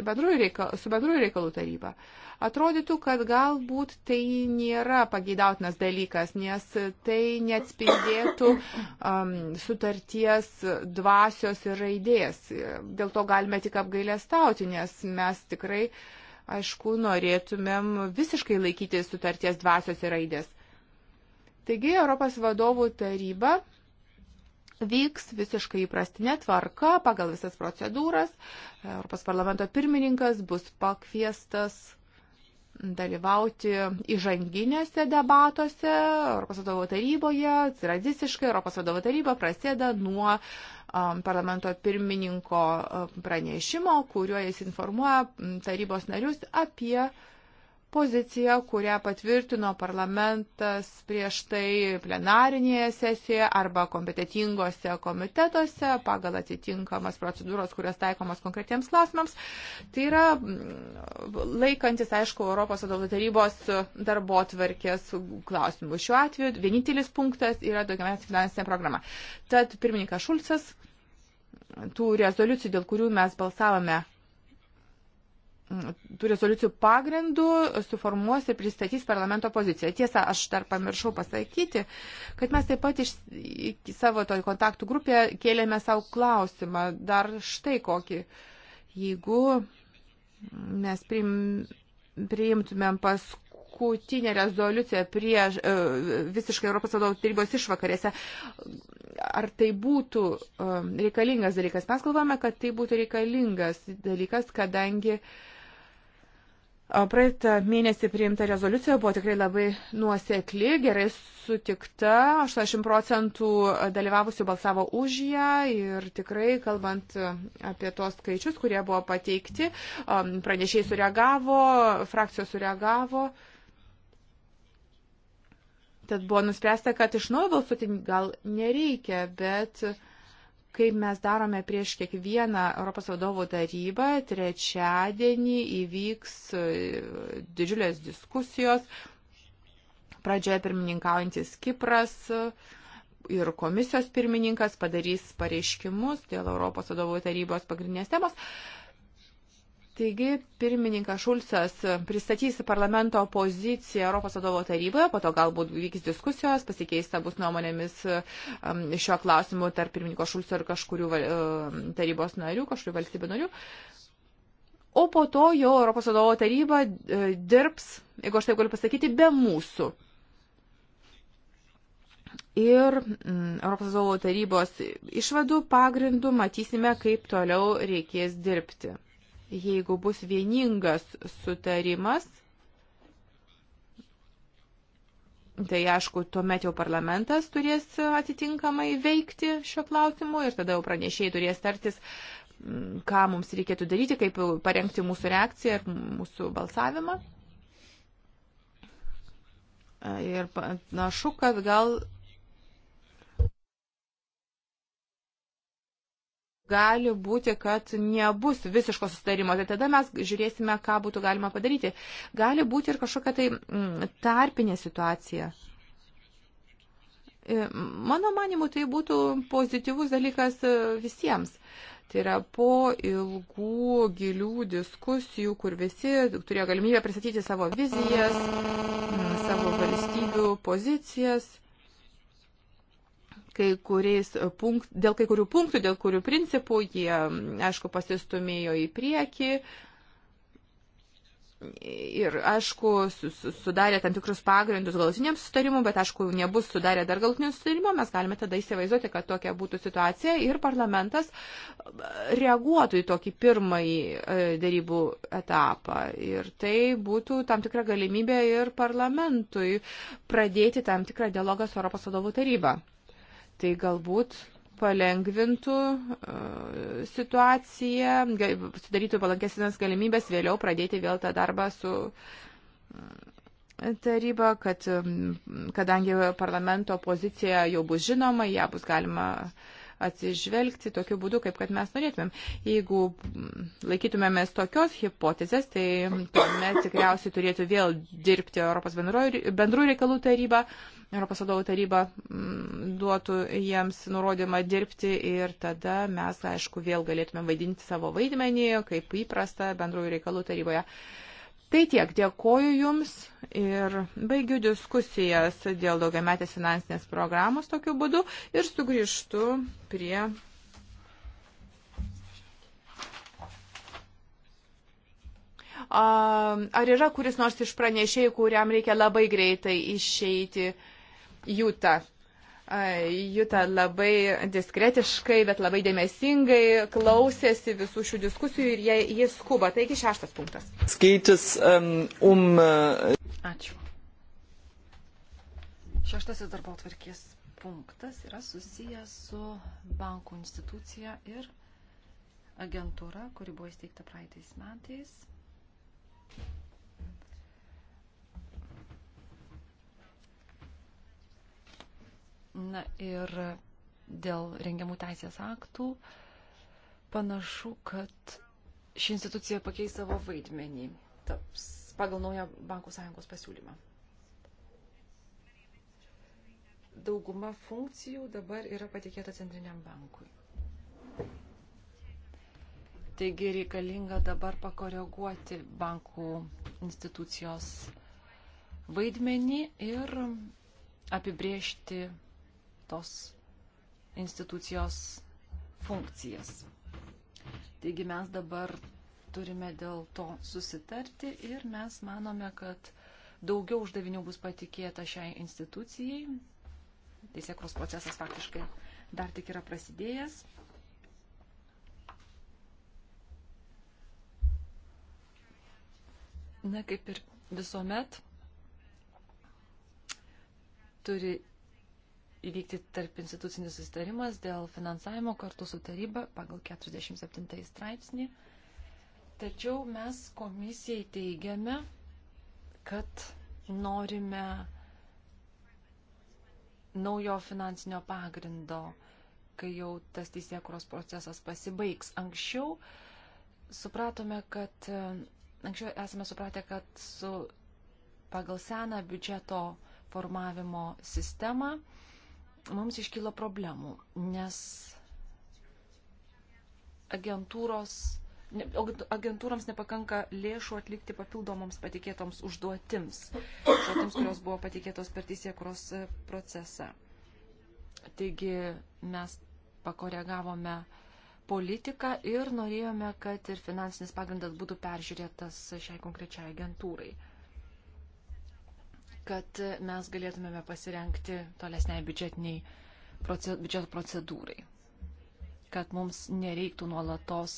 bendrųjų reikalų, su bendrųjų reikalų taryba. Atrodytų, kad galbūt tai nėra pageidautinas dalykas, nes tai neatspindėtų um, sutarties dvasios ir raidės. Dėl to galime tik apgailę stauti, nes mes tikrai, aišku, norėtumėm visiškai laikyti sutarties dvasios ir raidės. Taigi Europos vadovų taryba vyks visiškai įprastinė tvarka pagal visas procedūras. Europos parlamento pirmininkas bus pakviestas dalyvauti įžanginėse debatuose Europos vadovo taryboje. Tradiciškai Europos vadovo taryba prasideda nuo um, parlamento pirmininko um, pranešimo, kuriuo jis informuoja um, tarybos narius apie Pozicija, kurią patvirtino parlamentas prieš tai plenarinėje sesijoje arba kompetitingose komitetuose pagal atitinkamas procedūros, kurios taikomas konkretiems klausimams. Tai yra mm, laikantis, aišku, Europos vadovų tarybos darbo tvarkės klausimų. Šiuo atveju vienintelis punktas yra daugiametė finansinė programa. Tad pirmininkas Šulcas tų rezoliucijų, dėl kurių mes balsavome Mm, tų rezoliucijų pagrindų suformuos ir pristatys parlamento poziciją. Tiesa, aš dar pamiršau pasakyti, kad mes taip pat iš savo toj kontaktų grupėje kėlėme savo klausimą. Dar štai kokį. Jeigu mes priim, priimtumėm paskui paskutinė rezoliucija prieš e, visiškai Europos vadovų tarybos išvakarėse. Ar tai būtų e, reikalingas dalykas? Mes galvojame, kad tai būtų reikalingas dalykas, kadangi uh, Praeitą mėnesį priimta rezoliucija buvo tikrai labai nuosekli, gerai sutikta, 80 procentų dalyvavusių balsavo už ją ir tikrai, kalbant apie tos skaičius, kurie buvo pateikti, pranešiai sureagavo, frakcijos sureagavo. Tad buvo nuspręsta, kad iš naujo balsuoti gal nereikia, bet uh, kaip mes darome prieš kiekvieną Europos vadovų tarybą, trečiadienį įvyks e, didžiulės diskusijos. Pradžioje pirmininkaujantis Kipras e, ir komisijos pirmininkas padarys pareiškimus dėl Europos vadovų tarybos pagrindinės temos. Uh, Taigi, pirmininkas Šulcas pristatys parlamento poziciją Europos vadovo taryboje, po to galbūt vyks diskusijos, pasikeista bus nuomonėmis um, šio klausimu tarp pirmininko Šulco ir kažkurių um, tarybos narių, kažkurių valstybių narių. O po to jau Europos vadovo taryba e, dirbs, jeigu aš taip galiu pasakyti, be mūsų. Ir mm, Europos vadovo tarybos išvadų pagrindų matysime, kaip toliau reikės dirbti jeigu bus vieningas sutarimas, tai aišku, tuomet jau parlamentas turės atitinkamai veikti šio klausimu ir tada jau pranešėjai turės tartis, ką mums reikėtų daryti, kaip parengti mūsų reakciją ir mūsų balsavimą. Ir panašu, kad gal gali būti, kad nebus visiško sustarimo. Tai tada mes žiūrėsime, ką būtų galima padaryti. Gali būti ir kažkokia tai mm, tarpinė situacija. E, mano manimu, tai būtų pozityvus dalykas e, visiems. Tai yra po ilgų, gilių diskusijų, kur visi turėjo galimybę pristatyti savo vizijas, mm, savo valstybių pozicijas kai kuriais punkt, dėl kai kurių punktų, dėl kurių principų jie, aišku, pasistumėjo į priekį. Ir, aišku, sudarė tam tikrus pagrindus galutiniams sutarimų, bet, aišku, nebus sudarė dar galutinių sutarimų, mes galime tada įsivaizduoti, kad tokia būtų situacija ir parlamentas reaguotų į tokį pirmąjį e, darybų etapą. Ir tai būtų tam tikra galimybė ir parlamentui pradėti tam tikrą dialogą su Europos vadovų taryba tai galbūt palengvintų e, situaciją, sudarytų palankesnės galimybės vėliau pradėti vėl tą darbą su e, taryba, kad kadangi parlamento pozicija jau bus žinoma, ją bus galima atsižvelgti tokiu būdu, kaip kad mes norėtumėm. Jeigu laikytumėmės tokios hipotezės, tai tuomet tikriausiai turėtų vėl dirbti Europos bendrų reikalų taryba, Europos vadovų taryba mm, duotų jiems nurodymą dirbti ir tada mes, aišku, vėl galėtume vaidinti savo vaidmenį, kaip įprasta bendrųjų reikalų taryboje. Tai tiek, dėkoju Jums ir baigiu diskusijas dėl daugiametės finansinės programos tokiu būdu ir sugrįžtu prie. Ar yra kuris nors iš pranešėjų, kuriam reikia labai greitai išeiti? Jūta. Jūta labai diskretiškai, bet labai dėmesingai klausėsi visų šių diskusijų ir jie, jie skuba. Taigi šeštas punktas. Skaitis um. Ačiū. Šeštasis darbo atvarkės punktas yra susijęs su bankų institucija ir agentūra, kuri buvo įsteigta praeitais metais. Na ir dėl rengiamų teisės aktų panašu, kad ši institucija pakeis savo vaidmenį taps, pagal naują bankų sąjungos pasiūlymą. Dauguma funkcijų dabar yra patikėta centriniam bankui. Taigi reikalinga dabar pakoreguoti bankų institucijos vaidmenį ir apibriežti tos institucijos funkcijas. Taigi mes dabar turime dėl to susitarti ir mes manome, kad daugiau uždavinių bus patikėta šiai institucijai. Teisėkros procesas faktiškai dar tik yra prasidėjęs. Na, kaip ir visuomet, turi įvykti tarp institucinis sustarimas dėl finansavimo kartu su taryba pagal 47 straipsnį. Tačiau mes komisijai teigiame, kad norime naujo finansinio pagrindo, kai jau tas teisėkuros procesas pasibaigs. Anksčiau supratome, kad anksčiau esame supratę, kad su pagal seną biudžeto formavimo sistemą mums iškyla problemų, nes agentūros, agentūroms nepakanka lėšų atlikti papildomoms patikėtoms užduotims, užduotims, kurios buvo patikėtos per teisėkuros e, procesą. Taigi mes pakoregavome politiką ir norėjome, kad ir finansinis pagrindas būtų peržiūrėtas šiai konkrečiai agentūrai kad mes galėtumėme pasirenkti tolesniai biudžetiniai proced, biudžeto procedūrai. Kad mums nereiktų nuolatos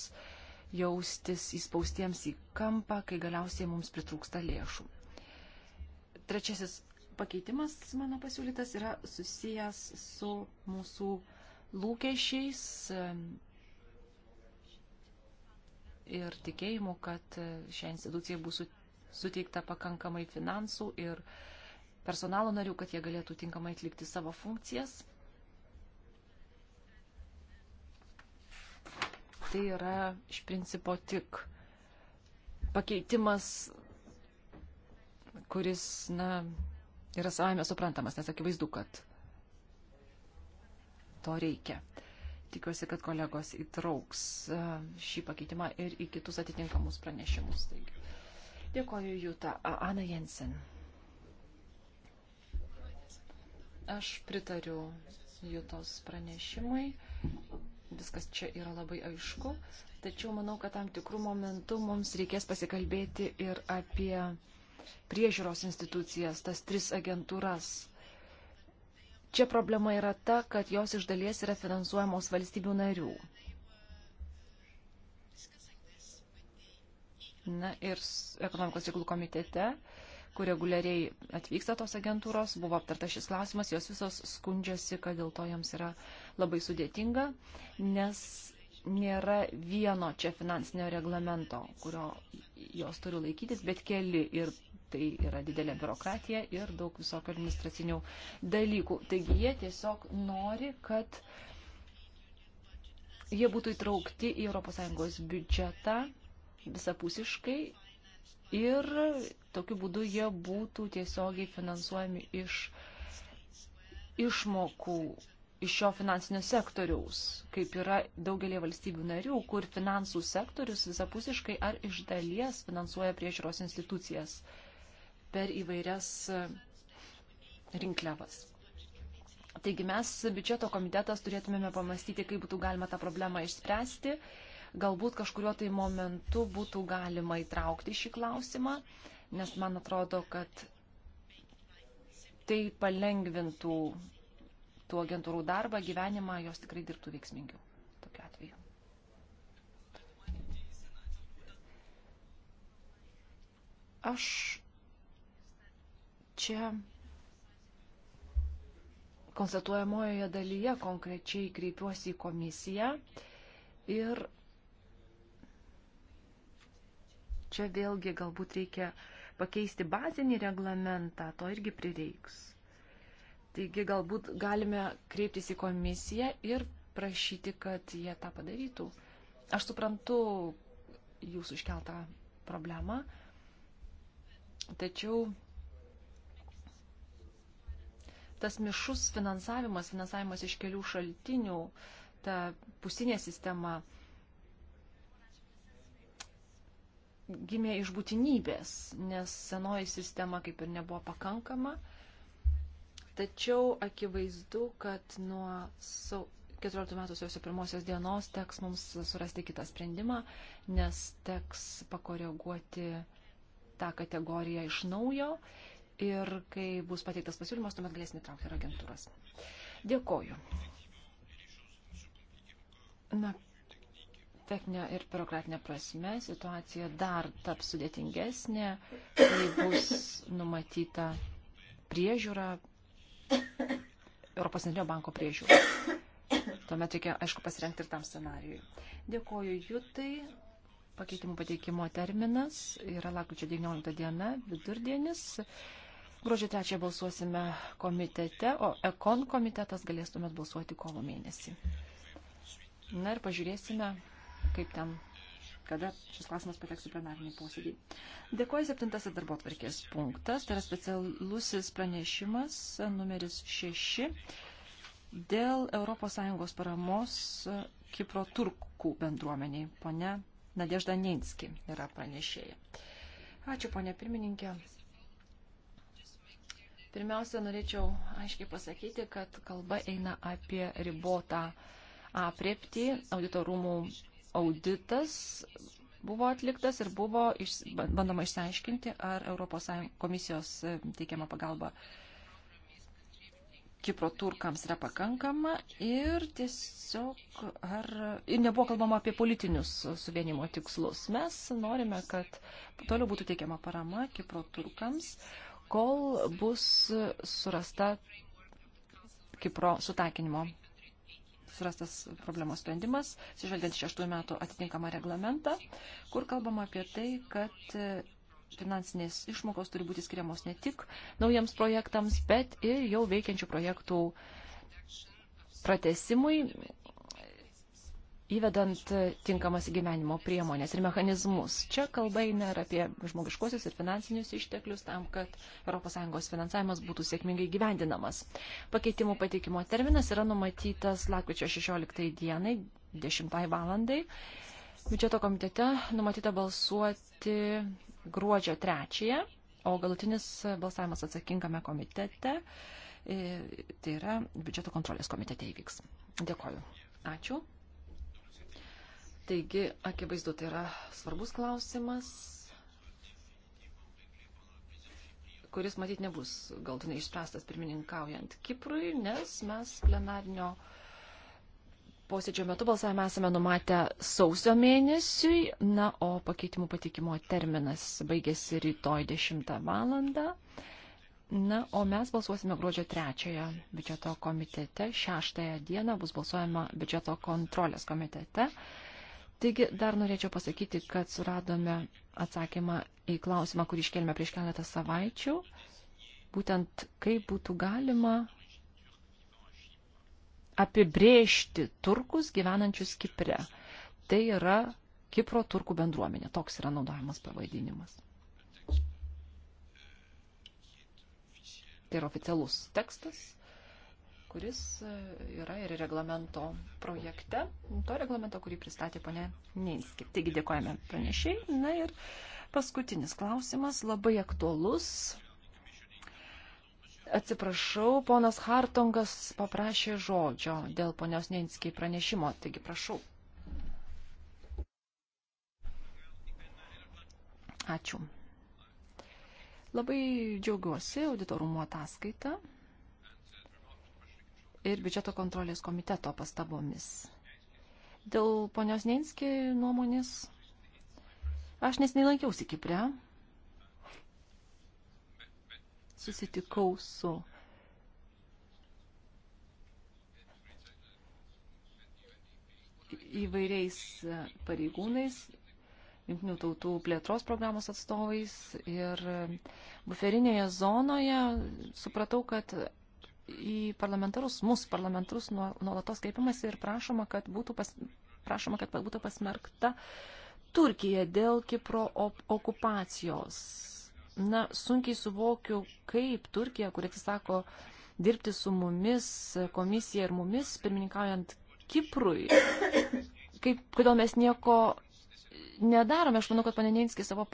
jaustis įspaustiems į kampą, kai galiausiai mums pritrūksta lėšų. Trečiasis pakeitimas mano pasiūlytas yra susijęs su mūsų lūkesčiais ir tikėjimu, kad šią instituciją bus suteikta pakankamai finansų ir uh, personalo narių, kad jie galėtų tinkamai atlikti savo funkcijas. Tai yra iš principo tik pakeitimas, kuris, na, yra savame suprantamas, nes akivaizdu, kad to reikia. Tikiuosi, kad kolegos įtrauks e, šį pakeitimą ir į kitus atitinkamus pranešimus. Taigi. Dėkoju Jūta. Ana Jensen. Aš pritariu Jutos pranešimui. Viskas čia yra labai aišku. Tačiau manau, kad tam tikrų momentų mums reikės pasikalbėti ir apie priežiūros institucijas, tas tris agentūras. Čia problema yra ta, kad jos iš dalies yra finansuojamos valstybių narių. Na ir ekonomikos reikalų komitete kur reguliariai atvyksta tos agentūros, buvo aptartas šis klausimas, jos visos skundžiasi, kad dėl to joms yra labai sudėtinga, nes nėra vieno čia finansinio reglamento, kurio jos turi laikytis, bet keli ir tai yra didelė biurokratija ir daug visokio administracinių dalykų. Taigi jie tiesiog nori, kad jie būtų įtraukti į ES biudžetą visapusiškai ir tokiu būdu jie būtų tiesiogiai finansuojami iš išmokų iš šio finansinio sektoriaus, kaip yra daugelį valstybių narių, kur finansų sektorius visapusiškai ar iš dalies finansuoja priežiūros institucijas per įvairias e, rinkliavas. Taigi mes, biudžeto komitetas, turėtumėme pamastyti, kaip būtų galima tą problemą išspręsti galbūt kažkurio tai momentu būtų galima įtraukti šį klausimą, nes man atrodo, kad tai palengvintų tų agentūrų darbą, gyvenimą, jos tikrai dirbtų veiksmingiau tokiu atveju. Aš čia konstatuojamojoje dalyje konkrečiai kreipiuosi į komisiją ir Čia vėlgi galbūt reikia pakeisti bazinį reglamentą, to irgi prireiks. Taigi galbūt galime kreiptis į komisiją ir prašyti, kad jie tą padarytų. Aš suprantu jūsų iškeltą problemą, tačiau tas mišus finansavimas, finansavimas iš kelių šaltinių, ta pusinė sistema, gimė iš būtinybės, nes senoji sistema kaip ir nebuvo pakankama. Tačiau akivaizdu, kad nuo 14 metų sausio pirmosios dienos teks mums surasti kitą sprendimą, nes teks pakoreguoti tą kategoriją iš naujo ir kai bus pateiktas pasiūlymas, tuomet galėsime traukti ir agentūras. Dėkoju. Na, techninė ir biurokratinė prasme situacija dar taps sudėtingesnė, kai bus numatyta priežiūra, Europos Centrinio banko priežiūra. Tuomet reikia, aišku, pasirengti ir tam scenarijui. Dėkoju Jutai. Pakeitimų pateikimo terminas yra lakryčio 19 diena, vidurdienis. Gruodžio 3 balsuosime komitete, o ekon komitetas galės tuomet balsuoti kovo mėnesį. Na ir pažiūrėsime, kaip ten, kada šis klausimas pateks į plenarinį posėdį. Dėkuoju septintasis darbo atvarkės punktas, tai yra specialusis pranešimas numeris 6 dėl ES paramos Kipro turkų bendruomeniai. Pone Nadežda Neinski yra pranešėja. Ačiū, ponė pirmininkė. Pirmiausia, norėčiau aiškiai pasakyti, kad kalba eina apie ribotą apriepti. Auditorumų auditas buvo atliktas ir buvo iš, bandoma išsiaiškinti, ar Europos komisijos e, teikiama pagalba Kipro turkams yra pakankama ir tiesiog ar, ir nebuvo kalbama apie politinius suvienimo tikslus. Mes norime, kad toliau būtų teikiama parama Kipro turkams, kol bus surasta Kipro sutakinimo surastas problemos sprendimas, sižvelgiant šeštųjų metų atitinkamą reglamentą, kur kalbama apie tai, kad e, finansinės išmokos turi būti skiriamos ne tik naujiems projektams, bet ir jau veikiančių projektų pratesimui, įvedant tinkamas gyvenimo priemonės ir mechanizmus. Čia kalba eina ir apie žmogiškosius ir finansinius išteklius tam, kad ES finansavimas būtų sėkmingai gyvendinamas. Pakeitimų pateikimo terminas yra numatytas lakvičio 16 dienai, 10 valandai. Biudžeto komitete numatyta balsuoti gruodžio 3, o galutinis balsavimas atsakingame komitete, e, tai yra biudžeto kontrolės komitete įvyks. Dėkoju. Ačiū. Taigi, akivaizdu, tai yra svarbus klausimas, kuris matyt nebus galtinai išspręstas pirmininkaujant Kiprui, nes mes plenarnio posėdžio metu balsavimą esame numatę sausio mėnesiui, na, o pakeitimų patikimo terminas baigėsi rytoj 10 valandą. Na, o mes balsuosime gruodžio 3-ąją biudžeto komitete, 6-ąją dieną bus balsuojama biudžeto kontrolės komitete. Taigi dar norėčiau pasakyti, kad suradome atsakymą į klausimą, kurį iškelme prieš keletą savaičių. Būtent kaip būtų galima apibrėžti turkus gyvenančius Kipre. Tai yra Kipro turkų bendruomenė. Toks yra naudojamas pavadinimas. Tai yra oficialus tekstas, kuris e, yra ir reglamento projekte, to reglamento, kurį pristatė ponė Neinskip. Taigi dėkojame pranešiai. Na ir paskutinis klausimas, labai aktuolus. Atsiprašau, ponas Hartongas paprašė žodžio dėl ponios Neinskiai pranešimo, taigi prašau. Ačiū. Labai džiaugiuosi auditorumo ataskaitą ir biudžeto kontrolės komiteto pastabomis. Dėl ponios Neinski nuomonės, aš nesnei lankiausi Kipre, susitikau su įvairiais pareigūnais, jungtinių tautų plėtros programos atstovais ir buferinėje zonoje supratau, kad į parlamentarus, mūsų parlamentarus nuolatos kreipimasi ir prašoma, kad būtų, pas, prašoma, kad būtų pasmerkta Turkija dėl Kipro op, okupacijos. Na, sunkiai suvokiu, kaip Turkija, kuri atsisako dirbti su mumis, komisija ir mumis, pirmininkaujant Kiprui, kaip, kodėl mes nieko nedarome. Aš manau, kad Paneninskis savo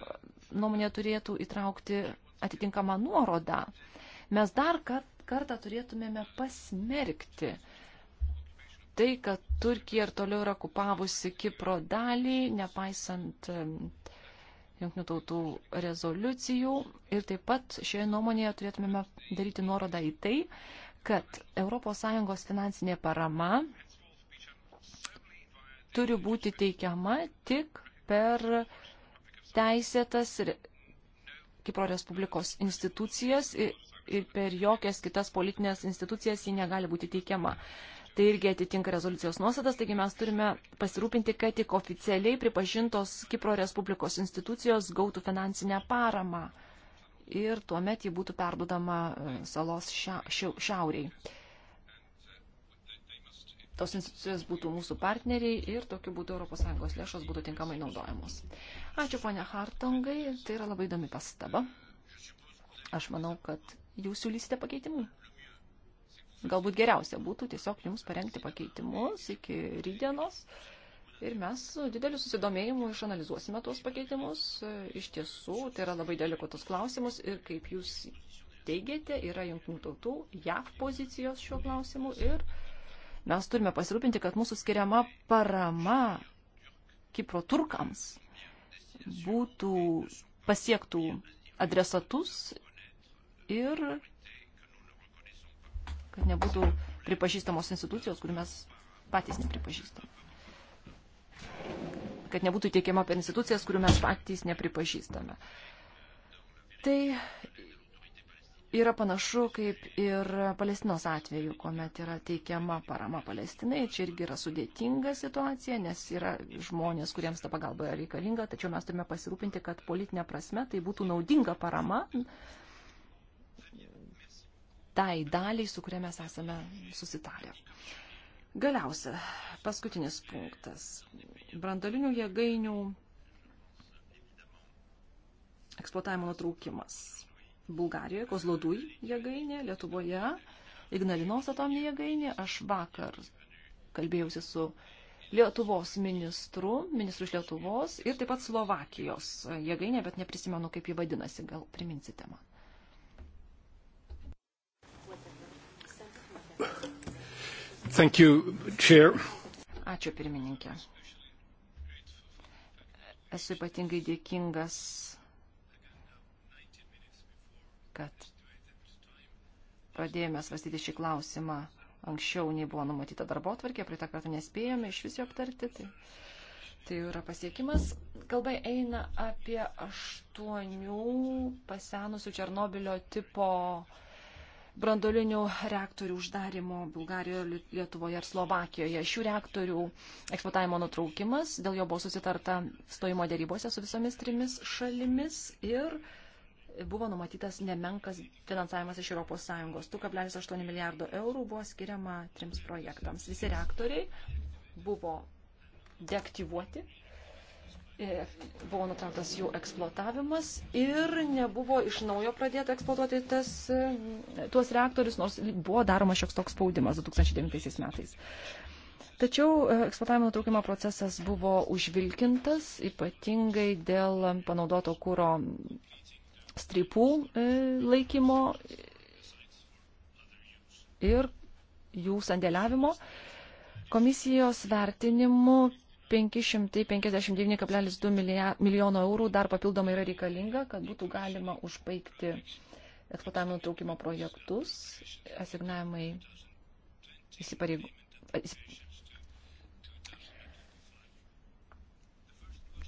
nuomonė turėtų įtraukti atitinkamą nuorodą. Mes dar kartą kartą turėtumėme pasmerkti tai, kad Turkija ir toliau yra kupavusi Kipro dalį, nepaisant jungtinių tautų rezoliucijų. Ir taip pat šioje nuomonėje turėtumėme daryti nuorodą į tai, kad ES finansinė parama turi būti teikiama tik per teisėtas ir Kipro Respublikos institucijas ir per jokias kitas politinės institucijas ji negali būti teikiama. Tai irgi atitinka rezoliucijos nuosadas, taigi mes turime pasirūpinti, kad tik oficialiai pripažintos Kipro Respublikos institucijos gautų finansinę paramą ir tuomet ji būtų perdodama e, salos šia, šia, šiauriai. Tos institucijos būtų mūsų partneriai ir tokiu būdu ES lėšos būtų tinkamai naudojamos. Ačiū, ponia Hartongai, tai yra labai įdomi pastaba. Aš manau, kad jūs siūlysite pakeitimų. Galbūt geriausia būtų tiesiog jums parengti pakeitimus iki rydienos. Ir mes dideliu susidomėjimu išanalizuosime tuos pakeitimus. Iš tiesų, tai yra labai delikotus klausimus ir kaip jūs teigiate, yra jungtinių tautų, JAV pozicijos šiuo klausimu ir mes turime pasirūpinti, kad mūsų skiriama parama Kipro turkams būtų pasiektų adresatus ir kad nebūtų pripažįstamos institucijos, kurių mes patys nepripažįstame. Kad nebūtų teikiama apie institucijas, kurių mes patys nepripažįstame. Tai yra panašu kaip ir Palestinos atveju, kuomet yra teikiama parama Palestinai. Čia irgi yra sudėtinga situacija, nes yra žmonės, kuriems ta pagalba yra reikalinga, tačiau mes turime pasirūpinti, kad politinė prasme tai būtų naudinga parama tai daliai, su kuria mes esame susitarę. Galiausia, paskutinis punktas. Brandolinių jėgainių eksploatavimo nutraukimas. Bulgarijoje, Kozlodui jėgainė, Lietuvoje, Ignalinos atominė jėgainė. Aš vakar kalbėjausi su Lietuvos ministru, ministru iš Lietuvos ir taip pat Slovakijos jėgainė, bet neprisimenu, kaip jį vadinasi, gal priminsite man. Thank you, Chair. Ačiū pirmininkė. Esu ypatingai dėkingas, kad pradėjome svastyti šį klausimą anksčiau, nei buvo numatyta darbo atvarkė, prie tą kartą nespėjome iš viso aptarti. Tai, tai yra pasiekimas. Kalba eina apie aštuonių pasenusių Černobilio tipo uh, brandolinių reaktorių uždarimo Bulgarijoje, Lietuvoje ir Slovakijoje. Šių reaktorių eksploatavimo nutraukimas, dėl jo buvo susitarta stojimo dėrybose su visomis trimis šalimis ir buvo numatytas nemenkas finansavimas iš ES. 2,8 milijardo eurų buvo skiriama trims projektams. Visi reaktoriai buvo deaktyvuoti buvo nutrauktas jų eksploatavimas ir nebuvo iš naujo pradėta eksploatuoti tas, e, tuos reaktorius, nors buvo daromas šioks toks spaudimas 2009 metais. Tačiau e, eksploatavimo nutraukimo procesas buvo užvilkintas, ypatingai dėl panaudoto kūro strypų e, laikymo ir jų sandėliavimo. Komisijos vertinimu 559,2 milijono eurų dar papildomai yra reikalinga, kad būtų galima užbaigti eksploatavimo nutraukimo projektus, asignavimai įsipareigų.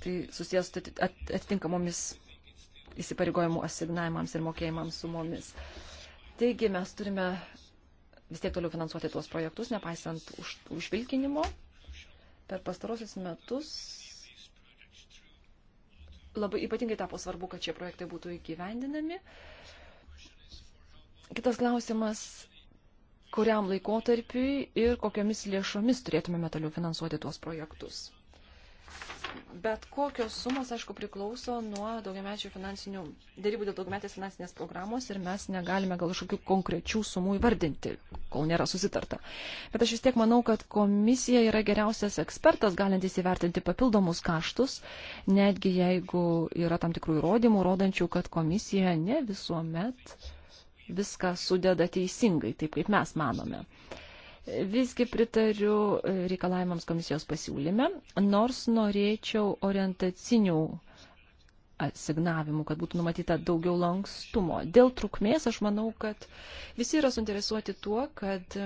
Tai susijęs atitinkamomis įsipareigojimų asignavimams ir mokėjimams sumomis. Taigi mes turime vis tiek toliau finansuoti tuos projektus, nepaisant už, užvilkinimo per pastarosius metus labai ypatingai tapo svarbu, kad šie projektai būtų įgyvendinami. Kitas klausimas, kuriam laikotarpiui ir kokiamis lėšomis turėtumėme toliau finansuoti tuos projektus. Bet kokios sumos, aišku, priklauso nuo daugiamečių finansinių, dėrybų dėl daugiametės finansinės programos ir mes negalime gal kažkokių konkrečių sumų įvardinti, kol nėra susitarta. Bet aš vis tiek manau, kad komisija yra geriausias ekspertas, galintis įvertinti papildomus kaštus, netgi jeigu yra tam tikrų įrodymų, rodančių, kad komisija ne visuomet viską sudeda teisingai, taip kaip mes manome. Uh, Visgi pritariu reikalavimams komisijos pasiūlyme, nors norėčiau orientacinių asignavimų, kad būtų numatyta daugiau lankstumo. Dėl trukmės aš manau, kad visi yra suinteresuoti tuo, kad,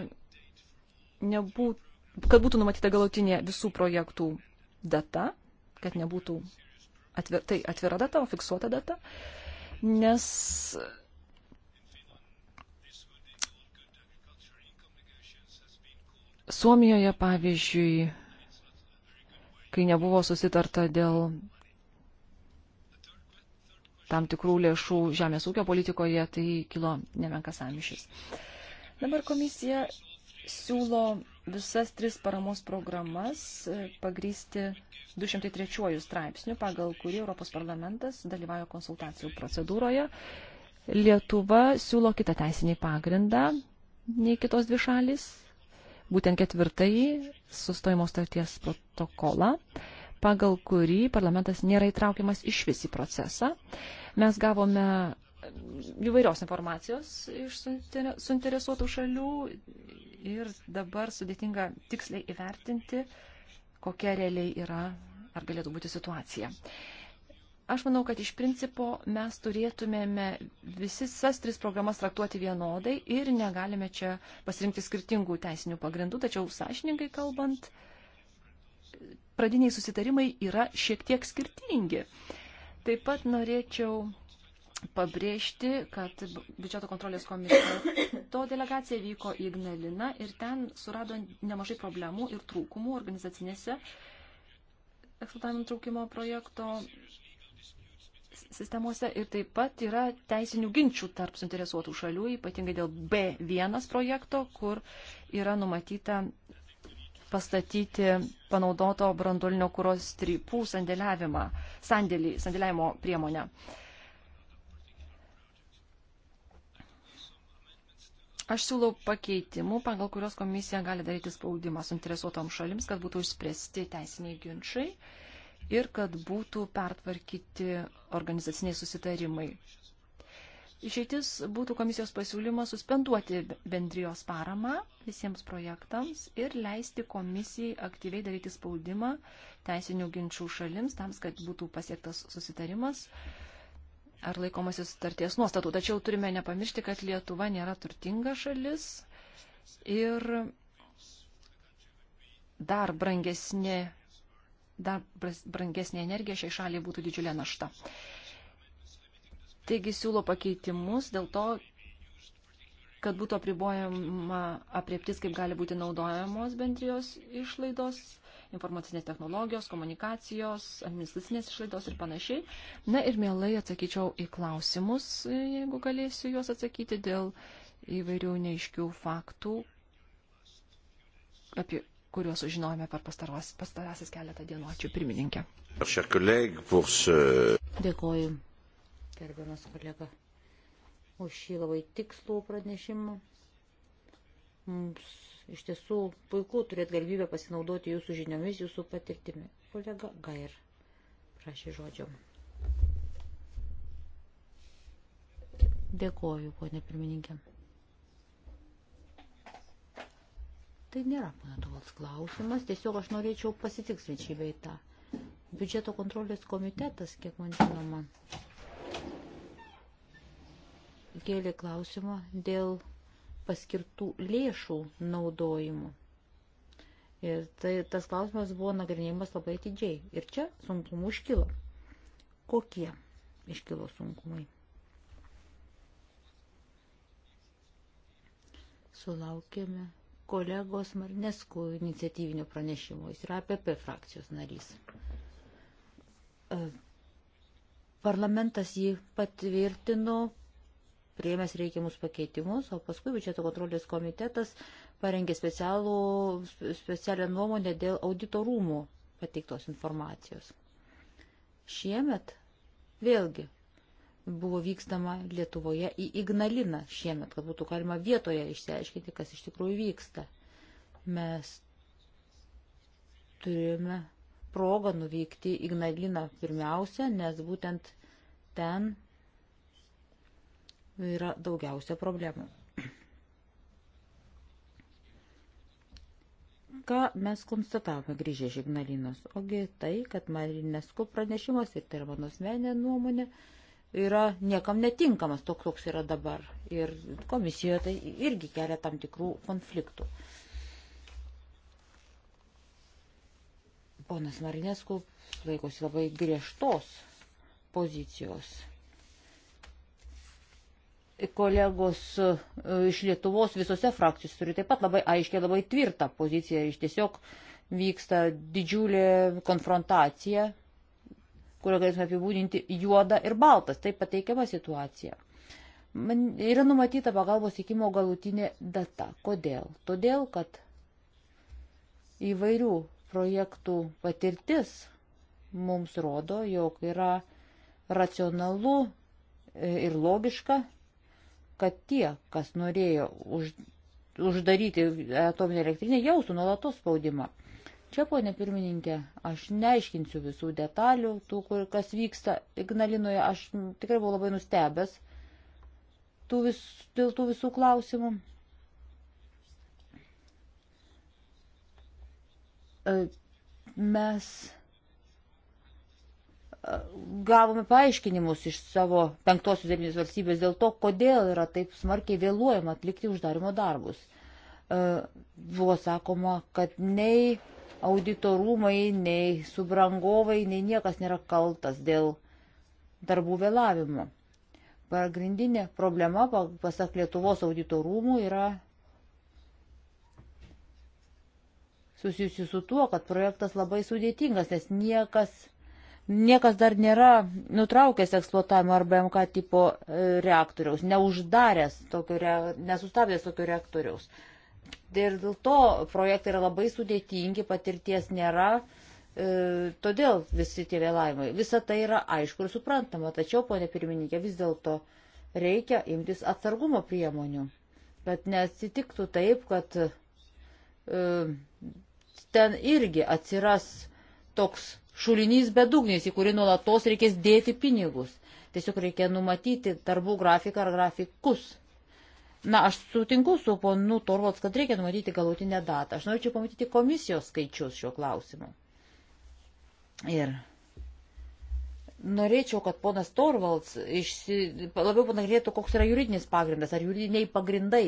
nebūt, kad būtų numatyta galutinė visų projektų data, kad nebūtų atver, tai atvira data, o fiksuota data, nes Suomijoje, pavyzdžiui, kai nebuvo susitarta dėl tam tikrų lėšų žemės ūkio politikoje, tai kilo nemenkas amišis. Dabar komisija siūlo visas tris paramos programas e, pagrysti 203 straipsnių, pagal kurį Europos parlamentas dalyvauja konsultacijų procedūroje. Lietuva siūlo kitą teisinį pagrindą nei kitos dvi šalis būtent ketvirtąjį sustojimo starties protokolą, pagal kurį parlamentas nėra įtraukiamas iš visi procesą. Mes gavome įvairios informacijos iš suinteresuotų šalių ir dabar sudėtinga tiksliai įvertinti, kokia realiai yra ar galėtų būti situacija. Aš manau, kad iš principo mes turėtumėme visas tris programas traktuoti vienodai ir negalime čia pasirinkti skirtingų teisinių pagrindų, tačiau sąžininkai kalbant, pradiniai susitarimai yra šiek tiek skirtingi. Taip pat norėčiau pabrėžti, kad biudžeto kontrolės komiteto delegacija vyko į Ignaliną ir ten surado nemažai problemų ir trūkumų organizacinėse eksploatavimo traukimo projekto sistemose ir taip pat yra teisinių ginčių tarp suinteresuotų šalių, ypatingai dėl B1 projekto, kur yra numatyta pastatyti panaudoto brandolinio kūros strypų sandėliavimą, sandėlį, sandėliavimo priemonę. Aš siūlau pakeitimų, pagal kurios komisija gali daryti spaudimą suinteresuotom šalims, kad būtų išspręsti teisiniai ginčiai. Uh, ir kad būtų pertvarkyti organizaciniai susitarimai. Išeitis būtų komisijos pasiūlymas suspenduoti bendrijos paramą visiems projektams ir leisti komisijai aktyviai daryti spaudimą teisinių ginčių šalims tam, kad būtų pasiektas susitarimas ar laikomasi sutarties nuostatų. Tačiau turime nepamiršti, kad Lietuva nėra turtinga šalis ir dar brangesnė dar brangesnė energija šiai šaliai būtų didžiulė našta. Taigi siūlo pakeitimus dėl to, kad būtų apribojama apriptis, kaip gali būti naudojamos bendrijos išlaidos, informacinės technologijos, komunikacijos, administracinės išlaidos ir panašiai. Na ir mielai atsakyčiau į klausimus, jeigu galėsiu juos atsakyti dėl įvairių neiškių faktų, apie kuriuos sužinojome per pastarasis keletą dienų. Ačiū pirmininkė. Uh, Dėkoju, gerbiamas kolega, už šį labai tikslų pranešimą. Mums iš tiesų puiku turėti galimybę pasinaudoti jūsų žiniomis, jūsų patirtimi. Kolega Gair prašė žodžio. Dėkoju, ponė pirmininkė. Tai nėra mano toks klausimas, tiesiog aš norėčiau pasitikslinti šį veitą. Biudžeto kontrolės komitetas, kiek man žinoma, kėlė klausimą dėl paskirtų lėšų naudojimų. Ir tai, tas klausimas buvo nagrinėjimas labai atidžiai. Ir čia sunkumų iškilo. Kokie iškilo sunkumai? Sulaukėme kolegos Marneskų iniciatyvinio pranešimo. Jis yra APP frakcijos narys. E, parlamentas jį patvirtino, priėmęs reikiamus pakeitimus, o paskui biudžeto kontrolės komitetas parengė specialų, specialią nuomonę dėl auditorumų pateiktos informacijos. Šiemet vėlgi buvo vykstama Lietuvoje į Ignaliną šiemet, kad būtų galima vietoje išsiaiškinti, kas iš tikrųjų vyksta. Mes turėjome progą nuvykti Ignaliną pirmiausia, nes būtent ten yra daugiausia problemų. ką mes konstatavome grįžę iš Ignalinos? Ogi tai, kad Marinesko pranešimas, ir tai yra mano asmeninė nuomonė, yra niekam netinkamas toks, koks yra dabar. Ir komisijoje tai irgi kelia tam tikrų konfliktų. Ponas Marinesku laikosi labai griežtos pozicijos. Kolegos e, iš Lietuvos visose frakcijose turi taip pat labai aiškiai, labai tvirtą poziciją. Iš tiesiog vyksta didžiulė konfrontacija kurio galėtume apibūdinti juoda ir baltas. Tai pateikiama situacija. Man yra numatyta pagalbos teikimo galutinė data. Kodėl? Todėl, kad įvairių projektų patirtis mums rodo, jog yra racionalu e, ir logiška, kad tie, kas norėjo už, uždaryti atominę elektrinę, jaustų nuolatos spaudimą. Čia, ponė pirmininkė, aš neaiškinsiu visų detalių, tų, kur, kas vyksta Ignalinoje. Aš tikrai buvau labai nustebęs tų vis, dėl tų visų klausimų. E, mes e, gavome paaiškinimus iš savo penktosios dėlinės valstybės dėl to, kodėl yra taip smarkiai vėluojama atlikti uždarimo darbus. E, buvo sakoma, kad nei auditorumai, nei subrangovai, nei niekas nėra kaltas dėl darbų vėlavimo. Pagrindinė problema, pasak Lietuvos auditorumų, yra susijusi su tuo, kad projektas labai sudėtingas, nes niekas, niekas dar nėra nutraukęs eksploatavimo arba MK tipo e, reaktoriaus, neuždaręs tokio, re, nesustabdęs tokio reaktoriaus. Ir dėl to projektai yra labai sudėtingi, patirties nėra, e, todėl visi tie vėlavimai. Visa tai yra aišku ir suprantama, tačiau, ponė pirmininkė, vis dėlto reikia imtis atsargumo priemonių, kad nesitiktų taip, kad e, ten irgi atsiras toks šulinys bedugnis, į kurį nuolatos reikės dėti pinigus. Tiesiog reikia numatyti darbų grafiką ar grafikus Na, aš sutinku su ponu Torvalds, kad reikia numatyti galutinę datą. Aš norėčiau pamatyti komisijos skaičius šiuo klausimu. Ir norėčiau, kad ponas Torvalds išsi... labiau panagrėtų, koks yra juridinis pagrindas ar juridiniai pagrindai,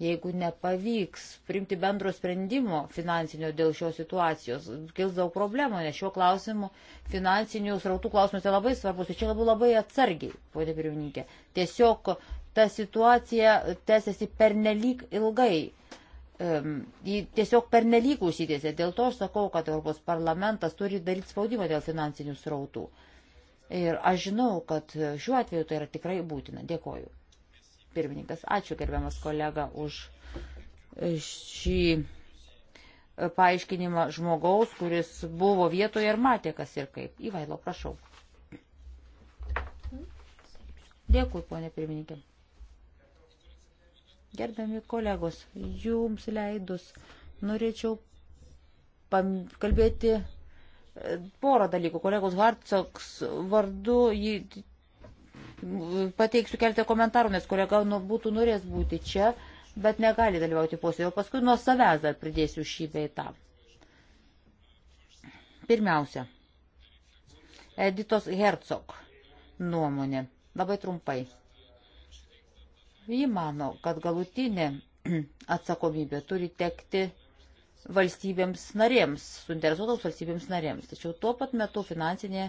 jeigu nepavyks priimti bendro sprendimo finansinio dėl šios situacijos. Kils daug problemų, nes šiuo klausimu finansinių srautų klausimas yra labai svarbus ir čia labai labai atsargiai, ponė pirmininkė. Tiesiog ta situacija tęsiasi pernelyg ilgai. Jį tiesiog pernelyg užsitėsi. Dėl to aš sakau, kad Europos parlamentas turi daryti spaudimą dėl finansinių srautų. Ir aš žinau, kad šiuo atveju tai yra tikrai būtina. Dėkoju. Pirmininkas, ačiū gerbiamas kolega už šį paaiškinimą žmogaus, kuris buvo vietoje ir matė, kas ir kaip. Įvailo, prašau. Dėkui, ponė pirmininkė. Gerbiami kolegos, jums leidus norėčiau kalbėti e, porą dalykų. Kolegos Hartsoks vardu jį pateiksiu keletą komentarų, nes kolega nu, būtų norės būti čia, bet negali dalyvauti posėdėje. O paskui nuo savęs dar pridėsiu šį beitą. Pirmiausia, Editos Hercog nuomonė. Labai trumpai. Ji mano, kad galutinė atsakomybė turi tekti valstybėms narėms, suinteresuotos valstybėms narėms. Tačiau tuo pat metu finansinė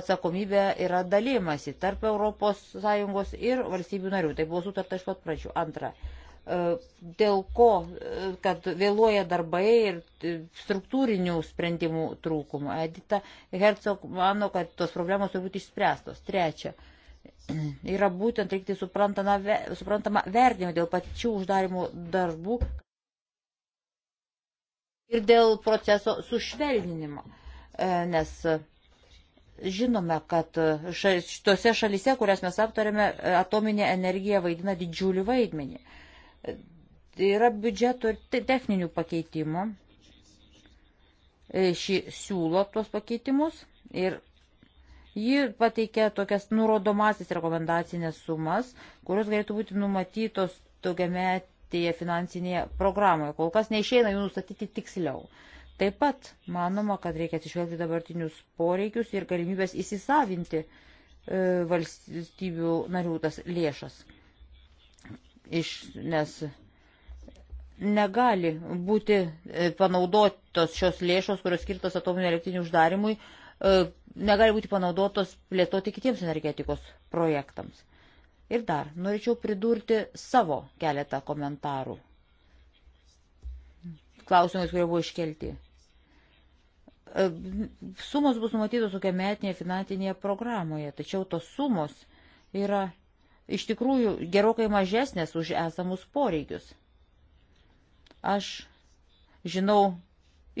atsakomybė yra dalymasi tarp ES ir valstybių narių. Tai buvo sutarta iš pat pradžių. Antra, e, dėl ko, e, kad vėluoja darbai ir e, struktūrinių sprendimų trūkumų. Edita Hercog mano, kad tos problemos turi būti išspręstos. Trečia, yra būtent reikti suprantama, suprantama vertinimo dėl pačių uždarimų darbų ir dėl proceso sušvelninimo. E, nes e, žinome, kad e, šitose šalise, kurias mes aptarėme, atominė energija vaidina didžiulį vaidmenį. Yra biudžeto ir techninių pakeitimų. Šį siūlo tuos pakeitimus ir Ji pateikė tokias nurodomasis rekomendacinės sumas, kurios galėtų būti numatytos daugiametėje finansinėje programoje. Kol kas neišeina jų nustatyti tiksliau. Taip pat manoma, kad reikia atsižvelgti dabartinius poreikius ir galimybės įsisavinti e, valstybių narių tas lėšas. Iš, nes negali būti e, panaudotos šios lėšos, kurios skirtos atominio elektrinio uždarimui, E, negali būti panaudotos plėtoti kitiems energetikos projektams. Ir dar norėčiau pridurti savo keletą komentarų. Klausimais, kurie buvo iškelti. E, sumos bus numatytos tokia metinėje finansinėje programoje, tačiau tos sumos yra iš tikrųjų gerokai mažesnės už esamus poreikius. Aš žinau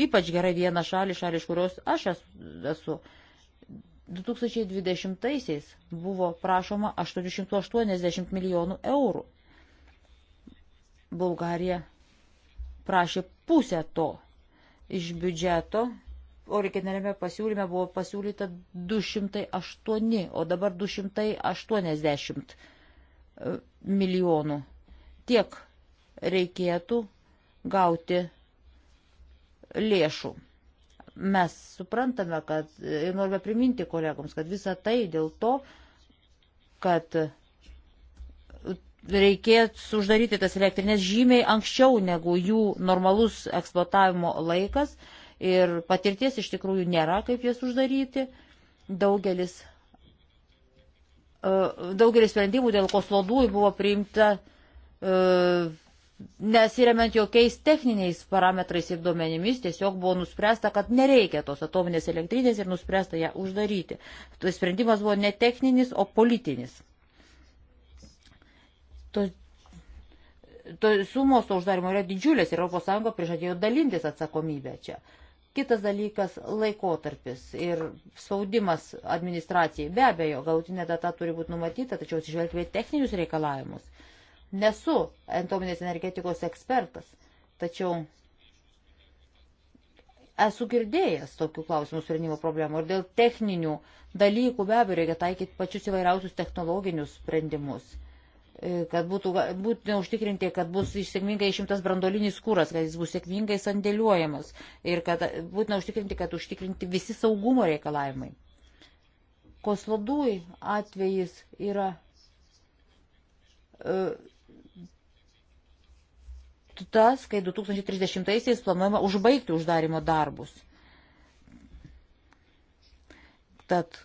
Ypač gerai vieną šalį, šalį, iš kurios aš esu. 2020-aisiais buvo prašoma 880 milijonų eurų. Bulgarija prašė pusę to iš biudžeto, o originaliame pasiūlyme buvo pasiūlyta 208, o dabar 280 e, milijonų. Tiek reikėtų gauti lėšų. Mes suprantame, kad ir norime priminti kolegoms, kad visa tai dėl to, kad reikės uždaryti tas elektrinės žymiai anksčiau negu jų normalus eksploatavimo laikas ir patirties iš tikrųjų nėra, kaip jas uždaryti. Daugelis, e, daugelis sprendimų dėl koslodų buvo priimta e, nesiremiant jokiais techniniais parametrais ir duomenimis, tiesiog buvo nuspręsta, kad nereikia tos atominės elektrinės ir nuspręsta ją uždaryti. Tai sprendimas buvo ne techninis, o politinis. To, to sumos to uždarimo yra didžiulės ir ES prižadėjo dalintis atsakomybę čia. Kitas dalykas - laikotarpis ir spaudimas administracijai. Be abejo, galutinė data turi būti numatyta, tačiau atsižvelgti techninius reikalavimus Nesu atominės energetikos ekspertas, tačiau esu girdėjęs tokių klausimų sprendimo problemų ir dėl techninių dalykų be abejo reikia taikyti pačius įvairiausius technologinius sprendimus e, kad būtų būtina užtikrinti, kad bus sėkmingai išimtas brandolinis kūras, kad jis bus sėkmingai sandėliuojamas ir kad būtina užtikrinti, kad užtikrinti visi saugumo reikalavimai. Koslodui atvejis yra e, tas, kai 2030-aisiais planuojama užbaigti uždarimo darbus. Tad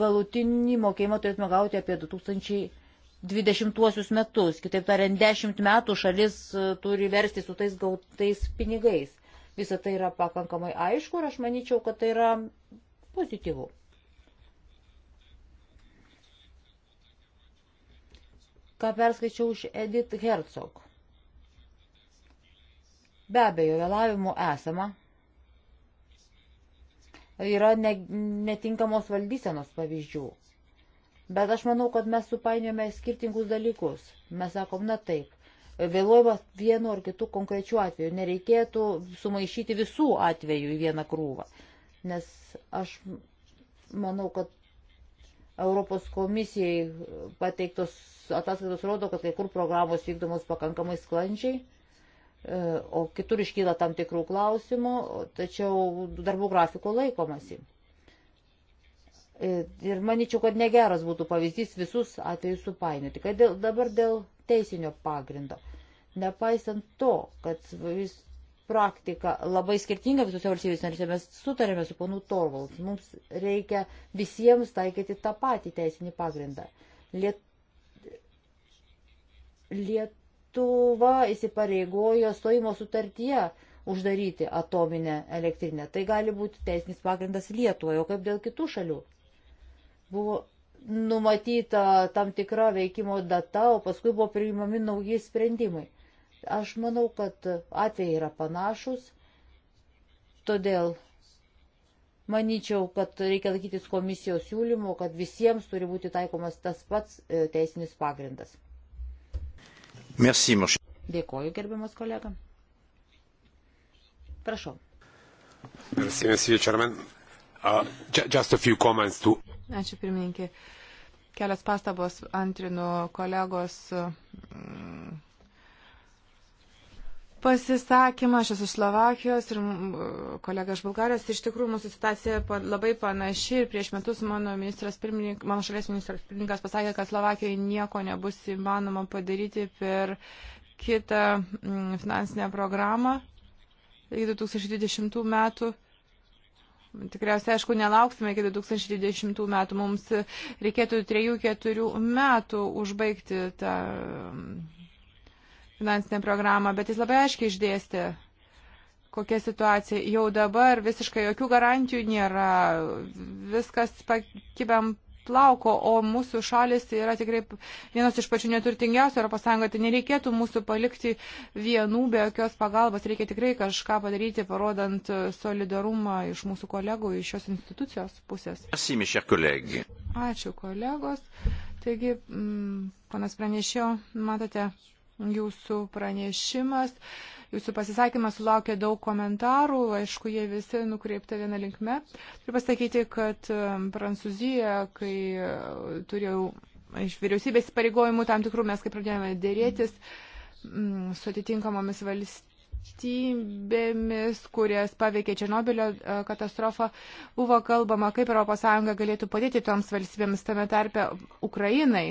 galutinį mokėjimą turėtume gauti apie 2020 metus. Kitaip tariant, 10 metų šalis e, turi versti su tais gautais pinigais. Visą tai yra pakankamai aišku ir aš manyčiau, kad tai yra pozityvu. Ką perskaičiau iš Edith Herzog. Be abejo, vėlavimų esama. Yra ne, netinkamos valdysenos pavyzdžių. Bet aš manau, kad mes supainiojame skirtingus dalykus. Mes sakom, na taip, vėluojimas vienu ar kitu konkrečiu atveju. Nereikėtų sumaišyti visų atvejų į vieną krūvą. Nes aš manau, kad Europos komisijai pateiktos ataskaitos rodo, kad kai kur programos vykdomos pakankamai sklandžiai E, o kitur iškyla tam tikrų klausimų, tačiau darbų grafiko laikomasi. E, ir manyčiau, kad negeras būtų pavyzdys visus atvejus supainioti. Kad dėl, dabar dėl teisinio pagrindo. Nepaisant to, kad vis praktika labai skirtinga visose valstybės narėse, mes sutarėme su ponu Torvalds, mums reikia visiems taikyti tą patį teisinį pagrindą. Liet... Liet Lietuva įsipareigojo stojimo sutartyje uždaryti atominę elektrinę. Tai gali būti teisinis pagrindas Lietuvoje, o kaip dėl kitų šalių. Buvo numatyta tam tikra veikimo data, o paskui buvo priimami nauji sprendimai. Aš manau, kad atvejai yra panašus, todėl manyčiau, kad reikia laikytis komisijos siūlymo, kad visiems turi būti taikomas tas pats e, teisinis pagrindas. Merci, mon cher. Dėkoju, gerbiamas kolega. Prašau. Merci, monsieur Chairman. Uh, just a few comments to... Ačiū, pirmininkė. Kelios pastabos antrinu kolegos pasisakymą, aš esu Slovakijos ir kolega iš Bulgarijos. Iš tikrųjų, mūsų situacija labai panaši ir prieš metus mano, pirmininkas, mano šalies ministras pirmininkas pasakė, kad Slovakijoje nieko nebus įmanoma padaryti per kitą finansinę programą iki 2020 metų. Tikriausiai, aišku, nelauksime iki 2020 metų. Mums reikėtų 3-4 metų užbaigti tą finansinę programą, bet jis labai aiškiai išdėstė, kokia situacija. Jau dabar visiškai jokių garantijų nėra, viskas pakibėm plauko, o mūsų šalis yra tikrai vienos iš pačių neturtingiausių Europos Sąjungoje, tai nereikėtų mūsų palikti vienų be jokios pagalbos, reikia tikrai kažką padaryti, parodant solidarumą iš mūsų kolegų, iš šios institucijos pusės. Ačiū kolegos. Taigi, mm, panas pranešėjo, matote, Jūsų pranešimas, jūsų pasisakymas sulaukė daug komentarų, aišku, jie visi nukreipta viena linkme. Turiu pasakyti, kad um, Prancūzija, kai uh, turėjau iš vyriausybės pareigojimų tam tikrų, mes kaip pradėjome dėrėtis mm, su atitinkamomis valstybėmis valstybėmis, kurias paveikė Černobilio uh, katastrofa, buvo kalbama, kaip ES galėtų padėti toms valstybėms, tame tarpe Ukrainai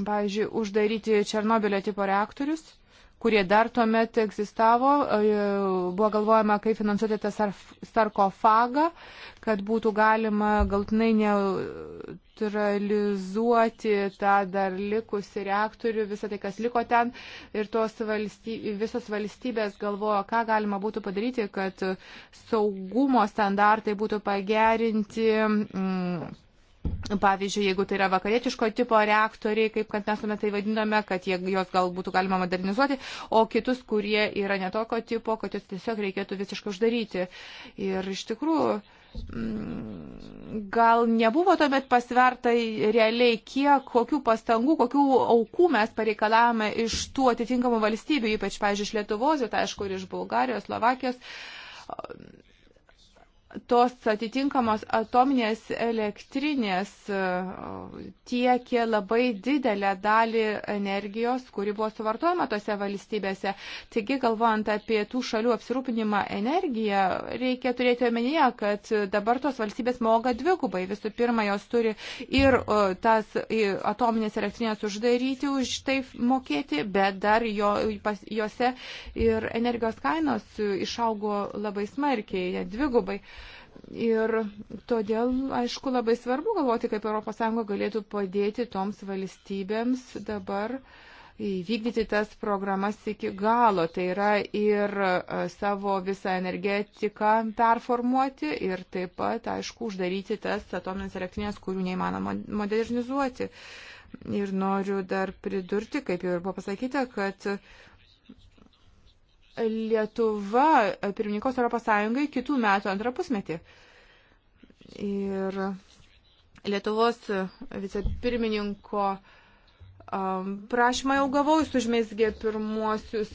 pavyzdžiui, uždaryti Černobilio tipo reaktorius, kurie dar tuo metu egzistavo. E, buvo galvojama, kaip finansuoti tą sarkofagą, kad būtų galima galtinai neutralizuoti tą dar likusi reaktorių, visą tai, kas liko ten. Ir valstybės, visos valstybės galvojo, ką galima būtų padaryti, kad saugumo standartai būtų pagerinti. Mm, Pavyzdžiui, jeigu tai yra vakarietiško tipo reaktoriai, kaip kad mes tuomet tai vadiname, kad jie, jos gal būtų galima modernizuoti, o kitus, kurie yra netokio tipo, kad juos tiesiog reikėtų visiškai uždaryti. Ir iš tikrųjų, mm, gal nebuvo tuomet pasverta realiai, kiek, kokių pastangų, kokių aukų mes pareikalavome iš tų atitinkamų valstybių, ypač, pavyzdžiui, iš Lietuvos, tai aišku, ir iš Bulgarijos, Slovakijos tos atitinkamos atominės elektrinės e, tiekė labai didelę dalį energijos, kuri buvo suvartojama tose valstybėse. Taigi, galvojant apie tų šalių apsirūpinimą energiją, reikia turėti omenyje, kad dabar tos valstybės moga dvigubai. Visų pirma, jos turi ir e, tas atominės elektrinės uždaryti, už tai mokėti, bet dar jo, pas, jose ir energijos kainos išaugo labai smarkiai, dvigubai. Uh, Ir todėl, aišku, labai svarbu galvoti, kaip ES galėtų padėti toms valstybėms dabar įvykdyti tas programas iki galo. Tai yra ir e, savo visą energetiką performuoti ir taip pat, aišku, uždaryti tas atominės elektrinės, kurių neįmanoma modernizuoti. Ir noriu dar pridurti, kaip jau ir buvo pasakyta, kad Lietuva pirmininkos Europos Sąjungai kitų metų antrą pusmetį. Ir Lietuvos vicepirmininko um, prašymą jau gavau, jis užmėsgė pirmuosius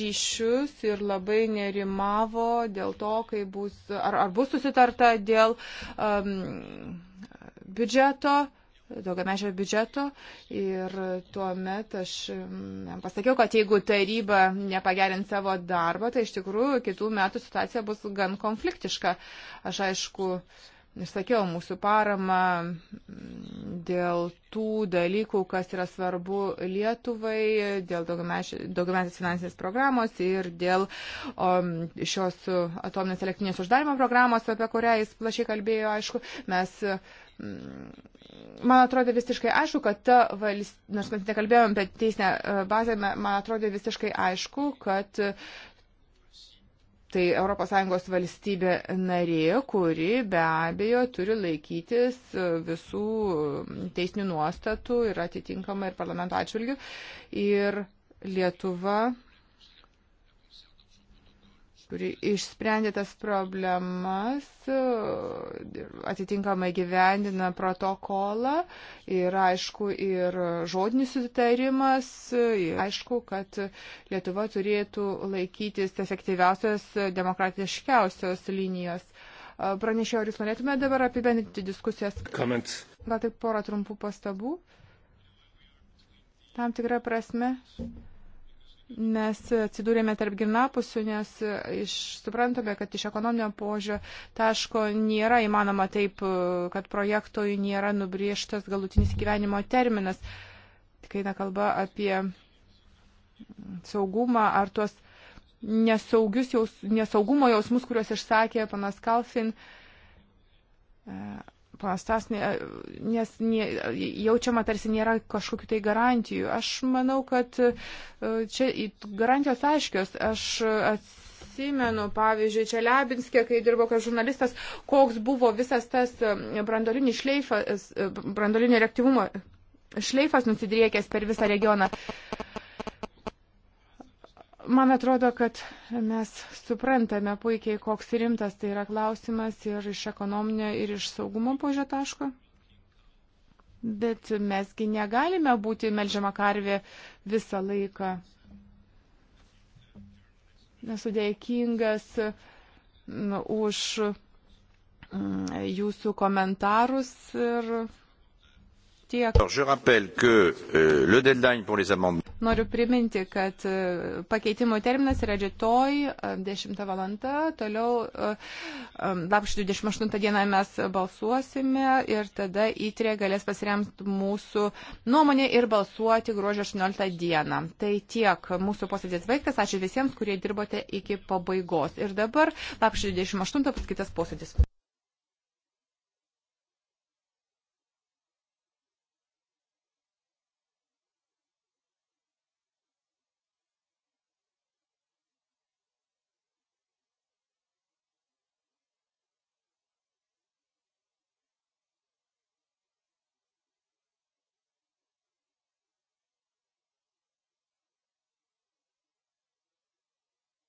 ryšius ir labai nerimavo dėl to, kai bus, ar, ar bus susitarta dėl um, biudžeto daugiamečio biudžeto ir tuo metu aš mm, pasakiau, kad jeigu taryba nepagerint savo darbą, tai iš tikrųjų kitų metų situacija bus gan konfliktiška. Aš aišku, uh, išsakiau mūsų paramą mm, dėl tų dalykų, kas yra svarbu Lietuvai, dėl daugiametės finansinės programos ir dėl o, um, šios atominės elektrinės uždarimo programos, apie kurią jis plašiai kalbėjo, aišku, mes. Mm, man atrodo visiškai aišku, kad ta valstybė, nors mes nekalbėjome apie teisinę e, bazę, man atrodo visiškai aišku, kad Tai ES valstybė narė, kuri be abejo turi laikytis e, visų teisinių nuostatų ir atitinkamai ir parlamento atžvilgių. Ir Lietuva kuri išsprendė tas problemas, atitinkamai gyvendina protokolą ir aišku ir žodinis sutarimas, ir aišku, kad Lietuva turėtų laikytis efektyviausios, demokratiškiausios linijos. Pranešiau, ar jūs norėtumėte dabar apibendinti diskusijas? Comments. Gal tik porą trumpų pastabų? Tam tikrą prasme mes atsidūrėme tarp girnapusių, nes e, iš, suprantame, kad iš ekonominio požio taško nėra įmanoma taip, e, kad projektoj nėra nubriežtas galutinis gyvenimo terminas. Kai eina kalba apie saugumą ar tuos jaus, nesaugumo jausmus, kuriuos išsakė panas Kalfin, e, Panas Tasnė, nes nie, jaučiama tarsi nėra kažkokių tai garantijų. Aš manau, kad e, čia garantijos aiškios. Aš atsimenu, pavyzdžiui, čia Lebinskė, kai dirbo kaip žurnalistas, koks buvo visas tas e, brandolinis šleifas, e, brandolinio reaktyvumo šleifas nusidriekęs per visą regioną. Uh, Man atrodo, kad mes suprantame puikiai, koks rimtas tai yra klausimas ir iš ekonominio, ir iš saugumo požio taško. Bet mesgi negalime būti melžiama karvė visą laiką. Nesu dėkingas mm, už mm, jūsų komentarus ir tiek. Alors, je rappelle que euh, le deadline pour les amendements. Noriu priminti, kad e, pakeitimo terminas yra rytoj 10 e, val. Toliau e, lapkričio 28 dieną mes balsuosime ir tada įtrė galės pasiremti mūsų nuomonę ir balsuoti gruodžio 18 dieną. Tai tiek mūsų posėdės vaikas. Ačiū visiems, kurie dirbote iki pabaigos. Ir dabar lapkričio 28 paskaitas posėdis.